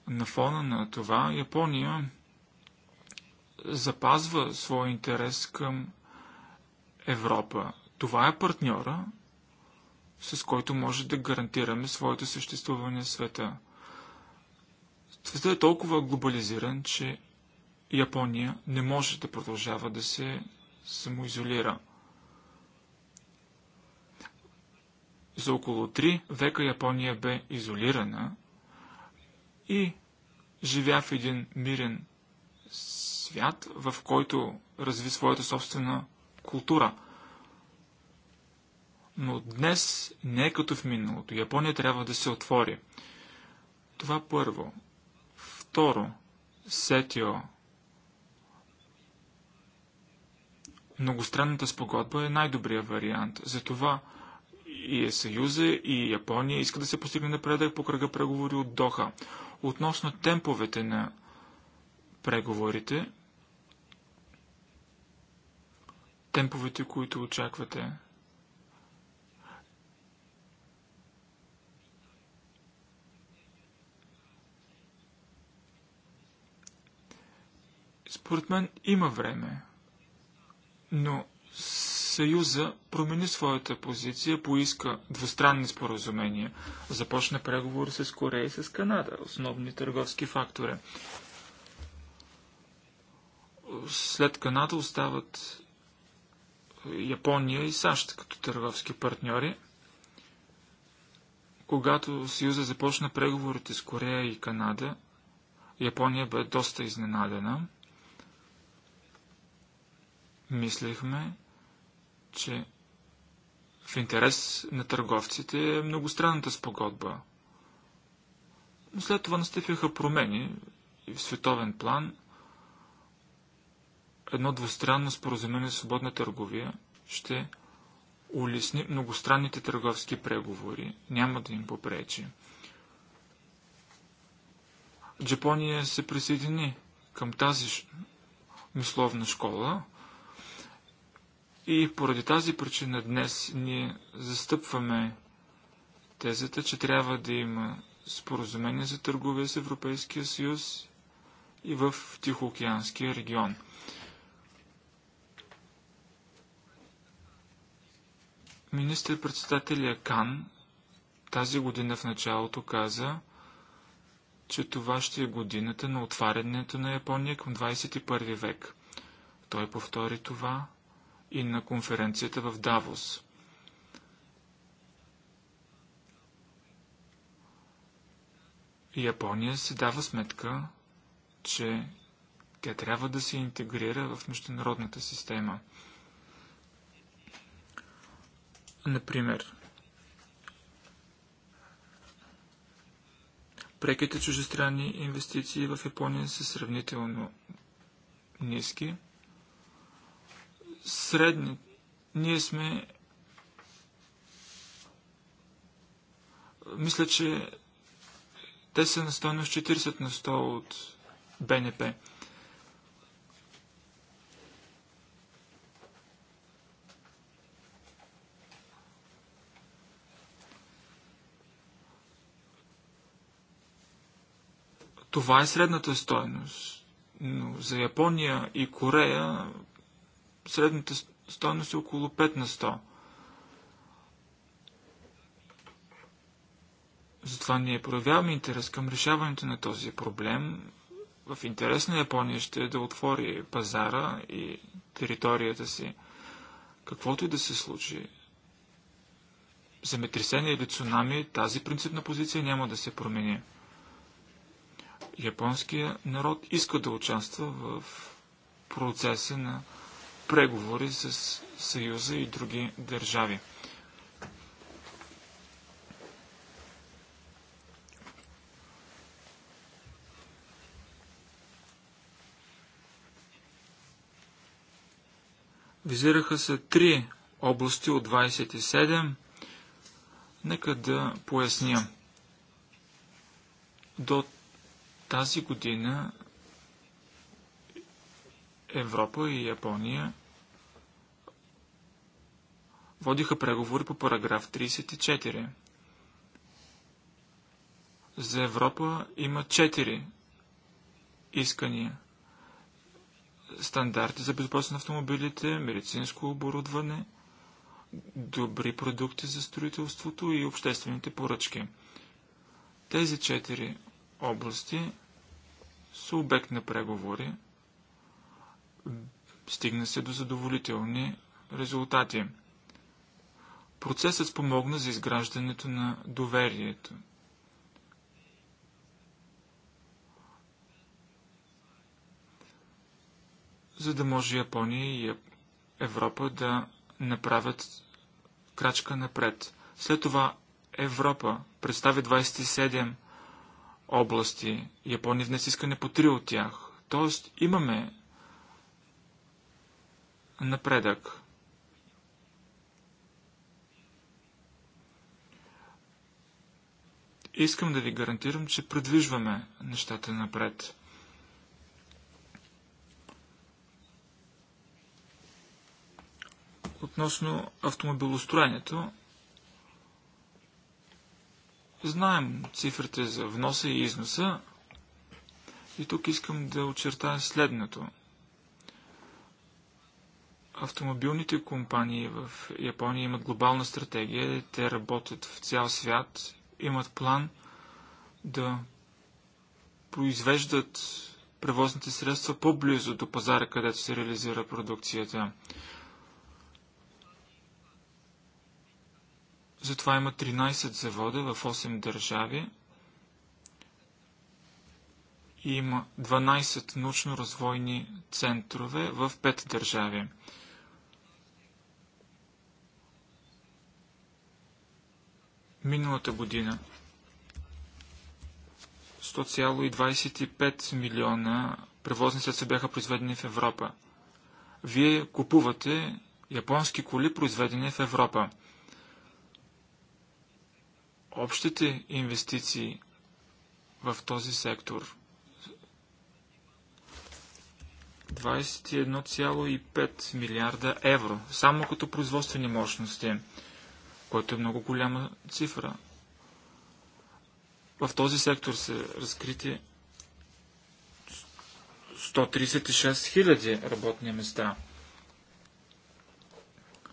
[SPEAKER 5] На фона на това Япония запазва своя интерес към Европа. Това е партньора, с който може да гарантираме своето съществуване в света. Светът е толкова глобализиран, че Япония не може да продължава да се самоизолира. За около 3 века Япония бе изолирана и живя в един мирен свят, в който разви своята собствена култура. Но днес не е като в миналото. Япония трябва да се отвори. Това първо. Второ, Сетио. Многостранната спогодба е най добрия вариант. Затова и Съюза и Япония иска да се постигне напредък по кръга преговори от Доха. Относно темповете на преговорите, темповете, които очаквате. Според мен има време, но Съюза промени своята позиция, поиска двустранни споразумения, започна преговори с Корея и с Канада, основни търговски фактори. След Канада остават Япония и САЩ като търговски партньори. Когато Съюза започна преговорите с Корея и Канада, Япония бе доста изненадена. Мислехме, че в интерес на търговците е многостранната спогодба. Но след това настъпиха промени и в световен план едно двустранно споразумение за свободна търговия ще улесни многостранните търговски преговори, няма да им попречи. Джапония се присъедини към тази мисловна школа, и поради тази причина днес ние застъпваме тезата, че трябва да има споразумение за търговия с Европейския съюз и в Тихоокеанския регион. Министър-председателя Кан тази година в началото каза, че това ще е годината на отварянето на Япония към 21 век. Той повтори това и на конференцията в Давос. Япония се дава сметка, че тя трябва да се интегрира в международната система. Например, преките чужестранни инвестиции в Япония са сравнително ниски – средни. Ние сме мисля, че те са на стойност 40 на 100 от БНП. Това е средната стойност. Но за Япония и Корея средната стойност е около 5 на 100. Затова ние проявяваме интерес към решаването на този проблем. В интерес на Япония ще е да отвори пазара и територията си. Каквото и да се случи, земетресение или цунами, тази принципна позиция няма да се промени. Японският народ иска да участва в процеса на преговори с Съюза и други държави. Визираха се три области от 27. Нека да поясня. До тази година Европа и Япония водиха преговори по параграф 34. За Европа има 4 искания. Стандарти за безопасност на автомобилите, медицинско оборудване, добри продукти за строителството и обществените поръчки. Тези четири области са обект на преговори – Стигна се до задоволителни резултати. Процесът спомогна за изграждането на доверието. За да може Япония и Европа да направят крачка напред. След това Европа представи 27 области. Япония внес искане по 3 от тях. Тоест имаме напредък. Искам да ви гарантирам, че предвижваме нещата напред. Относно автомобилостроението, знаем цифрите за вноса и износа. И тук искам да очертая следното. Автомобилните компании в Япония имат глобална стратегия, те работят в цял свят, имат план да произвеждат превозните средства по-близо до пазара, където се реализира продукцията. Затова има 13 завода в 8 държави и има 12 научно-развойни центрове в 5 държави. миналата година. 100,25 милиона превозни средства бяха произведени в Европа. Вие купувате японски коли, произведени в Европа. Общите инвестиции в този сектор 21,5 милиарда евро, само като производствени мощности което е много голяма цифра. В този сектор са разкрити 136 000 работни места.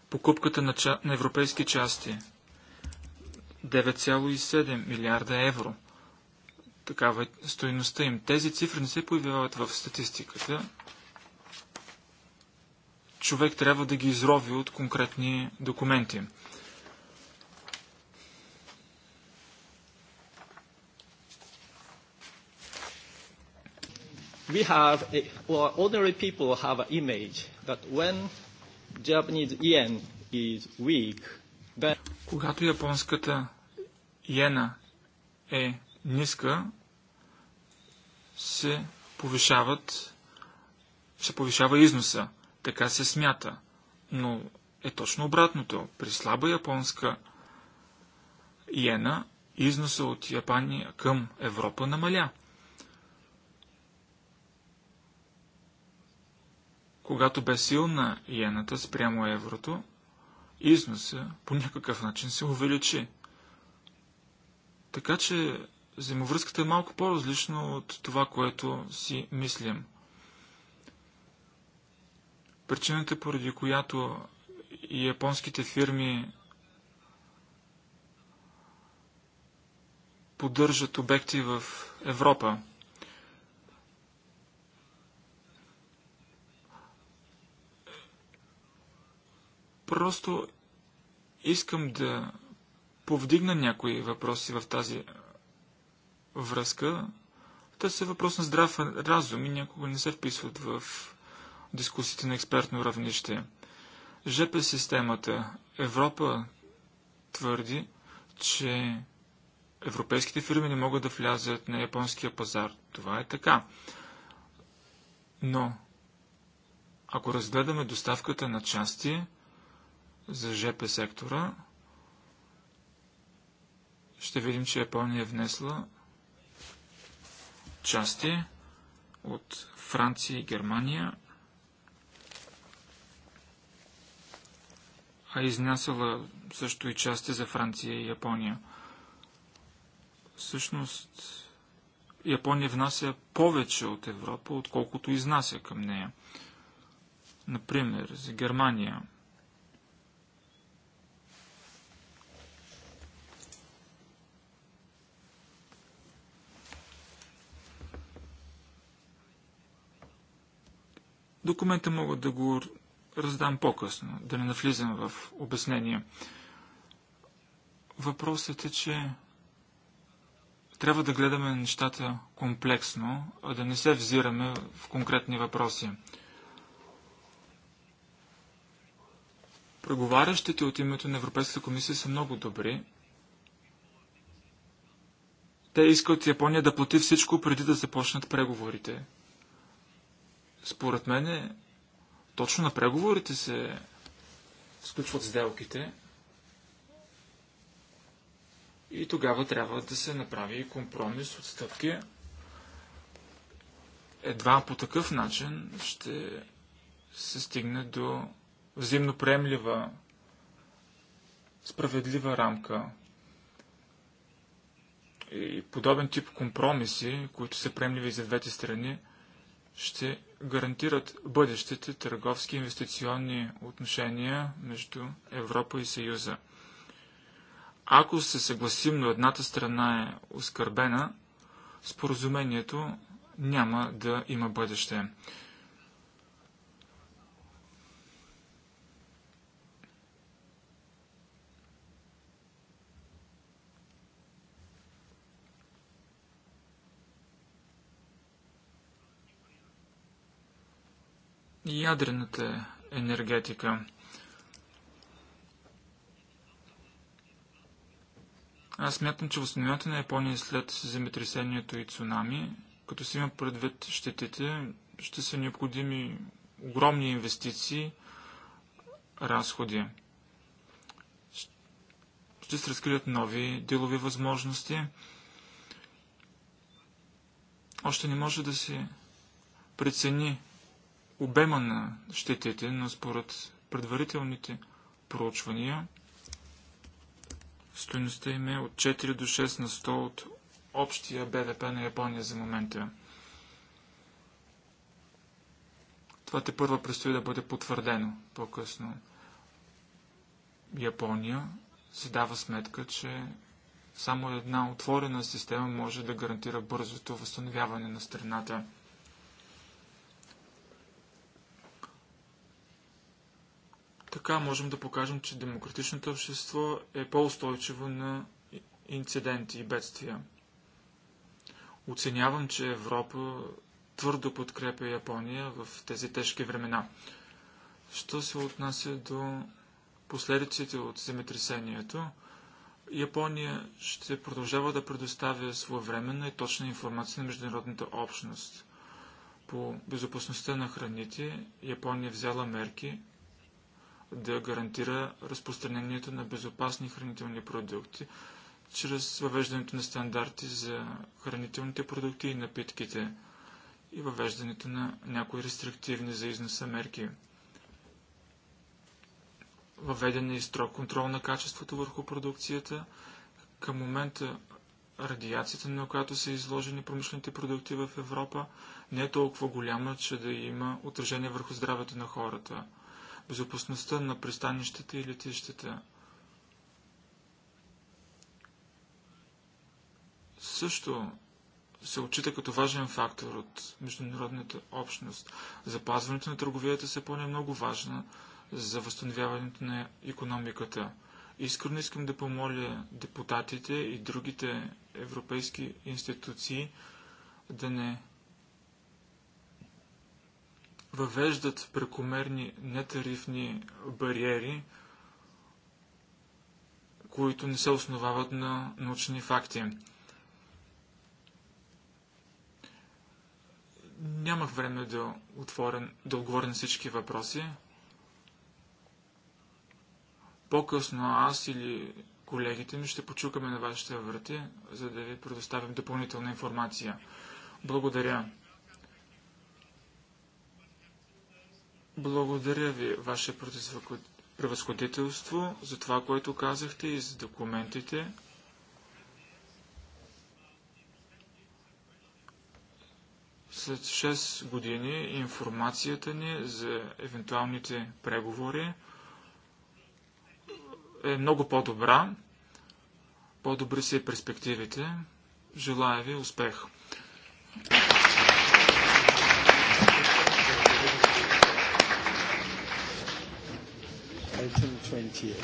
[SPEAKER 5] Покупката на, ча... на европейски части 9,7 милиарда евро. Такава е стоеността им. Тези цифри не се появяват в статистиката. Човек трябва да ги изрови от конкретни документи.
[SPEAKER 2] we have, a, eh, well, ordinary people have an image that when Japanese yen is weak, then... Когато
[SPEAKER 5] японската йена е ниска, се повишават, се повишава износа. Така се смята. Но е точно обратното. При слаба японска иена износа от Япания към Европа намаля. Когато бе силна иената спрямо еврото, износа по някакъв начин се увеличи. Така че взаимовръзката е малко по-различно от това, което си мислим. Причината, поради която и японските фирми поддържат обекти в Европа – Просто искам да повдигна някои въпроси в тази връзка. Те са въпрос на здрав разум и някога не се вписват в дискусите на експертно равнище. ЖП системата Европа твърди, че европейските фирми не могат да влязат на японския пазар. Това е така. Но, ако разгледаме доставката на части, за ЖП сектора, ще видим, че Япония е внесла части от Франция и Германия, а изнасяла също и части за Франция и Япония. Всъщност, Япония внася повече от Европа, отколкото изнася към нея. Например, за Германия – Документа мога да го раздам по-късно, да не навлизам в обяснение. Въпросът е, че трябва да гледаме нещата комплексно, а да не се взираме в конкретни въпроси. Преговарящите от името на Европейската комисия са много добри. Те искат Япония да плати всичко преди да започнат преговорите. Според мен точно на преговорите се сключват сделките и тогава трябва да се направи компромис от стъпки. Едва по такъв начин ще се стигне до взаимно приемлива, справедлива рамка. И подобен тип компромиси, които са приемливи за двете страни, ще гарантират бъдещите търговски инвестиционни отношения между Европа и Съюза. Ако се съгласим, но едната страна е оскърбена, споразумението няма да има бъдеще. ядрената енергетика. Аз смятам, че възстановяването на Япония след земетресението и цунами, като се има предвид щетите, ще са необходими огромни инвестиции, разходи. Ще се разкрият нови делови възможности. Още не може да се прецени обема на щетите, но според предварителните проучвания стоеността им е от 4 до 6 на 100 от общия БВП на Япония за момента. Това те първа предстои да бъде потвърдено по-късно. Япония се дава сметка, че само една отворена система може да гарантира бързото възстановяване на страната. Така можем да покажем, че демократичното общество е по-устойчиво на инциденти и бедствия. Оценявам, че Европа твърдо подкрепя Япония в тези тежки времена. Що се отнася до последиците от земетресението, Япония ще продължава да предоставя своевременна и точна информация на международната общност. По безопасността на храните Япония е взяла мерки, да гарантира разпространението на безопасни хранителни продукти чрез въвеждането на стандарти за хранителните продукти и напитките и въвеждането на някои рестриктивни за износа мерки. Въведен е и строг контрол на качеството върху продукцията. Към момента радиацията, на която са изложени промишлените продукти в Европа, не е толкова голяма, че да има отражение върху здравето на хората – безопасността на пристанищата и летищата. Също се отчита като важен фактор от международната общност. Запазването на търговията се поне е много важна за възстановяването на економиката. Искрено искам да помоля депутатите и другите европейски институции да не въвеждат прекомерни нетарифни бариери, които не се основават на научни факти. Нямах време да, отворя, да отговоря на всички въпроси. По-късно аз или колегите ми ще почукаме на вашите врати, за да ви предоставим допълнителна информация. Благодаря. Благодаря ви, Ваше превъзходителство, за това, което казахте и за документите. След 6 години информацията ни за евентуалните преговори е много по-добра. По-добри са и перспективите. Желая ви успех!
[SPEAKER 2] item 28.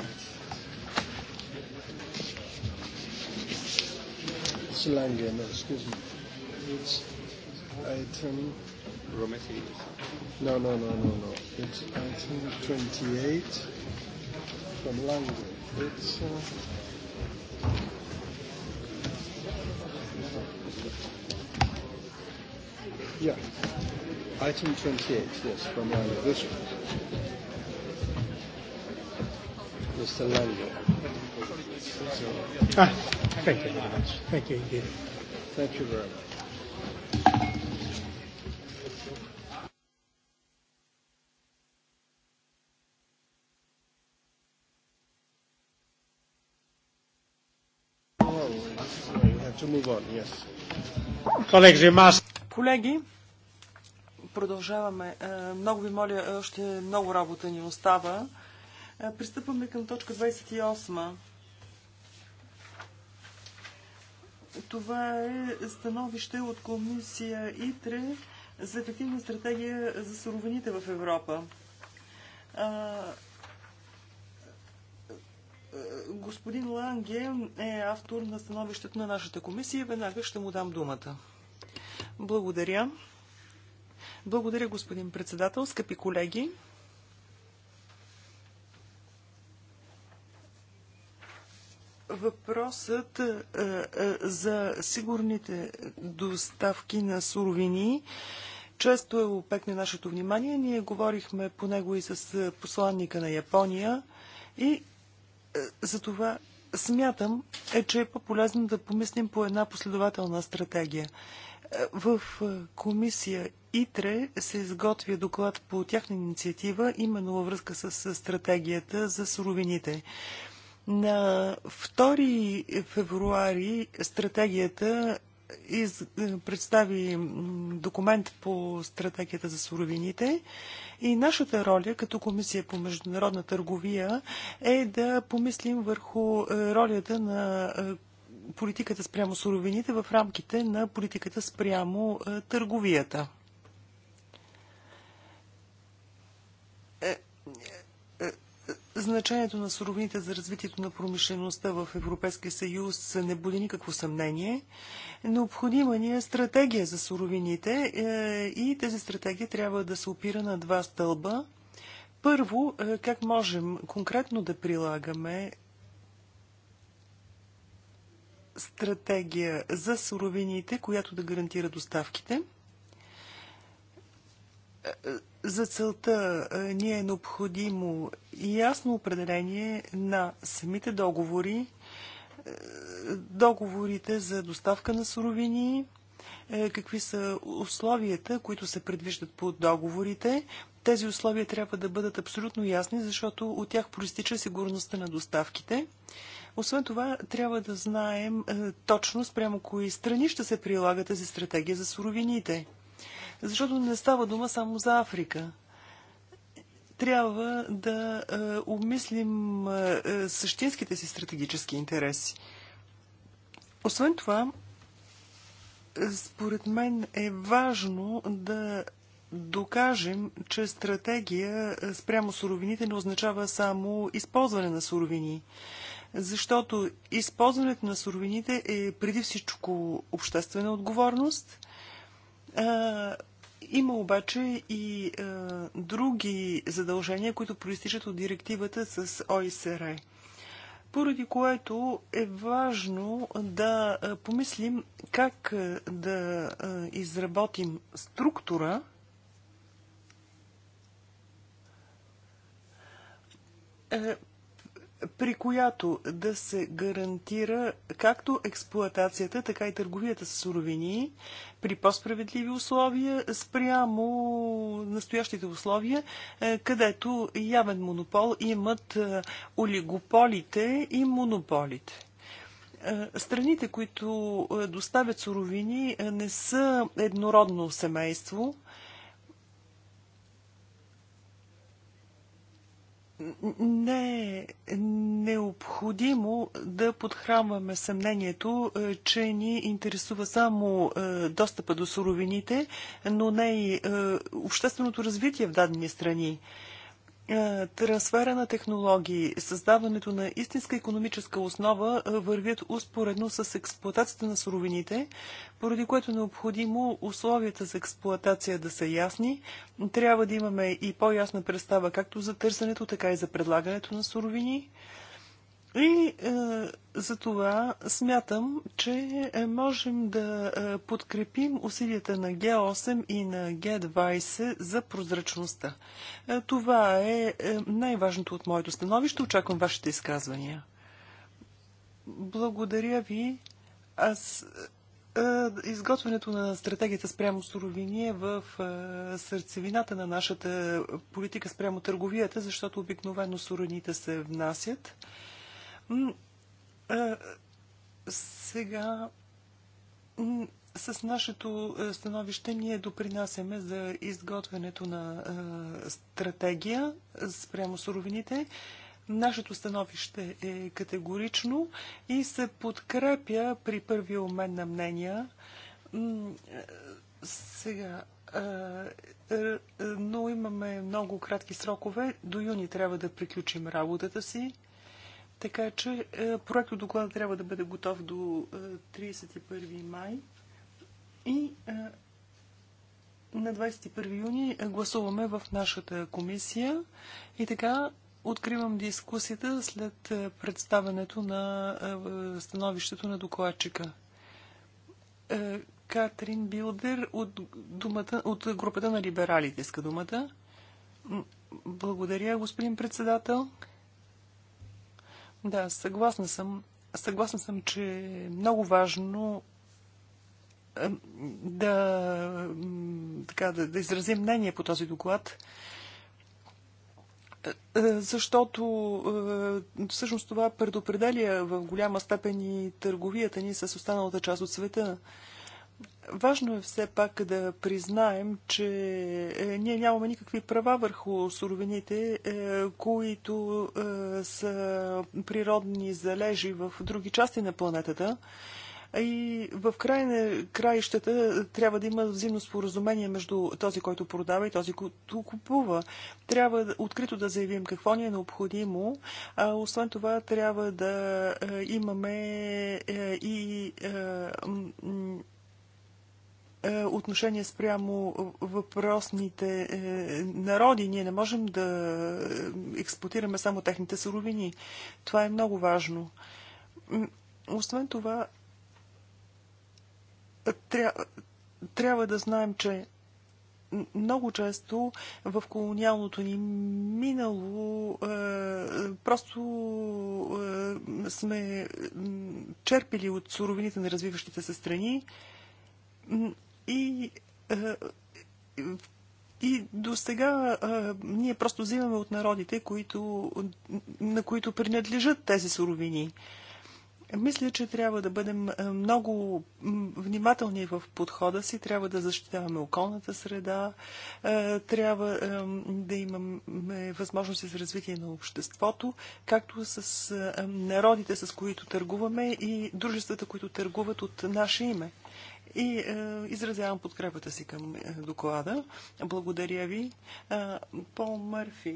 [SPEAKER 2] It's no, excuse me. It's item. Rometti. No, no, no, no, no. It's item 28 from Lange. It's. Uh, yeah. Item 28, yes, from Lange. This one. Mr. Lange. Ah, thank you very much. Thank you indeed. Thank you very much. Колеги,
[SPEAKER 1] продължаваме. Много ви моля, още много работа ни остава. Пристъпваме към точка 28. Това е становище от комисия ИТРЕ за ефективна стратегия за суровините в Европа. Господин Ланге е автор на становището на нашата комисия. Веднага ще му дам думата. Благодаря. Благодаря, господин председател, скъпи колеги. Въпросът за сигурните доставки на суровини често е опек на нашето внимание. Ние говорихме по него и с посланника на Япония и за това смятам, е, че е по-полезно да помислим по една последователна стратегия. В комисия ИТРЕ се изготвя доклад по тяхна инициатива, именно във връзка с стратегията за суровините. На 2 февруари стратегията из, е, представи документ по стратегията за суровините и нашата роля като Комисия по международна търговия е да помислим върху е, ролята на е, политиката спрямо суровините в рамките на политиката спрямо търговията Значението на суровините за развитието на промишлеността в Европейския съюз не буди никакво съмнение. Необходима ни е стратегия за суровините е, и тази стратегия трябва да се опира на два стълба. Първо, е, как можем конкретно да прилагаме стратегия за суровините, която да гарантира доставките – за целта ни е необходимо ясно определение на самите договори, договорите за доставка на суровини, какви са условията, които се предвиждат по договорите. Тези условия трябва да бъдат абсолютно ясни, защото от тях проистича сигурността на доставките. Освен това, трябва да знаем точно спрямо кои страни ще се прилага тази стратегия за суровините. Защото не става дума само за Африка трябва да е, обмислим е, е, същинските си стратегически интереси. Освен това, според мен е важно да докажем, че стратегия е, спрямо суровините не означава само използване на суровини, защото използването на суровините е преди всичко обществена отговорност – има обаче и е, други задължения, които проистичат от директивата с ОИСР, поради което е важно да е, помислим как е, да е, изработим структура, при която да се гарантира както експлоатацията, така и търговията с суровини при по-справедливи условия спрямо настоящите условия, е, където явен монопол имат е, олигополите и монополите. Е, страните, които доставят суровини, не са еднородно семейство – не е необходимо да подхранваме съмнението, е, че ни интересува само е, достъпа до суровините, но не и е, общественото развитие в дадени страни. Е, трансфера на технологии, създаването на истинска економическа основа е, вървят успоредно с експлуатацията на суровините, поради което е необходимо условията за експлуатация да са ясни. Трябва да имаме и по-ясна представа както за търсенето, така и за предлагането на суровини. И е, за това смятам, че е, можем да е, подкрепим усилията на Г8 и на Г20 за прозрачността. Е, това е, е най-важното от моето становище. Очаквам вашите изказвания. Благодаря ви. Аз изготвянето на стратегията спрямо суровини е в сърцевината на нашата политика спрямо търговията, защото обикновено суровините се внасят. Сега с нашето е, становище ние допринасяме за изготвянето на е, стратегия спрямо суровините. Нашето становище е категорично и се подкрепя при първия обмен на мнения. Сега, е, но имаме много кратки срокове. До юни трябва да приключим работата си. Така че е, от доклада трябва да бъде готов до 31 е, май и е, на 21 юни гласуваме в нашата комисия. И така откривам дискусията след представенето на становището на докладчика. Катрин Билдер от, думата, от групата на либералите иска думата. Благодаря, господин председател. Да, съгласна съм. Съгласна съм, че е много важно да, така, да, да изразим мнение по този доклад, е, е, защото е, всъщност това предопределя в голяма степен и търговията ни с останалата част от света. Важно е все пак да признаем, че е, ние нямаме никакви права върху суровините, е, които е, са природни залежи в други части на планетата. И в край на краищата трябва да има взаимно споразумение между този, който продава и този, който купува. Трябва открито да заявим какво ни е необходимо. А, освен това, трябва да имаме и е, отношение спрямо въпросните е, народи. Ние не можем да експлуатираме само техните суровини. Това е много важно. Освен това, тря... трябва да знаем, че много често в колониалното ни минало е, просто е, сме черпили от суровините на развиващите се страни и, и до сега ние просто взимаме от народите, които, на които принадлежат тези суровини. Мисля, че трябва да бъдем много внимателни в подхода си, трябва да защитаваме околната среда, трябва да имаме възможности за развитие на обществото, както с народите, с които търгуваме и дружествата, които търгуват от наше име и е, изразявам подкрепата си към е, доклада. Благодаря ви. Е, Пол Мърфи.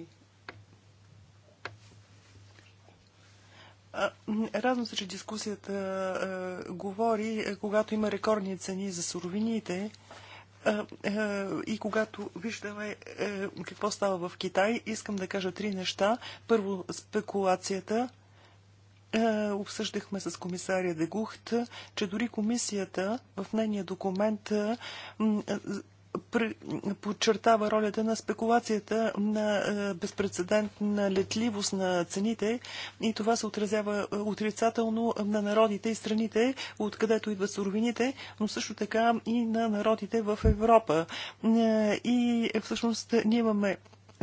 [SPEAKER 1] Е, радвам се, че дискусията е, говори, е, когато има рекордни цени за суровините е, е, и когато виждаме какво става в Китай, искам да кажа три неща. Първо, спекулацията – е, обсъждахме с комисаря Дегухт, че дори комисията в нейния документ е, е, подчертава ролята на спекулацията на безпредседентна летливост на цените и това се отразява отрицателно на народите и страните, откъдето идват суровините, но също така и на народите в Европа. И всъщност ние имаме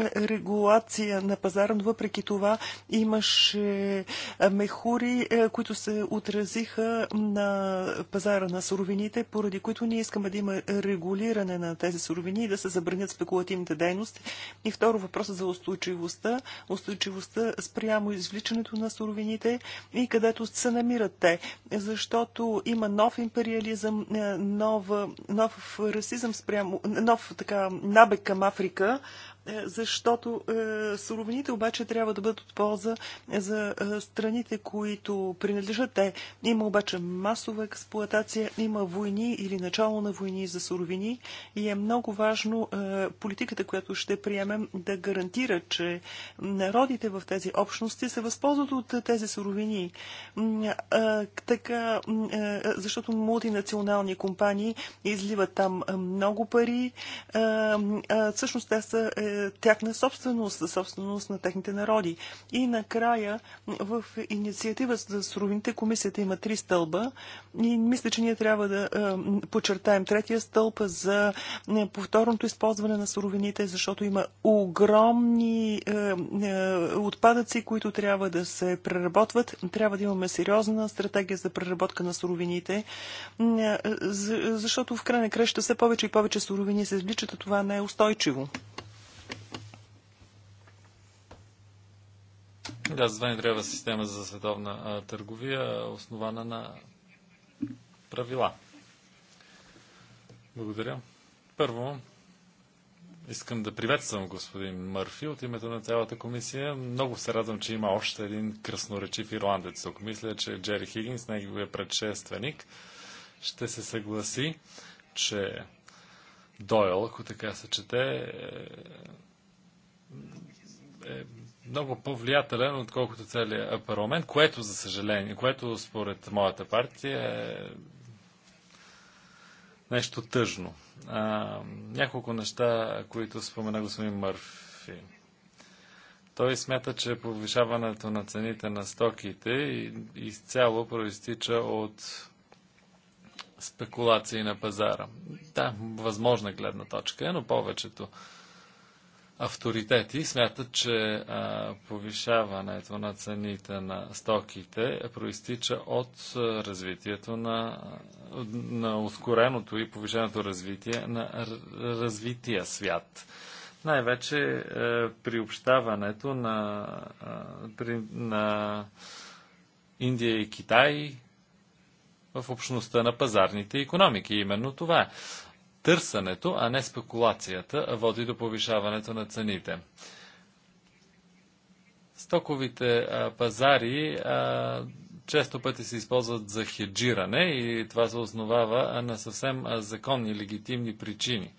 [SPEAKER 1] регулация на пазара, но въпреки това имаше мехури, е, които се отразиха на пазара на суровините, поради които ние искаме да има регулиране на тези суровини и да се забранят спекулативните дейности. И второ въпросът за устойчивостта, устойчивостта спрямо извличането на суровините и където се намират те, защото има нов империализъм, е, нов, нов расизъм спрямо, нов така набег към Африка, е, защото е, суровините обаче трябва да бъдат от полза е, за страните, които принадлежат те. Има обаче масова експлуатация, има войни или начало на войни за суровини и е много важно политиката, която ще приемем, да гарантира, че народите в тези общности се възползват от тези суровини. Така, защото мултинационални компании изливат там много пари. Всъщност те са тяхна собственост, собственост на техните народи. И накрая в инициатива за суровините комисията има три стълба и мисля, че ние трябва да подчертаем третия стълб за повторното използване на суровините, защото има огромни отпадъци, които трябва да се преработват. Трябва да имаме сериозна стратегия за преработка на суровините, защото в край на краща все повече и повече суровини се извличат, а това не е устойчиво.
[SPEAKER 3] Да, затова ни трябва система за световна а, търговия, основана на правила. Благодаря. Първо, искам да приветствам господин Мърфи от името на цялата комисия. Много се радвам, че има още един кръсноречив ирландец Ако Мисля, че Джери Хигинс, неговия предшественик, ще се съгласи, че Дойл, ако така се чете, е, е много по-влиятелен, отколкото целият парламент, което, за съжаление, което според моята партия е нещо тъжно. А, няколко неща, които спомена господин Мърфи. Той смята, че повишаването на цените на стоките изцяло проистича от спекулации на пазара. Да, възможна гледна точка, е, но повечето авторитети смятат, че повишаването на цените на стоките проистича от развитието на, на ускореното и повишеното развитие на развития свят. Най-вече е, приобщаването на, при, на Индия и Китай в общността на пазарните економики. Именно това е търсенето, а не спекулацията, води до повишаването на цените. Стоковите пазари често пъти се използват за хеджиране и това се основава на съвсем законни, легитимни причини.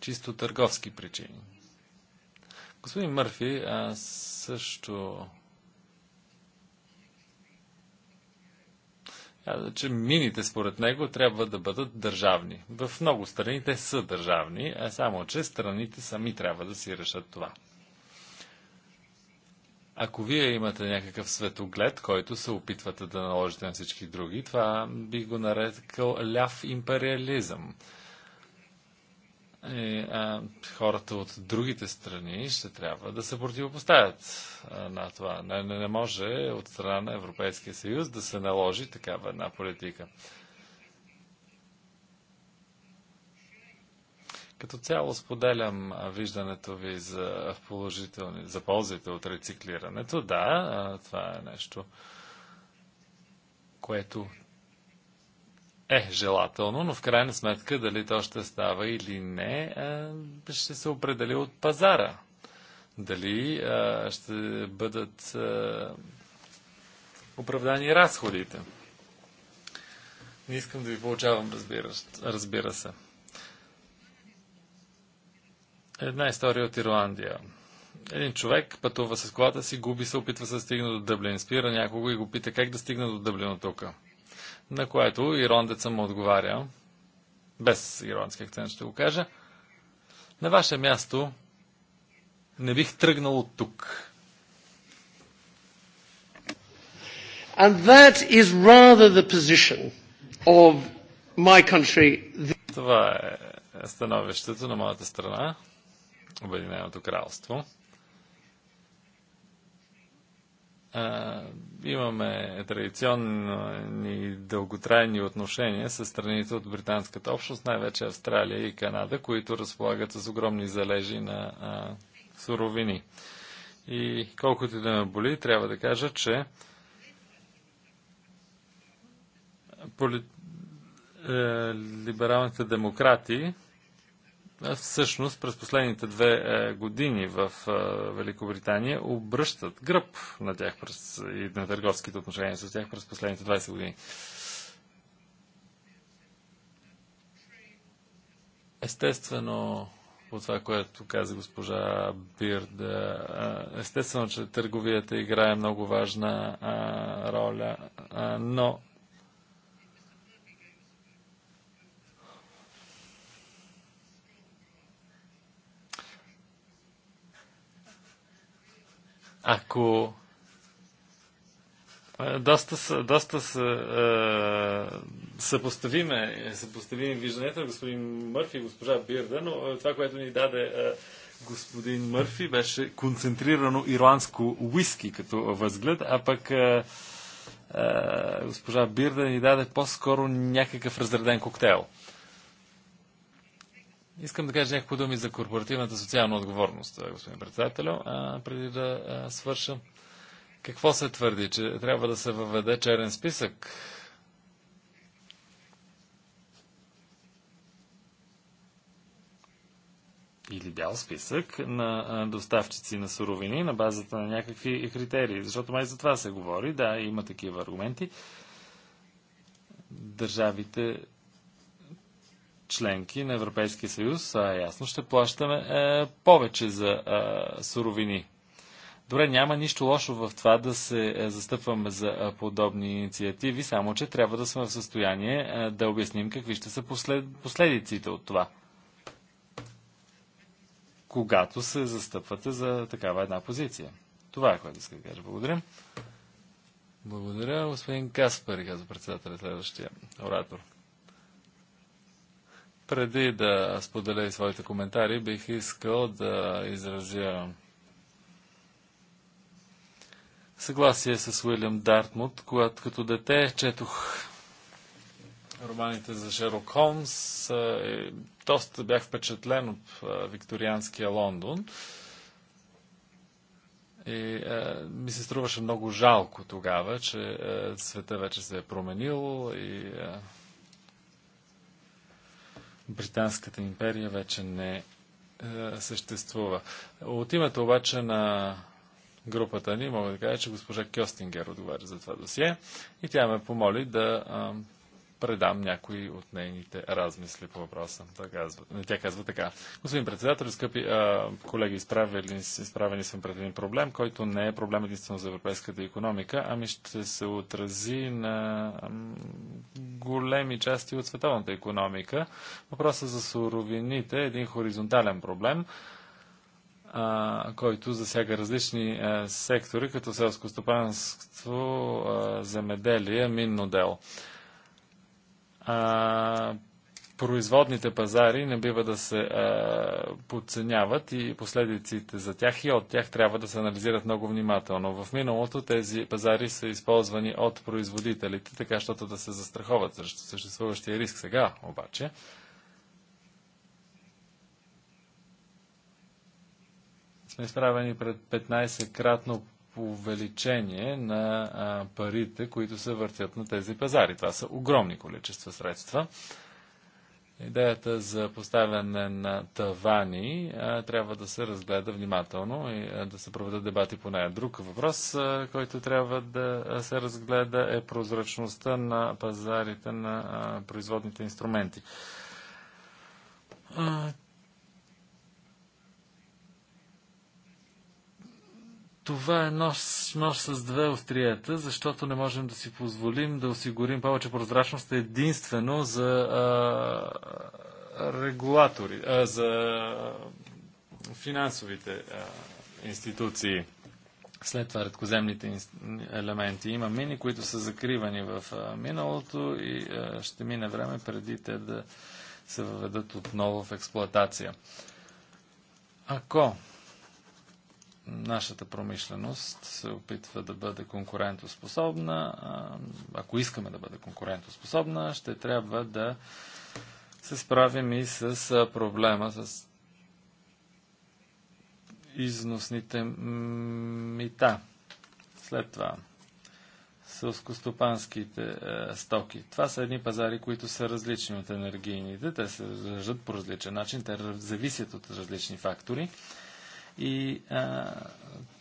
[SPEAKER 3] Чисто търговски причини. Господин Мърфи също каза, че мините според него трябва да бъдат държавни. В много страни те са държавни, а само, че страните сами трябва да си решат това. Ако вие имате някакъв светоглед, който се опитвате да наложите на всички други, това би го нарекал ляв империализъм. Е, а, хората от другите страни ще трябва да се противопоставят а, на това. Не, не, не може от страна на Европейския съюз да се наложи такава една политика. Като цяло споделям виждането ви за, положителни, за ползите от рециклирането. Да, това е нещо, което е желателно, но в крайна сметка дали то ще става или не, ще се определи от пазара. Дали ще бъдат оправдани разходите. Не искам да ви получавам, разбира, разбира се. Една история от Ирландия. Един човек пътува с колата си, губи се, опитва се да стигне до Дъблин. Спира някого и го пита как да стигне до Дъблин от тук на което ирондеца му отговаря, без иронски акцент ще го кажа, на ваше място не бих тръгнал от тук.
[SPEAKER 2] And that is rather the position of my country.
[SPEAKER 3] Това е становището на моята страна, Обединеното кралство. а, имаме традиционни дълготрайни отношения с страните от британската общност, най-вече Австралия и Канада, които разполагат с огромни залежи на а, суровини. И колкото и да ме боли, трябва да кажа, че поли... е, либералните демократи всъщност през последните две е, години в е, Великобритания обръщат гръб на тях през, и на търговските отношения с тях през последните 20 години. Естествено, по това, което каза госпожа Бирд. Е, естествено, че търговията играе много важна роля, но Ако доста са, доста са, е, съпоставиме, съпоставиме вижданията на господин Мърфи и госпожа Бирда, но това, което ни даде е, господин Мърфи, беше концентрирано ирландско уиски като възглед, а пък е, е, госпожа Бирда ни даде по-скоро някакъв разреден коктейл. Искам да кажа някакво думи за корпоративната социална отговорност, господин председател, преди да свърша. Какво се твърди, че трябва да се въведе черен списък? или бял списък на доставчици на суровини на базата на някакви критерии. Защото май за това се говори. Да, има такива аргументи. Държавите членки на Европейския съюз, а ясно ще плащаме е, повече за е, суровини. Добре, няма нищо лошо в това да се е, застъпваме за е, подобни инициативи, само че трябва да сме в състояние е, да обясним какви ще са послед... последиците от това. Когато се застъпвате за такава една позиция. Това е което искам да кажа. Благодаря. Благодаря, господин Каспар, каза председателят, следващия оратор. Преди да споделя и своите коментари, бих искал да изразя съгласие с Уилям Дартмут, когато като дете четох романите за Шерлок Холмс. Доста бях впечатлен от викторианския Лондон. И е, ми се струваше много жалко тогава, че е, света вече се е променил и Британската империя вече не е, съществува. От името обаче на групата ни мога да кажа, че госпожа Кьостингер отговаря за това досие и тя ме помоли да предам някои от нейните размисли по въпроса. Тя казва, така. Господин председател, скъпи а, колеги, изправени, изправени съм пред един проблем, който не е проблем единствено за европейската економика, ами ще се отрази на големи части от световната економика. Въпросът за суровините е един хоризонтален проблем който засяга различни сектори, като селско стопанство, земеделие, минно дело а, производните пазари не бива да се а, подценяват и последиците за тях и от тях трябва да се анализират много внимателно. В миналото тези пазари са използвани от производителите, така щото да се застраховат срещу съществуващия риск. Сега обаче сме изправени пред 15-кратно увеличение на парите, които се въртят на тези пазари. Това са огромни количества средства. Идеята за поставяне на тавани трябва да се разгледа внимателно и да се проведат дебати по нея. Друг въпрос, който трябва да се разгледа е прозрачността на пазарите на производните инструменти. Това е нож, нож с две острията, защото не можем да си позволим да осигурим повече прозрачност единствено за а, регулатори, а, за финансовите а, институции. След това редкоземните елементи. Има мини, които са закривани в а, миналото и а, ще мине време преди те да се въведат отново в експлоатация. Ако нашата промишленост се опитва да бъде конкурентоспособна. Ако искаме да бъде конкурентоспособна, ще трябва да се справим и с проблема с износните мита. След това сълскостопанските е, стоки. Това са едни пазари, които са различни от енергийните. Те се държат по различен начин. Те зависят от различни фактори. И а,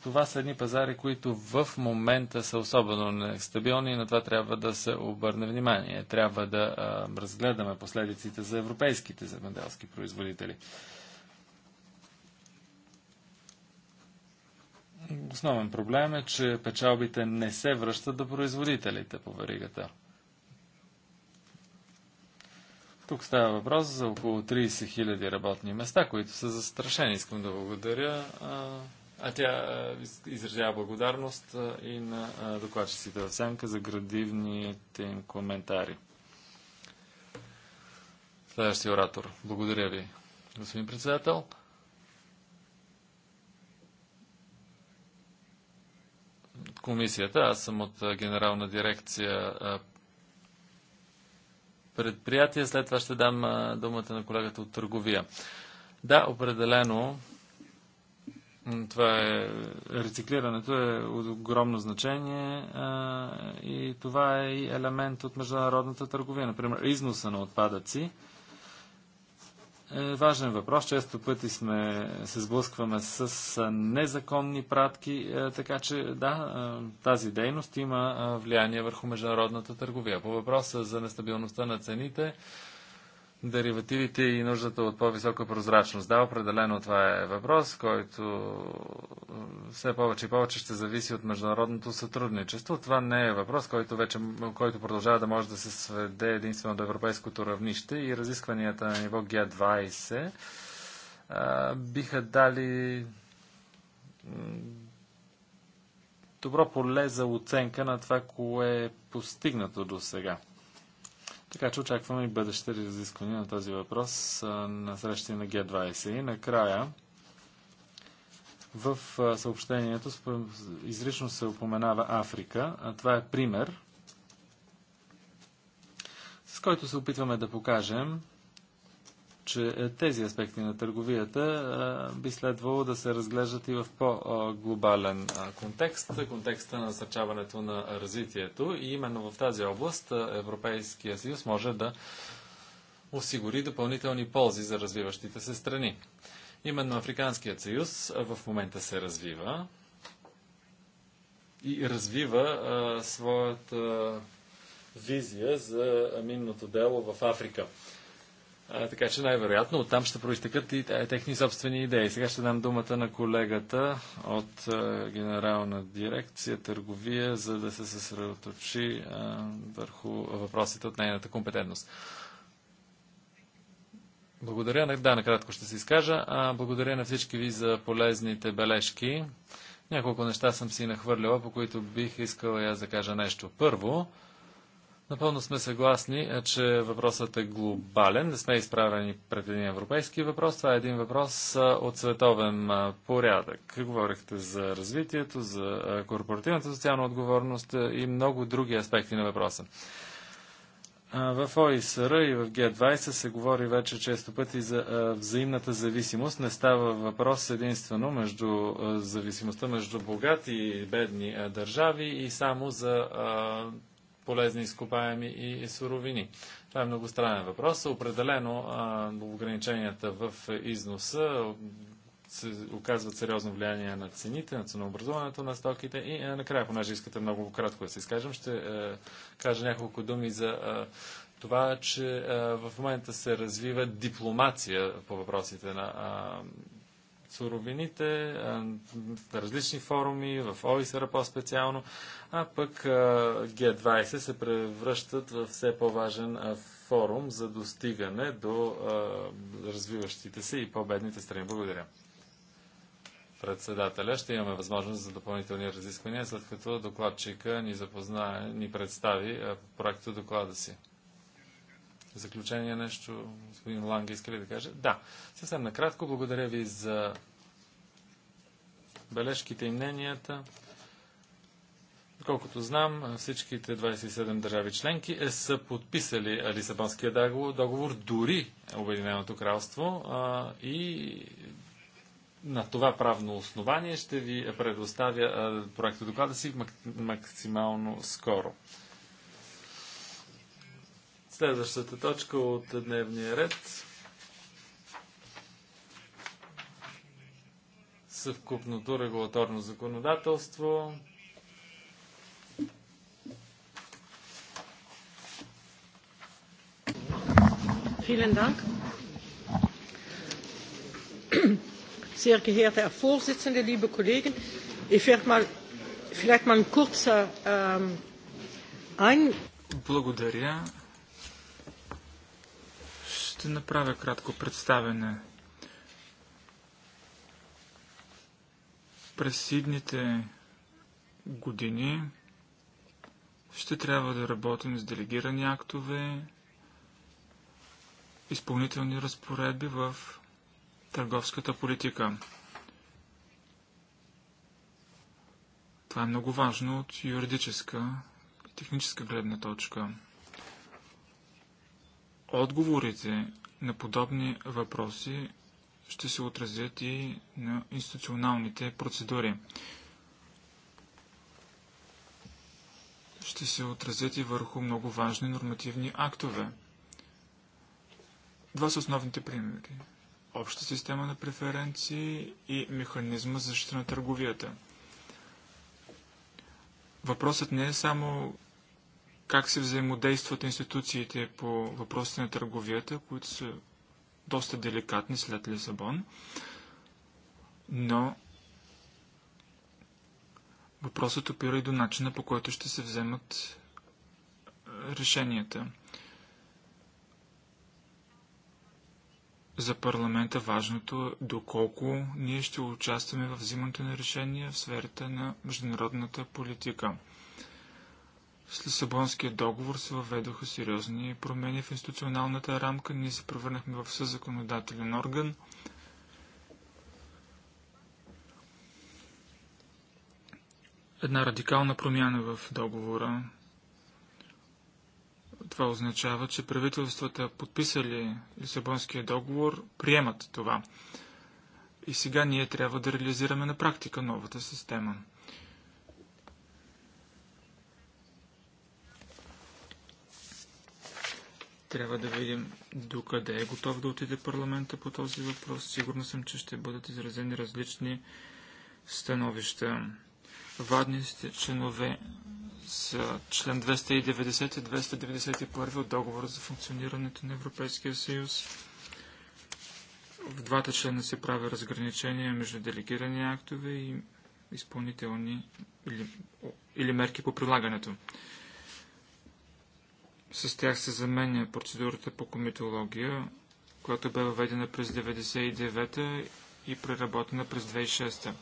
[SPEAKER 3] това са едни пазари, които в момента са особено нестабилни и на това трябва да се обърне внимание. Трябва да а, разгледаме последиците за европейските земеделски производители. Основен проблем е, че печалбите не се връщат до производителите по веригата. Тук става въпрос за около 30 000 работни места, които са застрашени. Искам да благодаря. А тя изразява благодарност и на докладчиците в Сянка за градивните им коментари. Следващия оратор. Благодаря ви, господин председател. Комисията, аз съм от генерална дирекция предприятия. След това ще дам думата на колегата от търговия. Да, определено. Това е, рециклирането е от огромно значение а, и това е и елемент от международната търговия. Например, износа на отпадъци е важен въпрос. Често пъти сме, се сблъскваме с е, незаконни пратки, е, така че да, е, тази дейност има влияние върху международната търговия. По въпроса за нестабилността на цените, деривативите и нуждата от по-висока прозрачност. Да, определено това е въпрос, който все повече и повече ще зависи от международното сътрудничество. Това не е въпрос, който, вече, който продължава да може да се сведе единствено до европейското равнище и разискванията на ниво Г20 биха дали добро поле за оценка на това, кое е постигнато до сега. Така че очакваме и бъдещите разисквания на този въпрос на срещи на Г20. И накрая, в съобщението изрично се упоменава Африка. А това е пример, с който се опитваме да покажем, че е, тези аспекти на търговията е, би следвало да се разглеждат и в по-глобален е, контекст, контекста на насърчаването на развитието. И именно в тази област Европейския съюз може да осигури допълнителни ползи за развиващите се страни. Именно Африканският съюз в момента се развива и развива своята визия за минното дело в Африка. А, така че най-вероятно оттам ще проистекат и техни собствени идеи. Сега ще дам думата на колегата от а, Генерална дирекция търговия, за да се съсредоточи а, върху въпросите от нейната компетентност. Благодаря. Да, накратко ще се изкажа. А, благодаря на всички ви за полезните бележки. Няколко неща съм си нахвърляла, по които бих искала я да кажа нещо. Първо, Напълно сме съгласни, е, че въпросът е глобален. Не сме изправени пред един европейски въпрос. Това е един въпрос е, от световен е, порядък. Говорихте за развитието, за корпоративната социална отговорност и много други аспекти на въпроса. В ОИСР и в Г20 се говори вече често пъти за взаимната зависимост. Не става въпрос единствено между зависимостта между богати и бедни държави и само за полезни изкопаеми и суровини. Това е многостранен въпрос. Определено ограниченията в износа се оказват сериозно влияние на цените, на ценообразуването на стоките. И накрая, понеже искате много кратко да се изкажем, ще кажа няколко думи за това, че в момента се развива дипломация по въпросите на суровините, различни форуми, в ОИСР по-специално, а пък Г20 се превръщат в все по-важен форум за достигане до развиващите се и по-бедните страни. Благодаря. Председателя ще имаме възможност за допълнителни разисквания, след като докладчика ни запозна, ни представи проекта доклада си заключение нещо, господин Ланга иска ли да каже? Да. Съвсем накратко, благодаря ви за бележките и мненията. Колкото знам, всичките 27 държави членки е, са подписали Лисабонския договор, договор дори Обединеното кралство а, и на това правно основание ще ви предоставя проекта доклада си максимално скоро. Следващата точка от дневния ред. Съвкупното регулаторно законодателство.
[SPEAKER 2] Vielen Dank. Sehr geehrter Herr Vorsitzender, liebe Kollegen, ich werde mal vielleicht mal ein kurzer ähm, ein.
[SPEAKER 5] Благодаря. Ще направя кратко представене. През идните години ще трябва да работим с делегирани актове, изпълнителни разпоредби в търговската политика. Това е много важно от юридическа и техническа гледна точка. Отговорите на подобни въпроси ще се отразят и на институционалните процедури. Ще се отразят и върху много важни нормативни актове. Два са основните примери. Обща система на преференции и механизма за защита на търговията. Въпросът не е само как се взаимодействат институциите по въпросите на търговията, които са доста деликатни след Лисабон. Но въпросът опира и до начина по който ще се вземат решенията. За парламента важното е доколко ние ще участваме в взимането на решения в сферата на международната политика. С Лисабонския договор се въведоха сериозни промени в институционалната рамка. Ние се превърнахме в съзаконодателен орган. Една радикална промяна в договора. Това означава, че правителствата, подписали Лисабонския договор, приемат това. И сега ние трябва да реализираме на практика новата система. Трябва да видим докъде е готов да отиде парламента по този въпрос. Сигурно съм, че ще бъдат изразени различни становища. Вадните членове са член 290 и 291 от договора за функционирането на Европейския съюз. В двата члена се прави разграничение между делегирани актове и изпълнителни или, или мерки по прилагането. С тях се заменя процедурата по комитология, която бе въведена през 1999 и преработена през 2006 та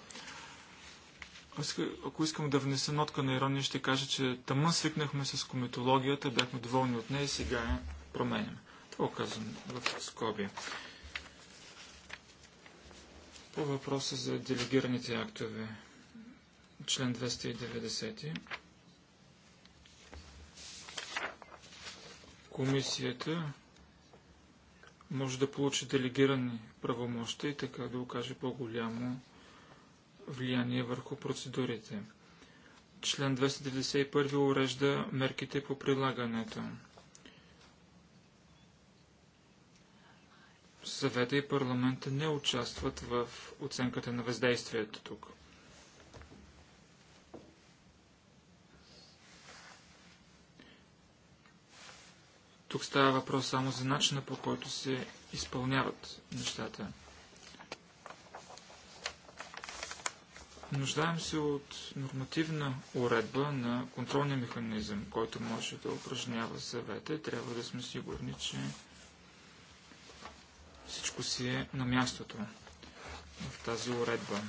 [SPEAKER 5] ако искам да внеса нотка на ирония, ще кажа, че тъмън свикнахме с комитологията, бяхме доволни от нея и сега я променяме. Това казвам в скоби. По въпроса за делегираните актове, член 290. комисията може да получи делегирани правомощи и така да окаже по-голямо влияние върху процедурите. Член 291 урежда мерките по прилагането. Съвета и парламента не участват в оценката на въздействието тук. Тук става въпрос само за начина по който се изпълняват нещата. Нуждаем се от нормативна уредба на контролния механизъм, който може да упражнява съвета. Трябва да сме сигурни, че всичко си е на мястото в тази уредба.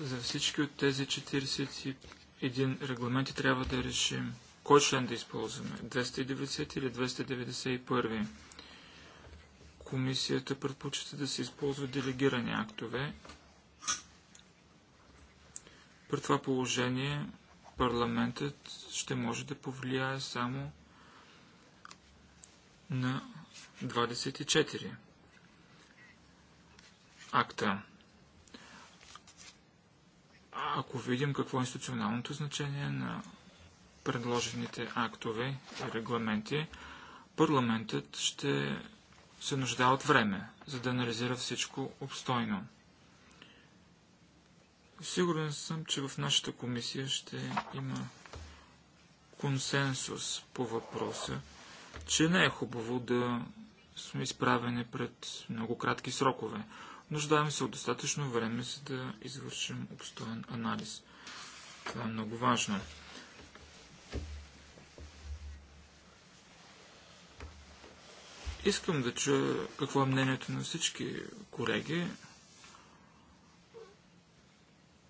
[SPEAKER 5] За всички от тези 41 регламенти трябва да решим кой член да използваме, 290 или 291. Комисията предпочита да се използва делегирани актове. При това положение парламентът ще може да повлияе само на 24 акта. Ако видим какво е институционалното значение на предложените актове и регламенти, парламентът ще се нуждае от време, за да анализира всичко обстойно. Сигурен съм, че в нашата комисия ще има консенсус по въпроса, че не е хубаво да сме изправени пред много кратки срокове. Нуждаем се от достатъчно време, за да извършим обстоен анализ. Това е много важно. Искам да чуя какво е мнението на всички колеги.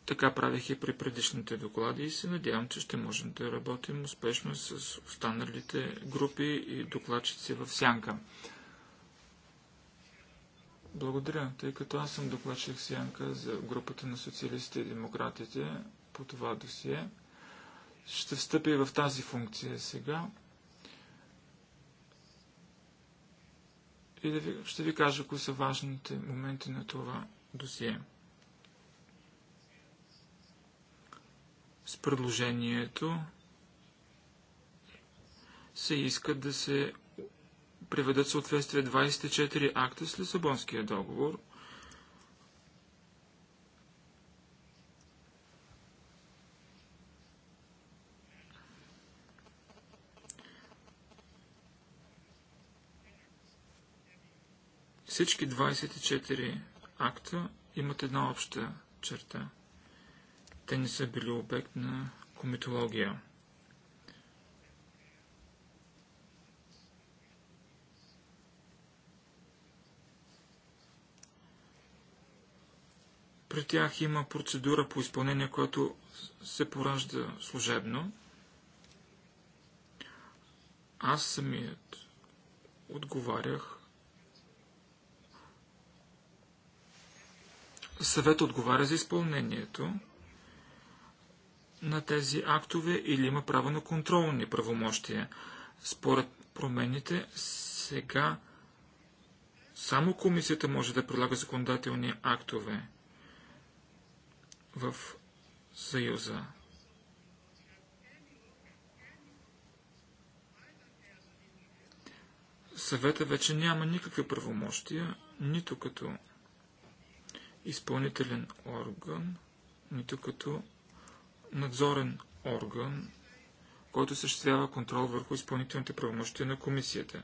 [SPEAKER 5] Така правих и при предишните доклади и се надявам, че ще можем да работим успешно с останалите групи и докладчици в сянка. Благодаря, тъй като аз съм докладчик Сянка за групата на социалистите и демократите по това досие. Ще встъпя и в тази функция сега. И да ви, ще ви кажа кои са важните моменти на това досие. С предложението се иска да се приведат съответствие 24 акта с Лисабонския договор. Всички 24 акта имат една обща черта. Те не са били обект на комитология. При тях има процедура по изпълнение, която се поражда служебно. Аз самият отговарях. Съвет отговаря за изпълнението на тези актове или има право на контролни правомощия. Според промените сега само комисията може да прилага законодателни актове в Съюза. Съвета вече няма никакви правомощия, нито като изпълнителен орган, нито като надзорен орган, който съществява контрол върху изпълнителните правомощия на комисията.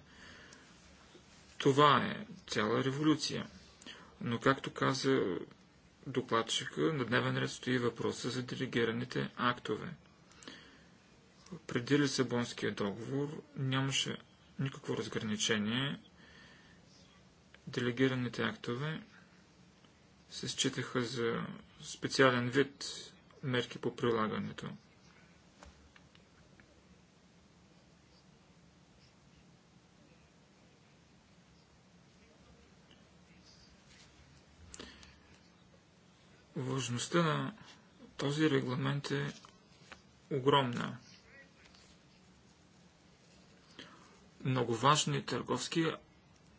[SPEAKER 5] Това е цяла революция. Но, както каза докладчика на дневен ред стои въпроса за делегираните актове. Преди Лисабонския договор нямаше никакво разграничение. Делегираните актове се считаха за специален вид мерки по прилагането. Важността на този регламент е огромна. Много важни търговски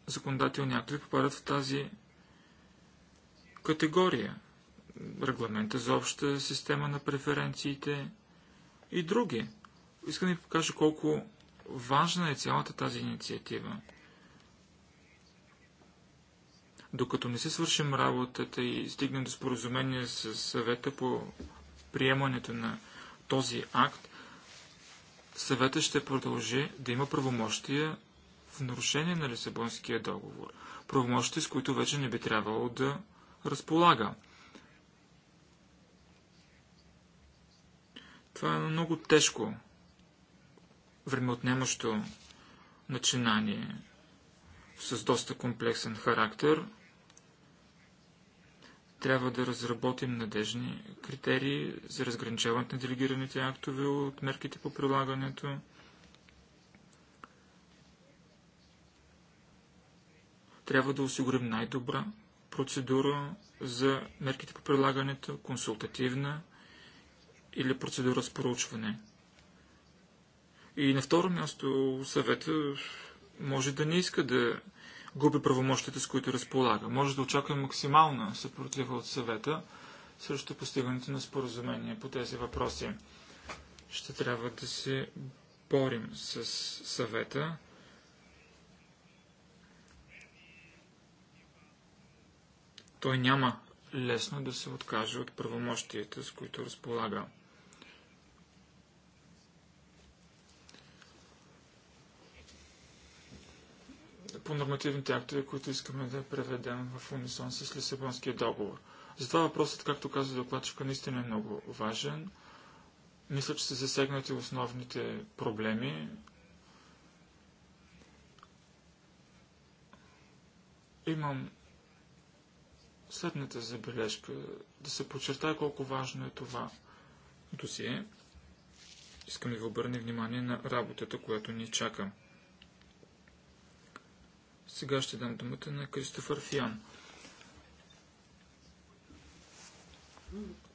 [SPEAKER 5] законодателни актове попадат в тази категория. Регламента за обща система на преференциите и други. Искам да ви покажа колко важна е цялата тази инициатива. Докато не си свършим работата и стигнем до споразумение с съвета по приемането на този акт, съвета ще продължи да има правомощия в нарушение на Лисабонския договор. Правомощия, с които вече не би трябвало да разполага. Това е много тежко, времеотнемащо начинание с доста комплексен характер – трябва да разработим надежни критерии за разграничаването на делегираните актове от мерките по прилагането. Трябва да осигурим най-добра процедура за мерките по прилагането, консултативна или процедура с проучване. И на второ място съвета може да не иска да губи правомощите, с които разполага. Може да очаква максимална съпротива от съвета срещу постигането на споразумение по тези въпроси. Ще трябва да се борим с съвета. Той няма лесно да се откаже от правомощията, с които разполага. по нормативните актове, които искаме да преведем в унисон с Лисабонския договор. Затова въпросът, както каза докладчика, наистина е много важен. Мисля, че са засегнати основните проблеми. Имам следната забележка. Да се подчертая колко важно е това досие. Искам да ви обърне внимание на работата, която ни чака. Сега ще дам думата на Кристофър Фиан.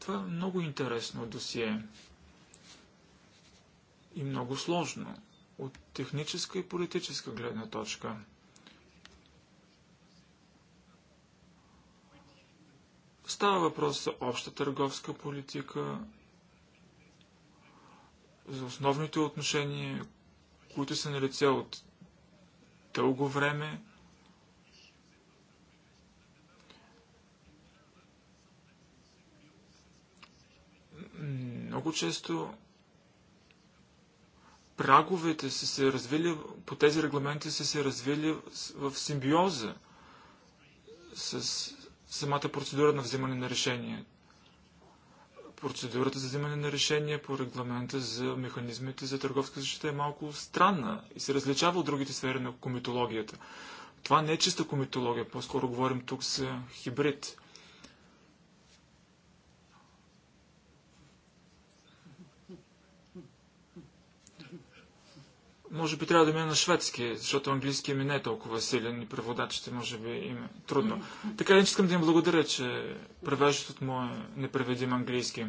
[SPEAKER 5] Това е много интересно досие и много сложно от техническа и политическа гледна точка. Става въпрос за обща търговска политика, за основните отношения, които са на лице от дълго време. Много често праговете са се развили, по тези регламенти са се развили в симбиоза с самата процедура на взимане на решение. Процедурата за взимане на решение по регламента за механизмите за търговска защита е малко странна и се различава от другите сфери на комитологията. Това не е чиста комитология, по-скоро говорим тук за хибрид. Може би трябва да мина на шведски, защото английски ми не е толкова силен и преводачите може би им е трудно. Така ли искам да им благодаря, че превеждат от моя непреведим английски.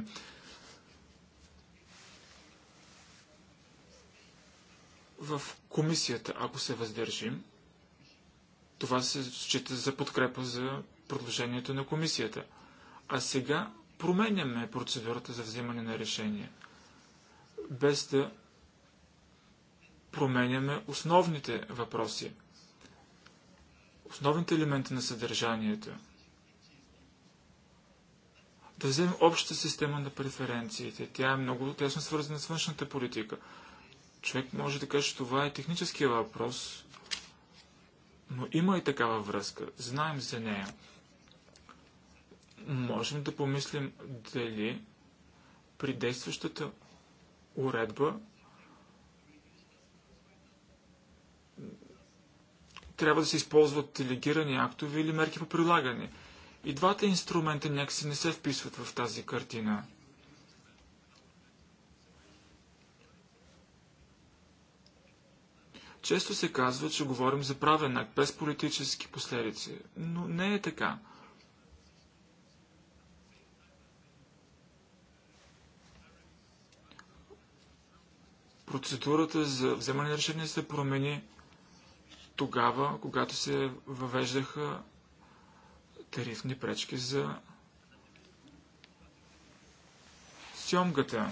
[SPEAKER 5] В комисията, ако се въздържим, това се счита за подкрепа за продължението на комисията. А сега променяме процедурата за взимане на решение, без да променяме основните въпроси, основните елементи на съдържанието. Да вземем общата система на преференциите. Тя е много тесно свързана с външната политика. Човек може да каже, че това е технически въпрос, но има и такава връзка. Знаем за нея. Можем да помислим дали при действащата уредба трябва да се използват делегирани актове или мерки по прилагане. И двата инструмента някакси не се вписват в тази картина. Често се казва, че говорим за правен акт без политически последици, но не е така. Процедурата за вземане на решение се промени тогава, когато се въвеждаха тарифни пречки за сьомгата.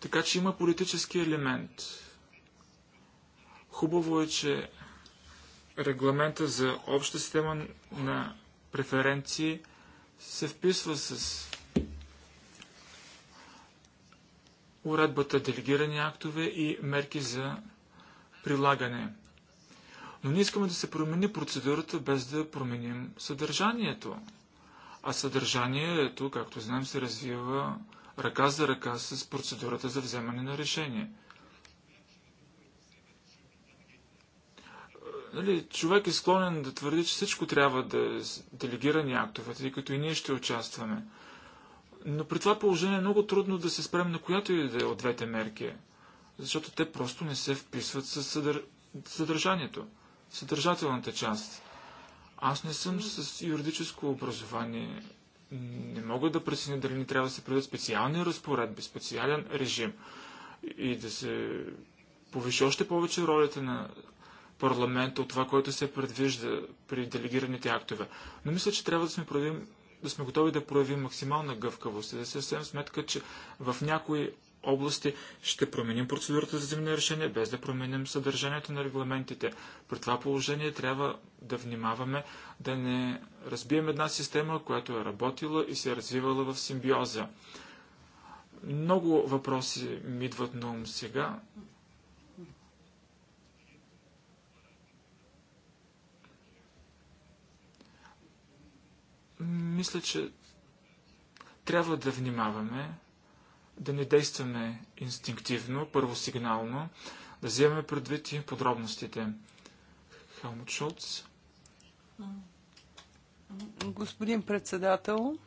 [SPEAKER 5] Така че има политически елемент. Хубаво е, че регламента за обща система на преференции се вписва с уредбата делегирани актове и мерки за прилагане. Но не искаме да се промени процедурата без да променим съдържанието. А съдържанието, както знаем, се развива ръка за ръка с процедурата за вземане на решение. Нали, човек е склонен да твърди, че всичко трябва да е делегирани актове, тъй като и ние ще участваме. Но при това положение е много трудно да се спрем на която и да е от двете мерки, защото те просто не се вписват с съдър... съдържанието, съдържателната част. Аз не съм с юридическо образование. Не мога да пресеня дали не трябва да се предат специални разпоредби, специален режим и да се повиши още повече ролята на парламента от това, което се предвижда при делегираните актове. Но мисля, че трябва да сме проявим да сме готови да проявим максимална гъвкавост и да се съвсем сметка, че в някои области ще променим процедурата за земни решения, без да променим съдържанието на регламентите. При това положение трябва да внимаваме да не разбием една система, която е работила и се е развивала в симбиоза. Много въпроси ми идват на ум сега. Мисля, че трябва да внимаваме, да не действаме инстинктивно, първосигнално, да вземем предвид и подробностите. Хелмут Шолц.
[SPEAKER 1] Господин председател,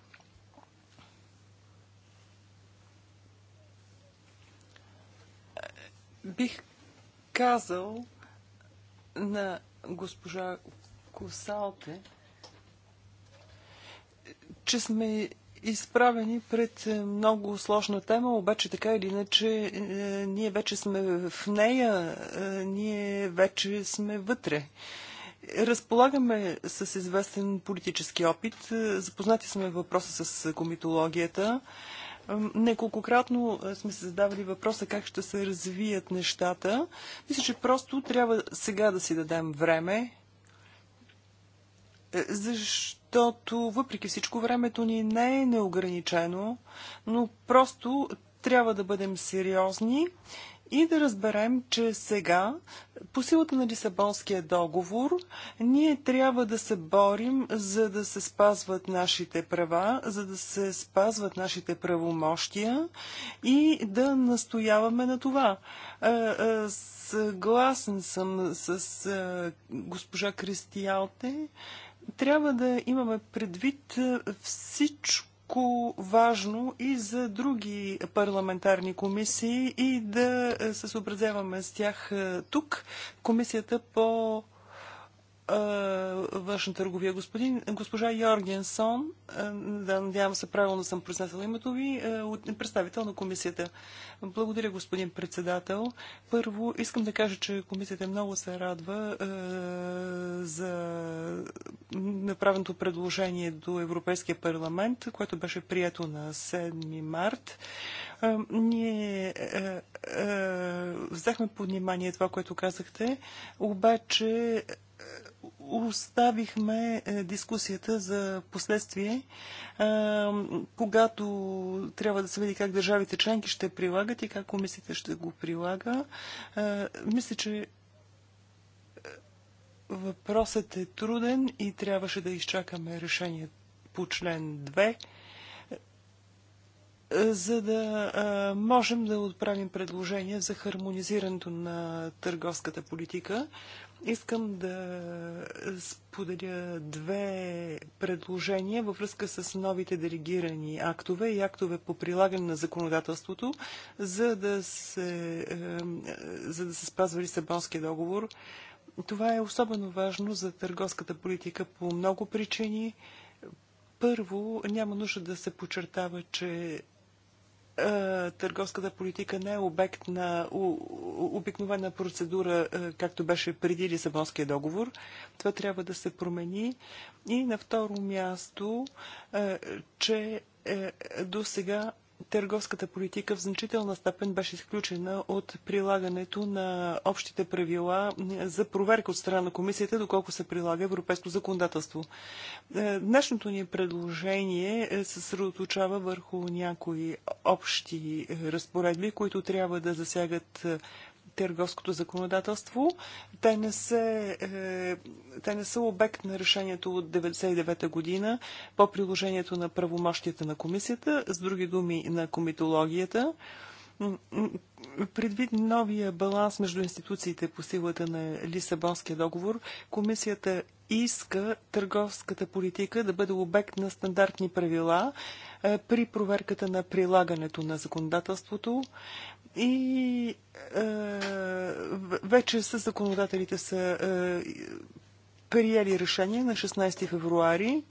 [SPEAKER 1] бих казал на госпожа Косалте, че сме изправени пред е, много сложна тема, обаче така или иначе е, ние вече сме в нея, е, ние вече сме вътре. Разполагаме с известен политически опит, запознати сме въпроса с комитологията. Неколкократно сме се задавали въпроса как ще се развият нещата. Мисля, че просто трябва сега да си дадем време, защото защото въпреки всичко времето ни не е неограничено, но просто трябва да бъдем сериозни и да разберем, че сега, по силата на Лисабонския договор, ние трябва да се борим, за да се спазват нашите права, за да се спазват нашите правомощия и да настояваме на това. Е, е, съгласен съм с е, госпожа Кристиалте, трябва да имаме предвид е, всичко важно и за други парламентарни комисии и да е, се съобразяваме с тях е, тук. Комисията по външна търговия. Господин, госпожа Йоргенсон, да, надявам се правилно съм произнесла името ви, представител на комисията. Благодаря, господин председател. Първо, искам да кажа, че комисията много се радва за направеното предложение до Европейския парламент, което беше прието на 7 март. ние взехме под внимание това, което казахте, обаче оставихме е, дискусията за последствие, е, когато трябва да се види как държавите членки ще прилагат и как комисията ще го прилага. Е, мисля, че въпросът е труден и трябваше да изчакаме решение по член 2 за да а, можем да отправим предложения за хармонизирането на търговската политика. Искам да споделя две предложения във връзка с новите делегирани актове и актове по прилагане на законодателството, за да се, а, за да се спазва Лисабонския договор. Това е особено важно за търговската политика по много причини. Първо, няма нужда да се подчертава, че е, търговската политика не е обект на обикновена процедура, е, както беше преди Лисабонския договор. Това трябва да се промени. И на второ място, е, че до сега търговската политика в значителна степен беше изключена от прилагането на общите правила за проверка от страна на комисията, доколко се прилага европейско законодателство. Е, днешното ни предложение е, се съсредоточава върху някои общи е, разпоредби, които трябва да засягат търговското законодателство. Те не, се, е, те не са обект на решението от 1999 година по приложението на правомощията на комисията, с други думи на комитологията. Предвид новия баланс между институциите по силата на Лисабонския договор, комисията иска търговската политика да бъде обект на стандартни правила е, при проверката на прилагането на законодателството. И е, вече с законодателите са е, приели решение на 16 февруари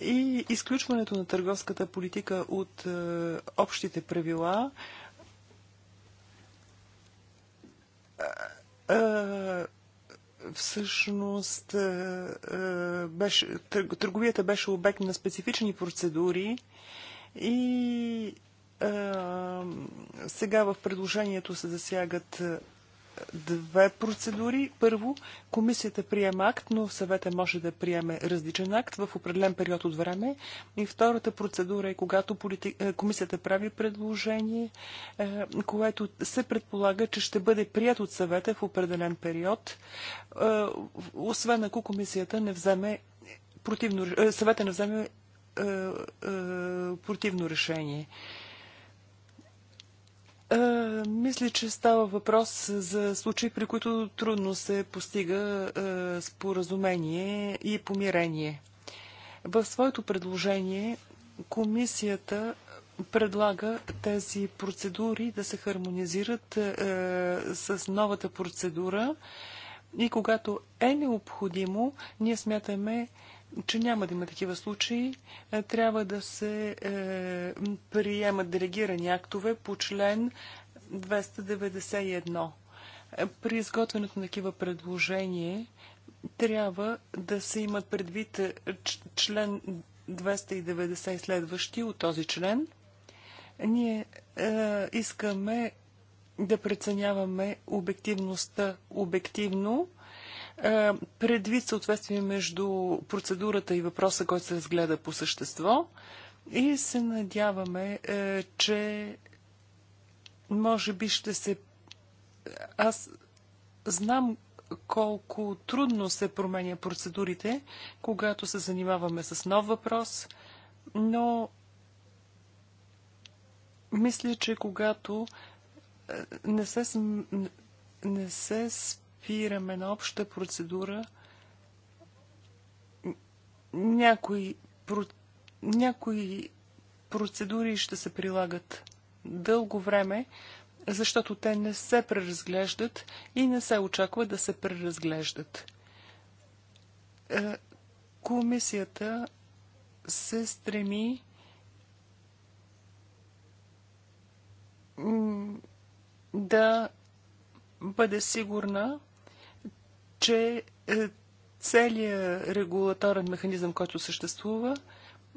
[SPEAKER 1] и изключването на търговската политика от е, общите правила е, е, всъщност е, е, беше, търговията беше обект на специфични процедури и е, сега в предложението се засягат е, две процедури. Първо, комисията приема акт, но съвета може да приеме различен акт в определен период от време. И втората процедура е когато полити... Е, комисията прави предложение, което се предполага, че ще бъде прият от съвета в определен период, освен ако комисията не вземе противно... съвета не вземе противно решение мисля, че става въпрос за случаи, при които трудно се постига споразумение и помирение. В своето предложение комисията предлага тези процедури да се хармонизират с новата процедура и когато е необходимо, ние смятаме, че няма да има такива случаи, е, трябва да се е, приемат делегирани актове по член 291. Е, при изготвянето на такива предложения трябва да се имат предвид член 290 и следващи от този член. Ние е, искаме да преценяваме обективността обективно, е, предвид съответствие между процедурата и въпроса, който се разгледа по същество. И се надяваме, е, че може би ще се. Аз знам колко трудно се променя процедурите, когато се занимаваме с нов въпрос, но мисля, че когато е, не се, не се парticipираме на обща процедура, някои, про, някои процедури ще се прилагат дълго време, защото те не се преразглеждат и не се очаква да се преразглеждат. Е, комисията се стреми да бъде сигурна, че е, целият регулаторен механизъм, който съществува,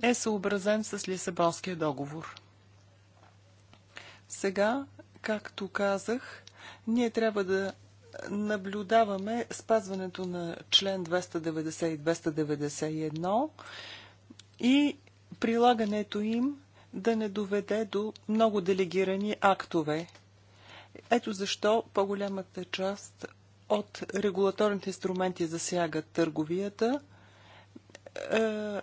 [SPEAKER 1] е съобразен с Лисабонския договор. Сега, както казах, ние трябва да наблюдаваме спазването на член 290 и 291 и прилагането им да не доведе до много делегирани актове. Ето защо по-голямата част от регулаторните инструменти засяга търговията, е,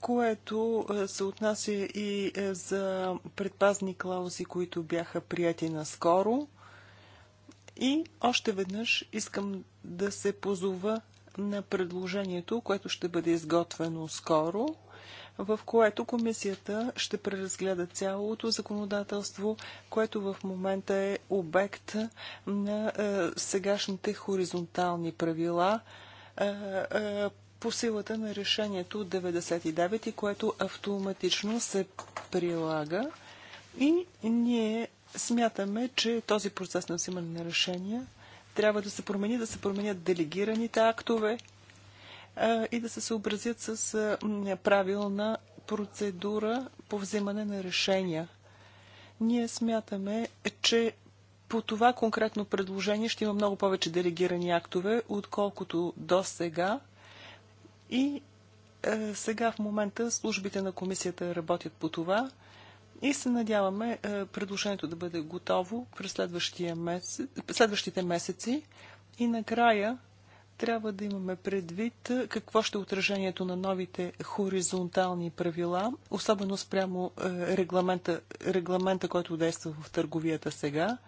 [SPEAKER 1] което е, се отнася и е, за предпазни клаузи, които бяха прияти наскоро. И още веднъж искам да се позова на предложението, което ще бъде изготвено скоро в което комисията ще преразгледа цялото законодателство, което в момента е обект на е, сегашните хоризонтални правила е, е, по силата на решението 99 и което автоматично се прилага. И ние смятаме, че този процес на взимане на решения трябва да се промени, да се променят делегираните актове, и да се съобразят с правилна процедура по взимане на решения. Ние смятаме, че по това конкретно предложение ще има много повече делегирани актове, отколкото до сега. И е, сега в момента службите на комисията работят по това и се надяваме е, предложението да бъде готово през следващите месеци. И накрая трябва да имаме предвид какво ще е отражението на новите хоризонтални правила, особено спрямо регламента, регламента който действа в търговията сега.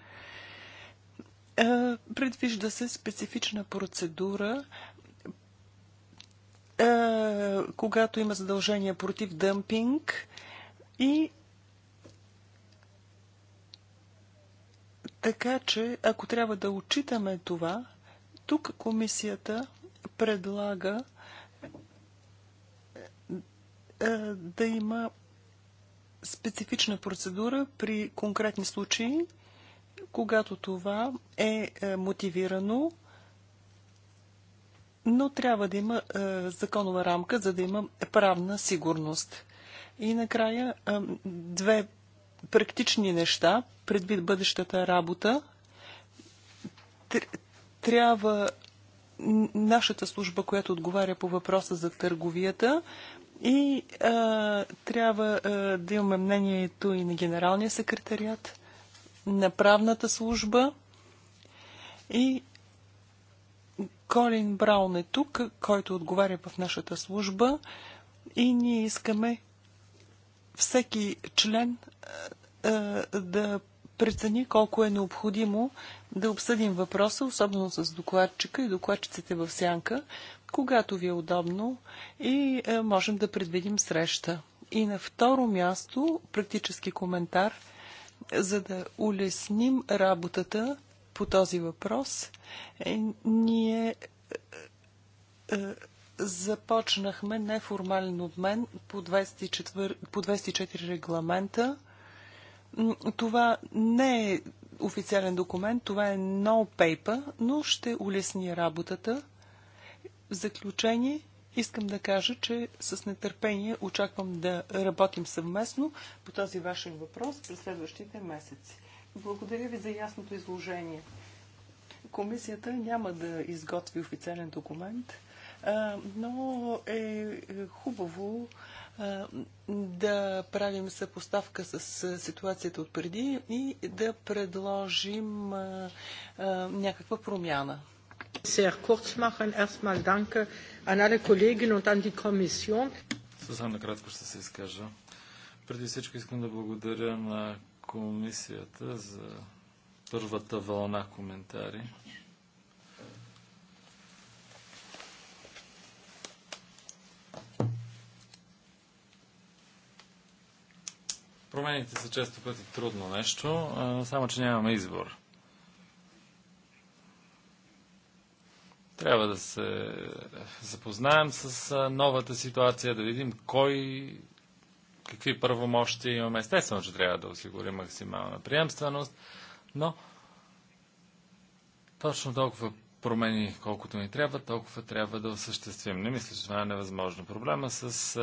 [SPEAKER 1] Предвижда се специфична процедура, когато има задължения против дъмпинг и така че, ако трябва да отчитаме това, тук комисията предлага е, да има специфична процедура при конкретни случаи, когато това е, е мотивирано, но трябва да има е, законова рамка, за да има правна сигурност. И накрая две практични неща, предвид бъдещата работа трябва нашата служба, която отговаря по въпроса за търговията, и а, трябва а, да имаме мнението и на генералния секретариат, на правната служба и Колин Браун е тук, който отговаря в нашата служба и ние искаме всеки член а, да прецени колко е необходимо да обсъдим въпроса, особено с докладчика и докладчиците в сянка, когато ви е удобно и е, можем да предвидим среща. И на второ място, практически коментар, за да улесним работата по този въпрос, е, ние е, започнахме неформален обмен по 24, по 24 регламента това не е официален документ, това е no paper, но ще улесни работата. В заключение искам да кажа, че с нетърпение очаквам да работим съвместно по този вашен въпрос през следващите месеци. Благодаря ви за ясното изложение. Комисията няма да изготви официален документ, но е, е хубаво да правим съпоставка с ситуацията от преди и да предложим
[SPEAKER 2] някаква промяна. Съвсем
[SPEAKER 3] накратко ще се изкажа. Преди всичко искам да благодаря на комисията за първата вълна коментари. Промените са често пъти трудно нещо, само че нямаме избор. Трябва да се запознаем с новата ситуация, да видим кой, какви първомощи имаме. Естествено, че трябва да осигурим максимална приемственост, но точно толкова промени, колкото ни трябва, толкова трябва да осъществим. Не мисля, че това е невъзможно. Проблема с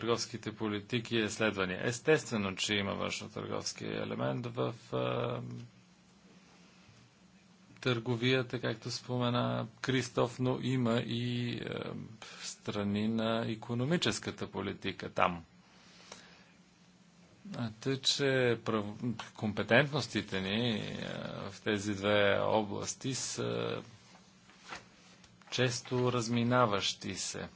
[SPEAKER 3] търговските политики и изследвания. Естествено, че има външно-търговски елемент в търговията, както спомена Кристоф, но има и страни на економическата политика там. Тъй, че компетентностите ни в тези две области са често разминаващи се.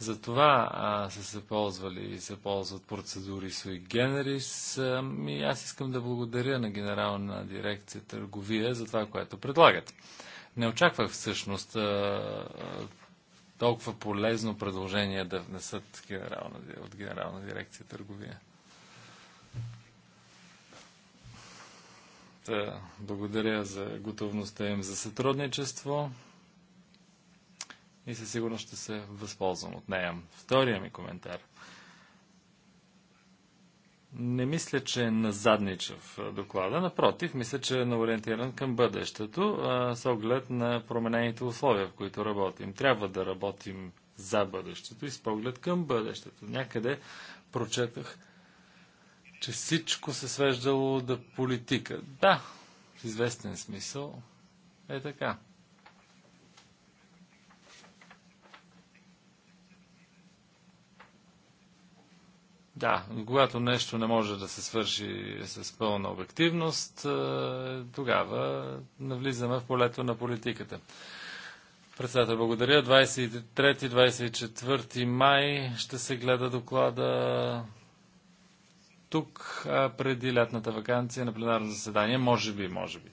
[SPEAKER 3] За това а, са се ползвали и се ползват процедури Sui Generis. А, и аз искам да благодаря на Генерална дирекция търговия за това, което предлагат. Не очаквах всъщност а, толкова полезно предложение да внесат генерална, от Генерална дирекция търговия. Та, благодаря за готовността им за сътрудничество и със сигурност ще се възползвам от нея. Втория ми коментар. Не мисля, че е назаднича в доклада. Напротив, мисля, че е наориентиран към бъдещето с оглед на променените условия, в които работим. Трябва да работим за бъдещето и с поглед към бъдещето. Някъде прочетах, че всичко се свеждало до политика. Да, в известен смисъл е така. Да, когато нещо не може да се свърши с пълна обективност, е, тогава навлизаме в полето на политиката. Председател, благодаря. 23-24 май ще се гледа доклада тук преди лятната вакансия на пленарно заседание. Може би, може би.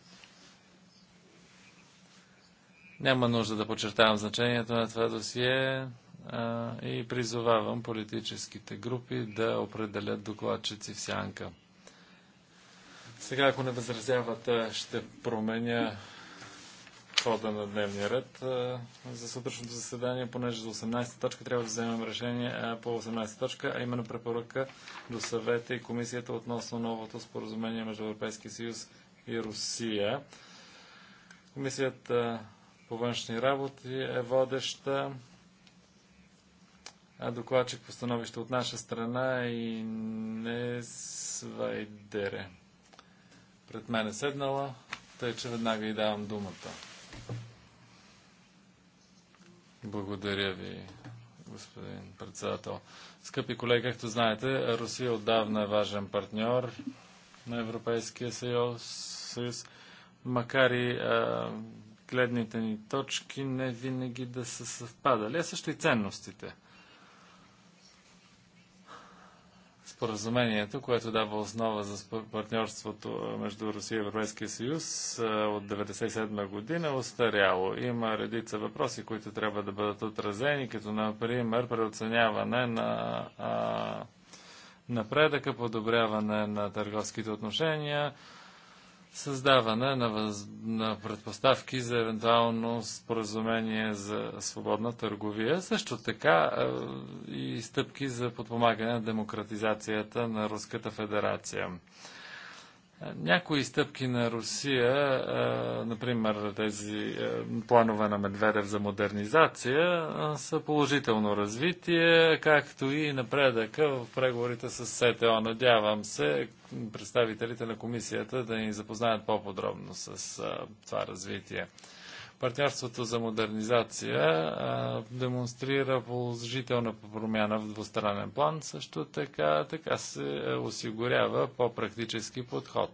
[SPEAKER 3] Няма нужда да подчертавам значението на това досие и призовавам политическите групи да определят докладчици в сянка. Сега, ако не възразявате, ще променя хода на дневния ред за сутрешното заседание, понеже за 18 точка трябва да вземем решение по 18 точка, а именно препоръка до съвета и комисията относно новото споразумение между Европейския съюз и Русия. Комисията по външни работи е водеща докладчик по становище от наша страна е и не свайдере. Пред мен е седнала, тъй че веднага и давам думата. Благодаря ви, господин председател. Скъпи колеги, както знаете, Русия отдавна е важен партньор на Европейския съюз, съюз макар и а, гледните ни точки не винаги да са съвпадали, а също и ценностите – споразумението, което дава основа за партньорството между Русия и Европейския съюз е, от 1997 година, остаряло. Има редица въпроси, които трябва да бъдат отразени, като например преоценяване на а, напредъка, подобряване на търговските отношения, създаване на, въз... на предпоставки за евентуално споразумение за свободна търговия, също така е, и стъпки за подпомагане на демократизацията на Руската федерация. Някои стъпки на Русия, например тези планове на Медведев за модернизация, са положително развитие, както и напредъка в преговорите с СТО. Надявам се представителите на комисията да ни запознаят по-подробно с това развитие. Партньорството за модернизация демонстрира положителна промяна в двустранен план, също така, така се е, осигурява по-практически подход.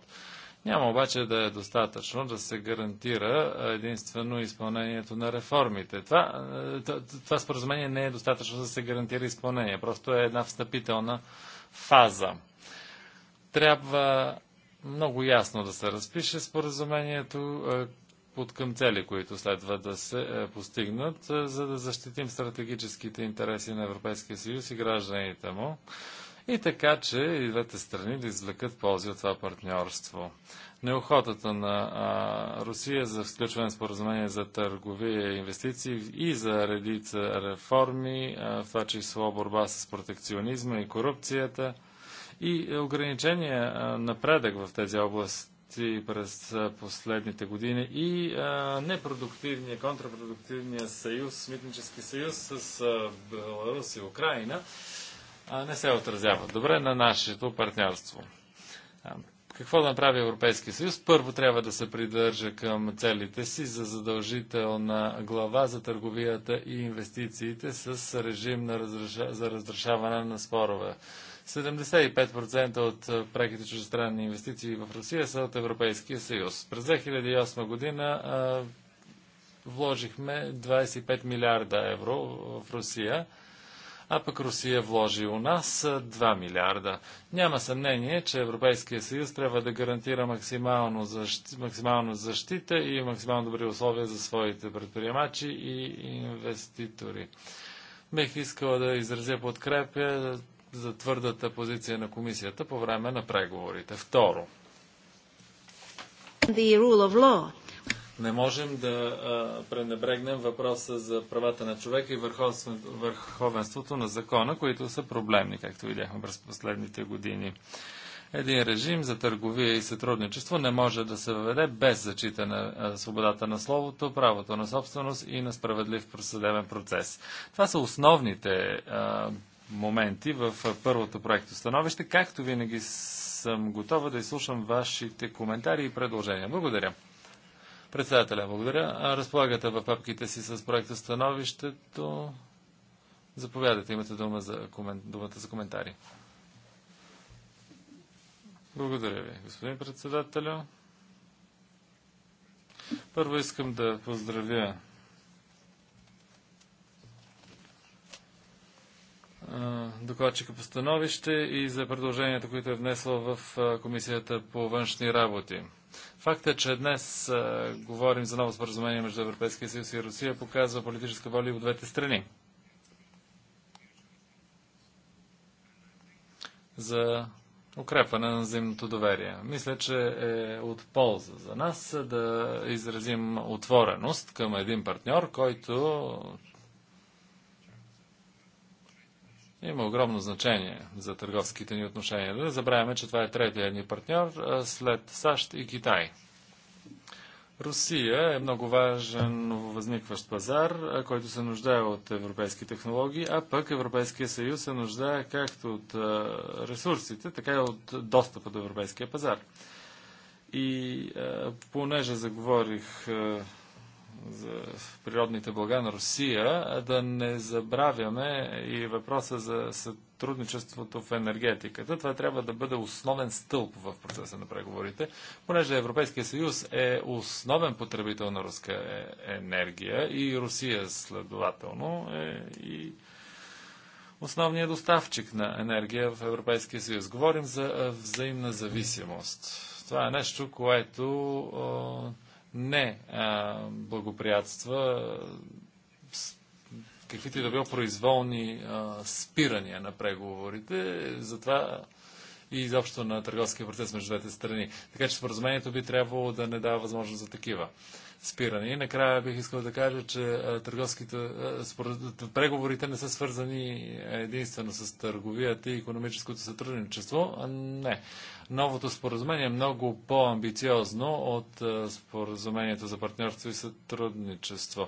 [SPEAKER 3] Няма обаче да е достатъчно да се гарантира единствено изпълнението на реформите. Това, е, това споразумение не е достатъчно да се гарантира изпълнение, просто е една встъпителна фаза. Трябва много ясно да се разпише споразумението, е, под към цели, които следва да се е, постигнат, е, за да защитим стратегическите интереси на Европейския съюз и гражданите му. И така, че и двете страни да извлекат ползи от това партньорство. Неохотата на а, Русия за включване на споразумение за търговия и инвестиции и за редица реформи, а, в това число борба с протекционизма и корупцията и ограничения напредък в тези области продукти през последните години и а, непродуктивния, контрапродуктивния съюз, митнически съюз с а, Беларус и Украина а, не се отразяват добре на нашето партньорство. А, какво да направи Европейския съюз? Първо трябва да се придържа към целите си за задължителна глава за търговията и инвестициите с режим на разреша... за разрешаване на спорове 75% от преките чуждестранни инвестиции в Русия са от Европейския съюз. През 2008 година вложихме 25 милиарда евро в Русия, а пък Русия вложи у нас 2 милиарда. Няма съмнение, че Европейския съюз трябва да гарантира максимално, защ... максимално защита и максимално добри условия за своите предприемачи и инвеститори. Бих искала да изразя подкрепя за твърдата позиция на комисията по време на преговорите. Второ, не можем да а, пренебрегнем въпроса за правата на човека и върховенството на закона, които са проблемни, както видяхме през последните години. Един режим за търговия и сътрудничество не може да се въведе без зачита на свободата на словото, правото на собственост и на справедлив съдебен процес. Това са основните а, моменти в първото проекто становище. Както винаги съм готова да изслушам вашите коментари и предложения. Благодаря. Председателя, благодаря. разполагате в папките си с проекта становището. Заповядайте, имате дума за, комен... думата за коментари. Благодаря ви, господин председателя. Първо искам да поздравя докладчика по становище и за предложенията, което е внесло в Комисията по външни работи. Факта, е, че днес говорим за ново споразумение между Европейския съюз и Русия, показва политическа воля и от двете страни. За укрепване на взаимното доверие. Мисля, че е от полза за нас да изразим отвореност към един партньор, който има огромно значение за търговските ни отношения. Да не забравяме, че това е третия ни партньор след САЩ и Китай. Русия е много важен възникващ пазар, който се нуждае от европейски технологии, а пък Европейския съюз се нуждае както от ресурсите, така и от достъпа до европейския пазар. И понеже заговорих за природните блага на Русия, да не забравяме и въпроса за сътрудничеството в енергетиката. Това трябва да бъде основен стълб в процеса на преговорите, понеже Европейския съюз е основен потребител на руска е, енергия и Русия следователно е и основният доставчик на енергия в Европейския съюз. Говорим за взаимна зависимост. Това е нещо, което не а, благоприятства каквито и да било произволни а, спирания на преговорите, затова и изобщо на търговския процес между двете страни. Така че споразумението би трябвало да не дава възможност за такива спиране. И накрая бих искал да кажа, че търговските преговорите не са свързани единствено с търговията и економическото сътрудничество. Не. Новото споразумение е много по-амбициозно от споразумението за партньорство и сътрудничество.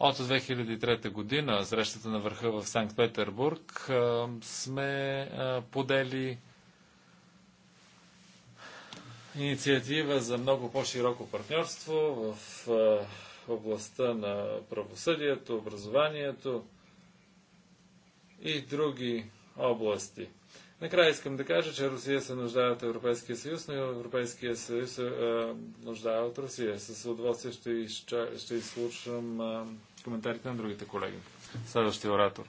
[SPEAKER 3] От 2003 година, срещата на върха в Санкт-Петербург, сме подели инициатива за много по-широко партньорство в областта на правосъдието, образованието и други области. Накрая искам да кажа, че Русия се нуждае от Европейския съюз, но Европейския съюз се нуждае от Русия. С удоволствие ще, изча... ще изслушам а, коментарите на другите колеги. Следващия оратор.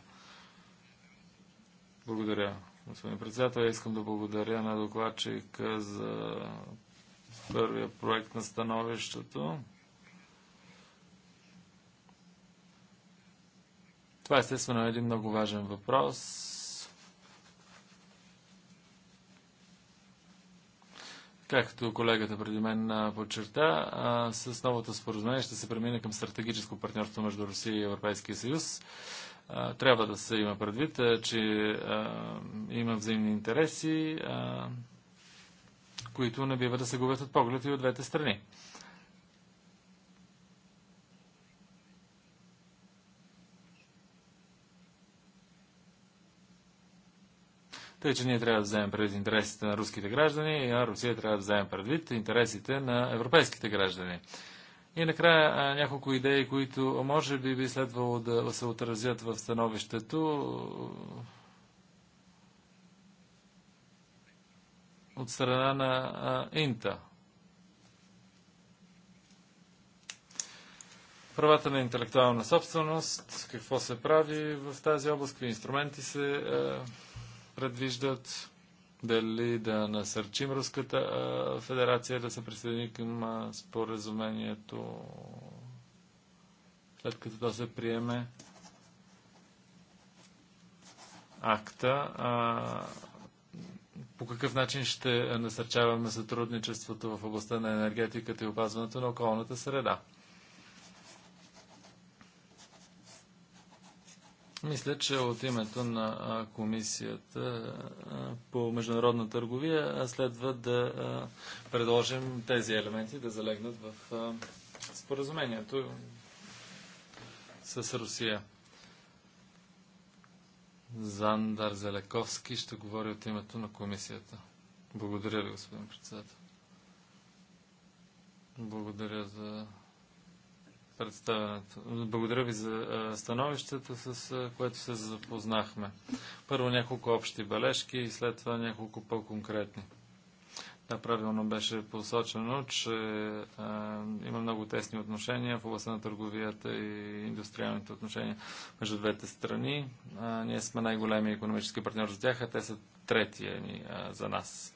[SPEAKER 3] Благодаря. Господин председател, искам да благодаря на докладчика за първия проект на становището. Това естествено е един много важен въпрос. Както колегата преди мен подчерта, с новото споразумение ще се премине към стратегическо партньорство между Русия и Европейския съюз трябва да се има предвид, че има взаимни интереси, които не бива да се губят от поглед и от двете страни. Тъй, че ние трябва да вземем предвид интересите на руските граждани, а Русия трябва да вземем предвид интересите на европейските граждани. И накрая няколко идеи, които може би би следвало да се отразят в становището от страна на Инта. Правата на интелектуална собственост, какво се прави в тази област, какви инструменти се предвиждат дали да насърчим Руската федерация да се присъедини към споразумението, след като то се приеме акта. А, по какъв начин ще насърчаваме сътрудничеството в областта на енергетиката и опазването на околната среда? Мисля, че от името на Комисията по международна търговия следва да предложим тези елементи да залегнат в споразумението с Русия. Зандар Зелековски ще говори от името на комисията. Благодаря ви, господин председател. Благодаря за представянето. Благодаря ви за становището, с което се запознахме. Първо няколко общи бележки и след това няколко по-конкретни. Да, правилно беше посочено, че а, има много тесни отношения в областта на търговията и индустриалните отношения между двете страни. А, ние сме най-големи економически партньор за тях, а те са третия ни а, за нас.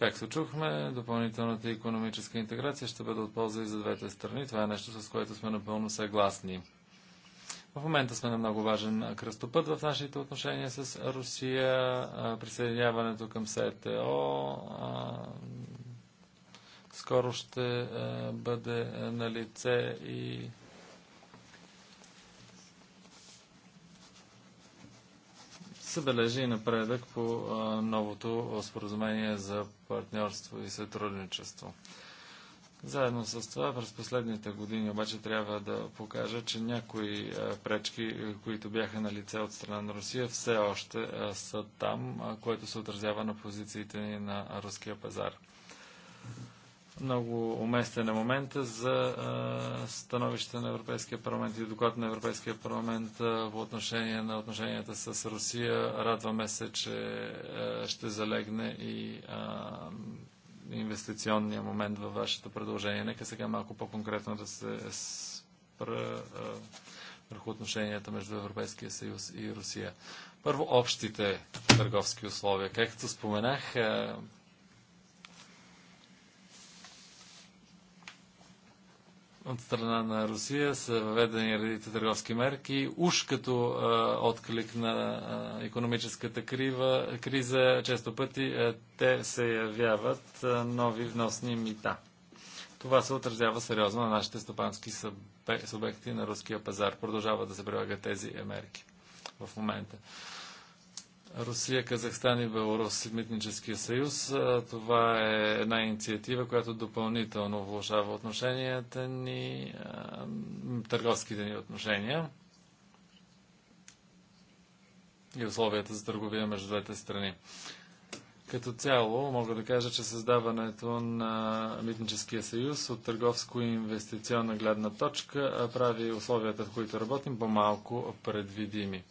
[SPEAKER 3] Както чухме, допълнителната економическа интеграция ще бъде от полза и за двете страни. Това е нещо, с което сме напълно съгласни. В момента сме на много важен кръстопът в нашите отношения с Русия, присъединяването към СТО. Скоро ще бъде на лице и се бележи и напредък по новото споразумение за партньорство и сътрудничество. Заедно с това, през последните години обаче трябва да покажа, че някои пречки, които бяха на лице от страна на Русия, все още са там, което се отразява на позициите ни на руския пазар. Много уместен е момента за а, становище на Европейския парламент и доклад на Европейския парламент а, по отношение на отношенията с Русия. Радваме се, че а, ще залегне и инвестиционния момент във вашето предложение. Нека сега малко по-конкретно да се спра върху отношенията между Европейския съюз и Русия. Първо, общите търговски условия. Както споменах, от страна на Русия са въведени редите търговски мерки. Уж като а, отклик на а, економическата крива, криза, често пъти а, те се явяват а, нови вносни мита. Това се отразява сериозно на нашите стопански субекти на руския пазар. Продължават да се прилагат тези мерки в момента. Русия, Казахстан и Беларус и Митническия съюз. Това е една инициатива, която допълнително влушава отношенията ни, търговските ни отношения и условията за търговия между двете страни. Като цяло мога да кажа, че създаването на Митническия съюз от търговско и инвестиционна гледна точка прави условията, в които работим, по-малко предвидими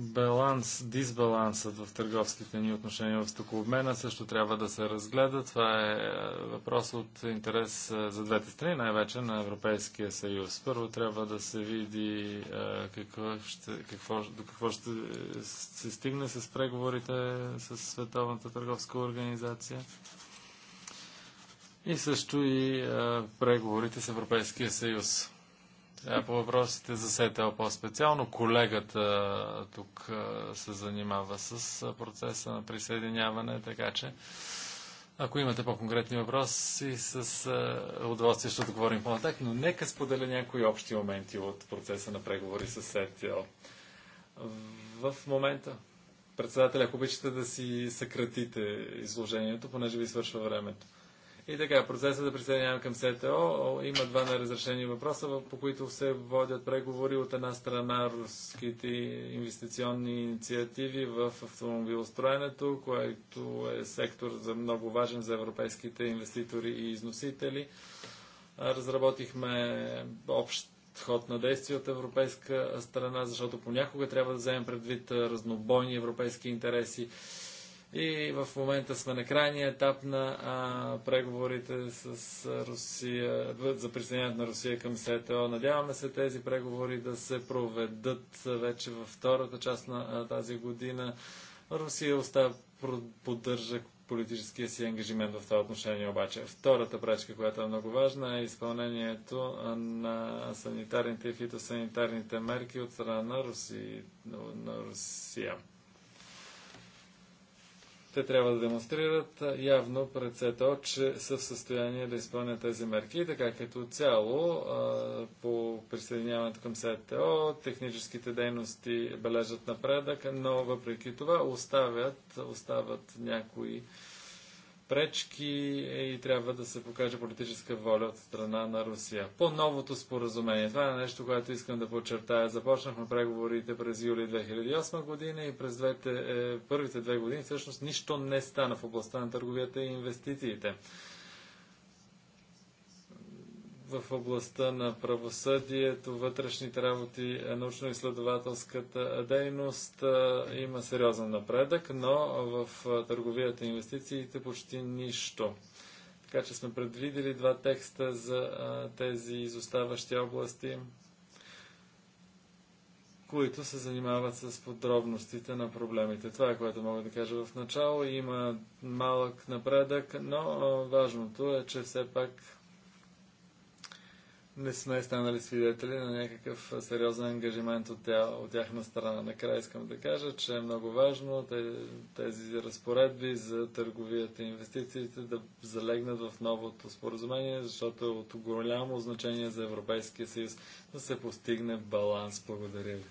[SPEAKER 3] баланс, дисбалансът в търговските ни отношения в стокообмена също трябва да се разгледа. Това е, е въпрос от интерес е, за двете страни, най-вече на Европейския съюз. Първо трябва да се види е, какво ще, какво, до какво ще се стигне с преговорите с Световната търговска организация. И също и преговорите с Европейския съюз. Е, по въпросите за СТО по-специално. Колегата е, тук е, се занимава с процеса на присъединяване, така че ако имате по-конкретни въпроси, с удоволствие ще отговорим по натак но нека споделя някои общи моменти от процеса на преговори с СТО. В момента, председателя, ако обичате да си съкратите изложението, понеже ви свършва времето. И така, процесът за присъединяване към СТО има два неразрешени въпроса, по които се водят преговори от една страна руските инвестиционни инициативи в автомобилостроенето, което е сектор за много важен за европейските инвеститори и износители. Разработихме общ ход на действие от европейска страна, защото понякога трябва да вземем предвид разнобойни европейски интереси и в момента сме на крайния етап на а, преговорите с Русия, за присъединяването на Русия към СТО. Надяваме се тези преговори да се проведат вече във втората част на а, тази година. Русия остава, поддържа политическия си ангажимент в това отношение обаче. Втората пречка, която е много важна, е изпълнението на санитарните и фитосанитарните мерки от страна на, Руси, на Русия. Те трябва да демонстрират явно пред СЕТО, че са в състояние да изпълнят тези мерки. И така като цяло по присъединяването към СЕТО техническите дейности бележат напредък, но въпреки това оставят, остават някои пречки е, и трябва да се покаже политическа воля от страна на Русия. По новото споразумение, това е нещо, което искам да подчертая. Започнахме преговорите през юли 2008 година и през двете, е, първите две години всъщност нищо не стана в областта на търговията и инвестициите в областта на правосъдието, вътрешните работи, е, научно-изследователската дейност е, има сериозен напредък, но в е, търговията и инвестициите почти нищо. Така че сме предвидели два текста за тези изоставащи области, които се занимават с подробностите на проблемите. Това е което мога да кажа в начало. Има малък напредък, но важното е, че все пак не сме станали свидетели на някакъв сериозен ангажимент от, тя, от тяхна страна. Накрая искам да кажа, че е много важно тези разпоредби за търговията и инвестициите да залегнат в новото споразумение, защото е от голямо значение за Европейския съюз да се постигне баланс. Благодаря ви.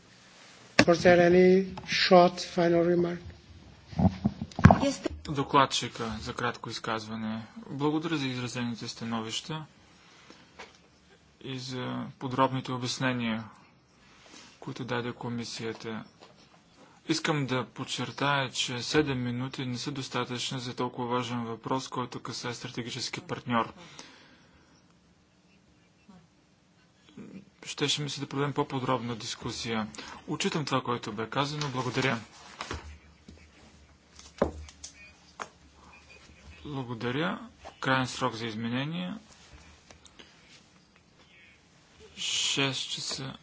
[SPEAKER 5] Докладчика за кратко изказване. Благодаря за изразените становища и за подробните обяснения, които даде комисията. Искам да подчертая, че 7 минути не са достатъчни за толкова важен въпрос, който касае стратегически партньор. Щеше ми се да проведем по-подробна дискусия. Учитам това, което бе казано. Благодаря. Благодаря. Крайен срок за изменения 6 часа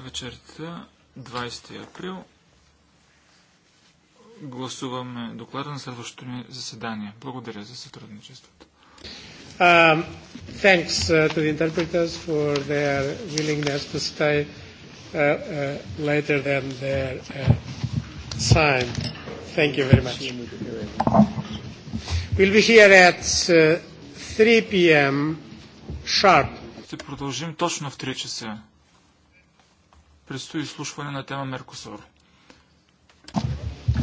[SPEAKER 5] вечерта, 20 април. Гласуваме доклада на следващото ни заседание. Благодаря за сътрудничеството.
[SPEAKER 2] Um, thanks uh, to the interpreters for their willingness to stay uh, uh, later than their uh, time. Thank you very much. We'll be here at uh, 3 p.m.
[SPEAKER 5] sharp. Ще продължим точно в 3 часа. Предстои изслушване на тема Меркосор.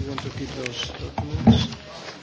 [SPEAKER 2] want to keep those documents?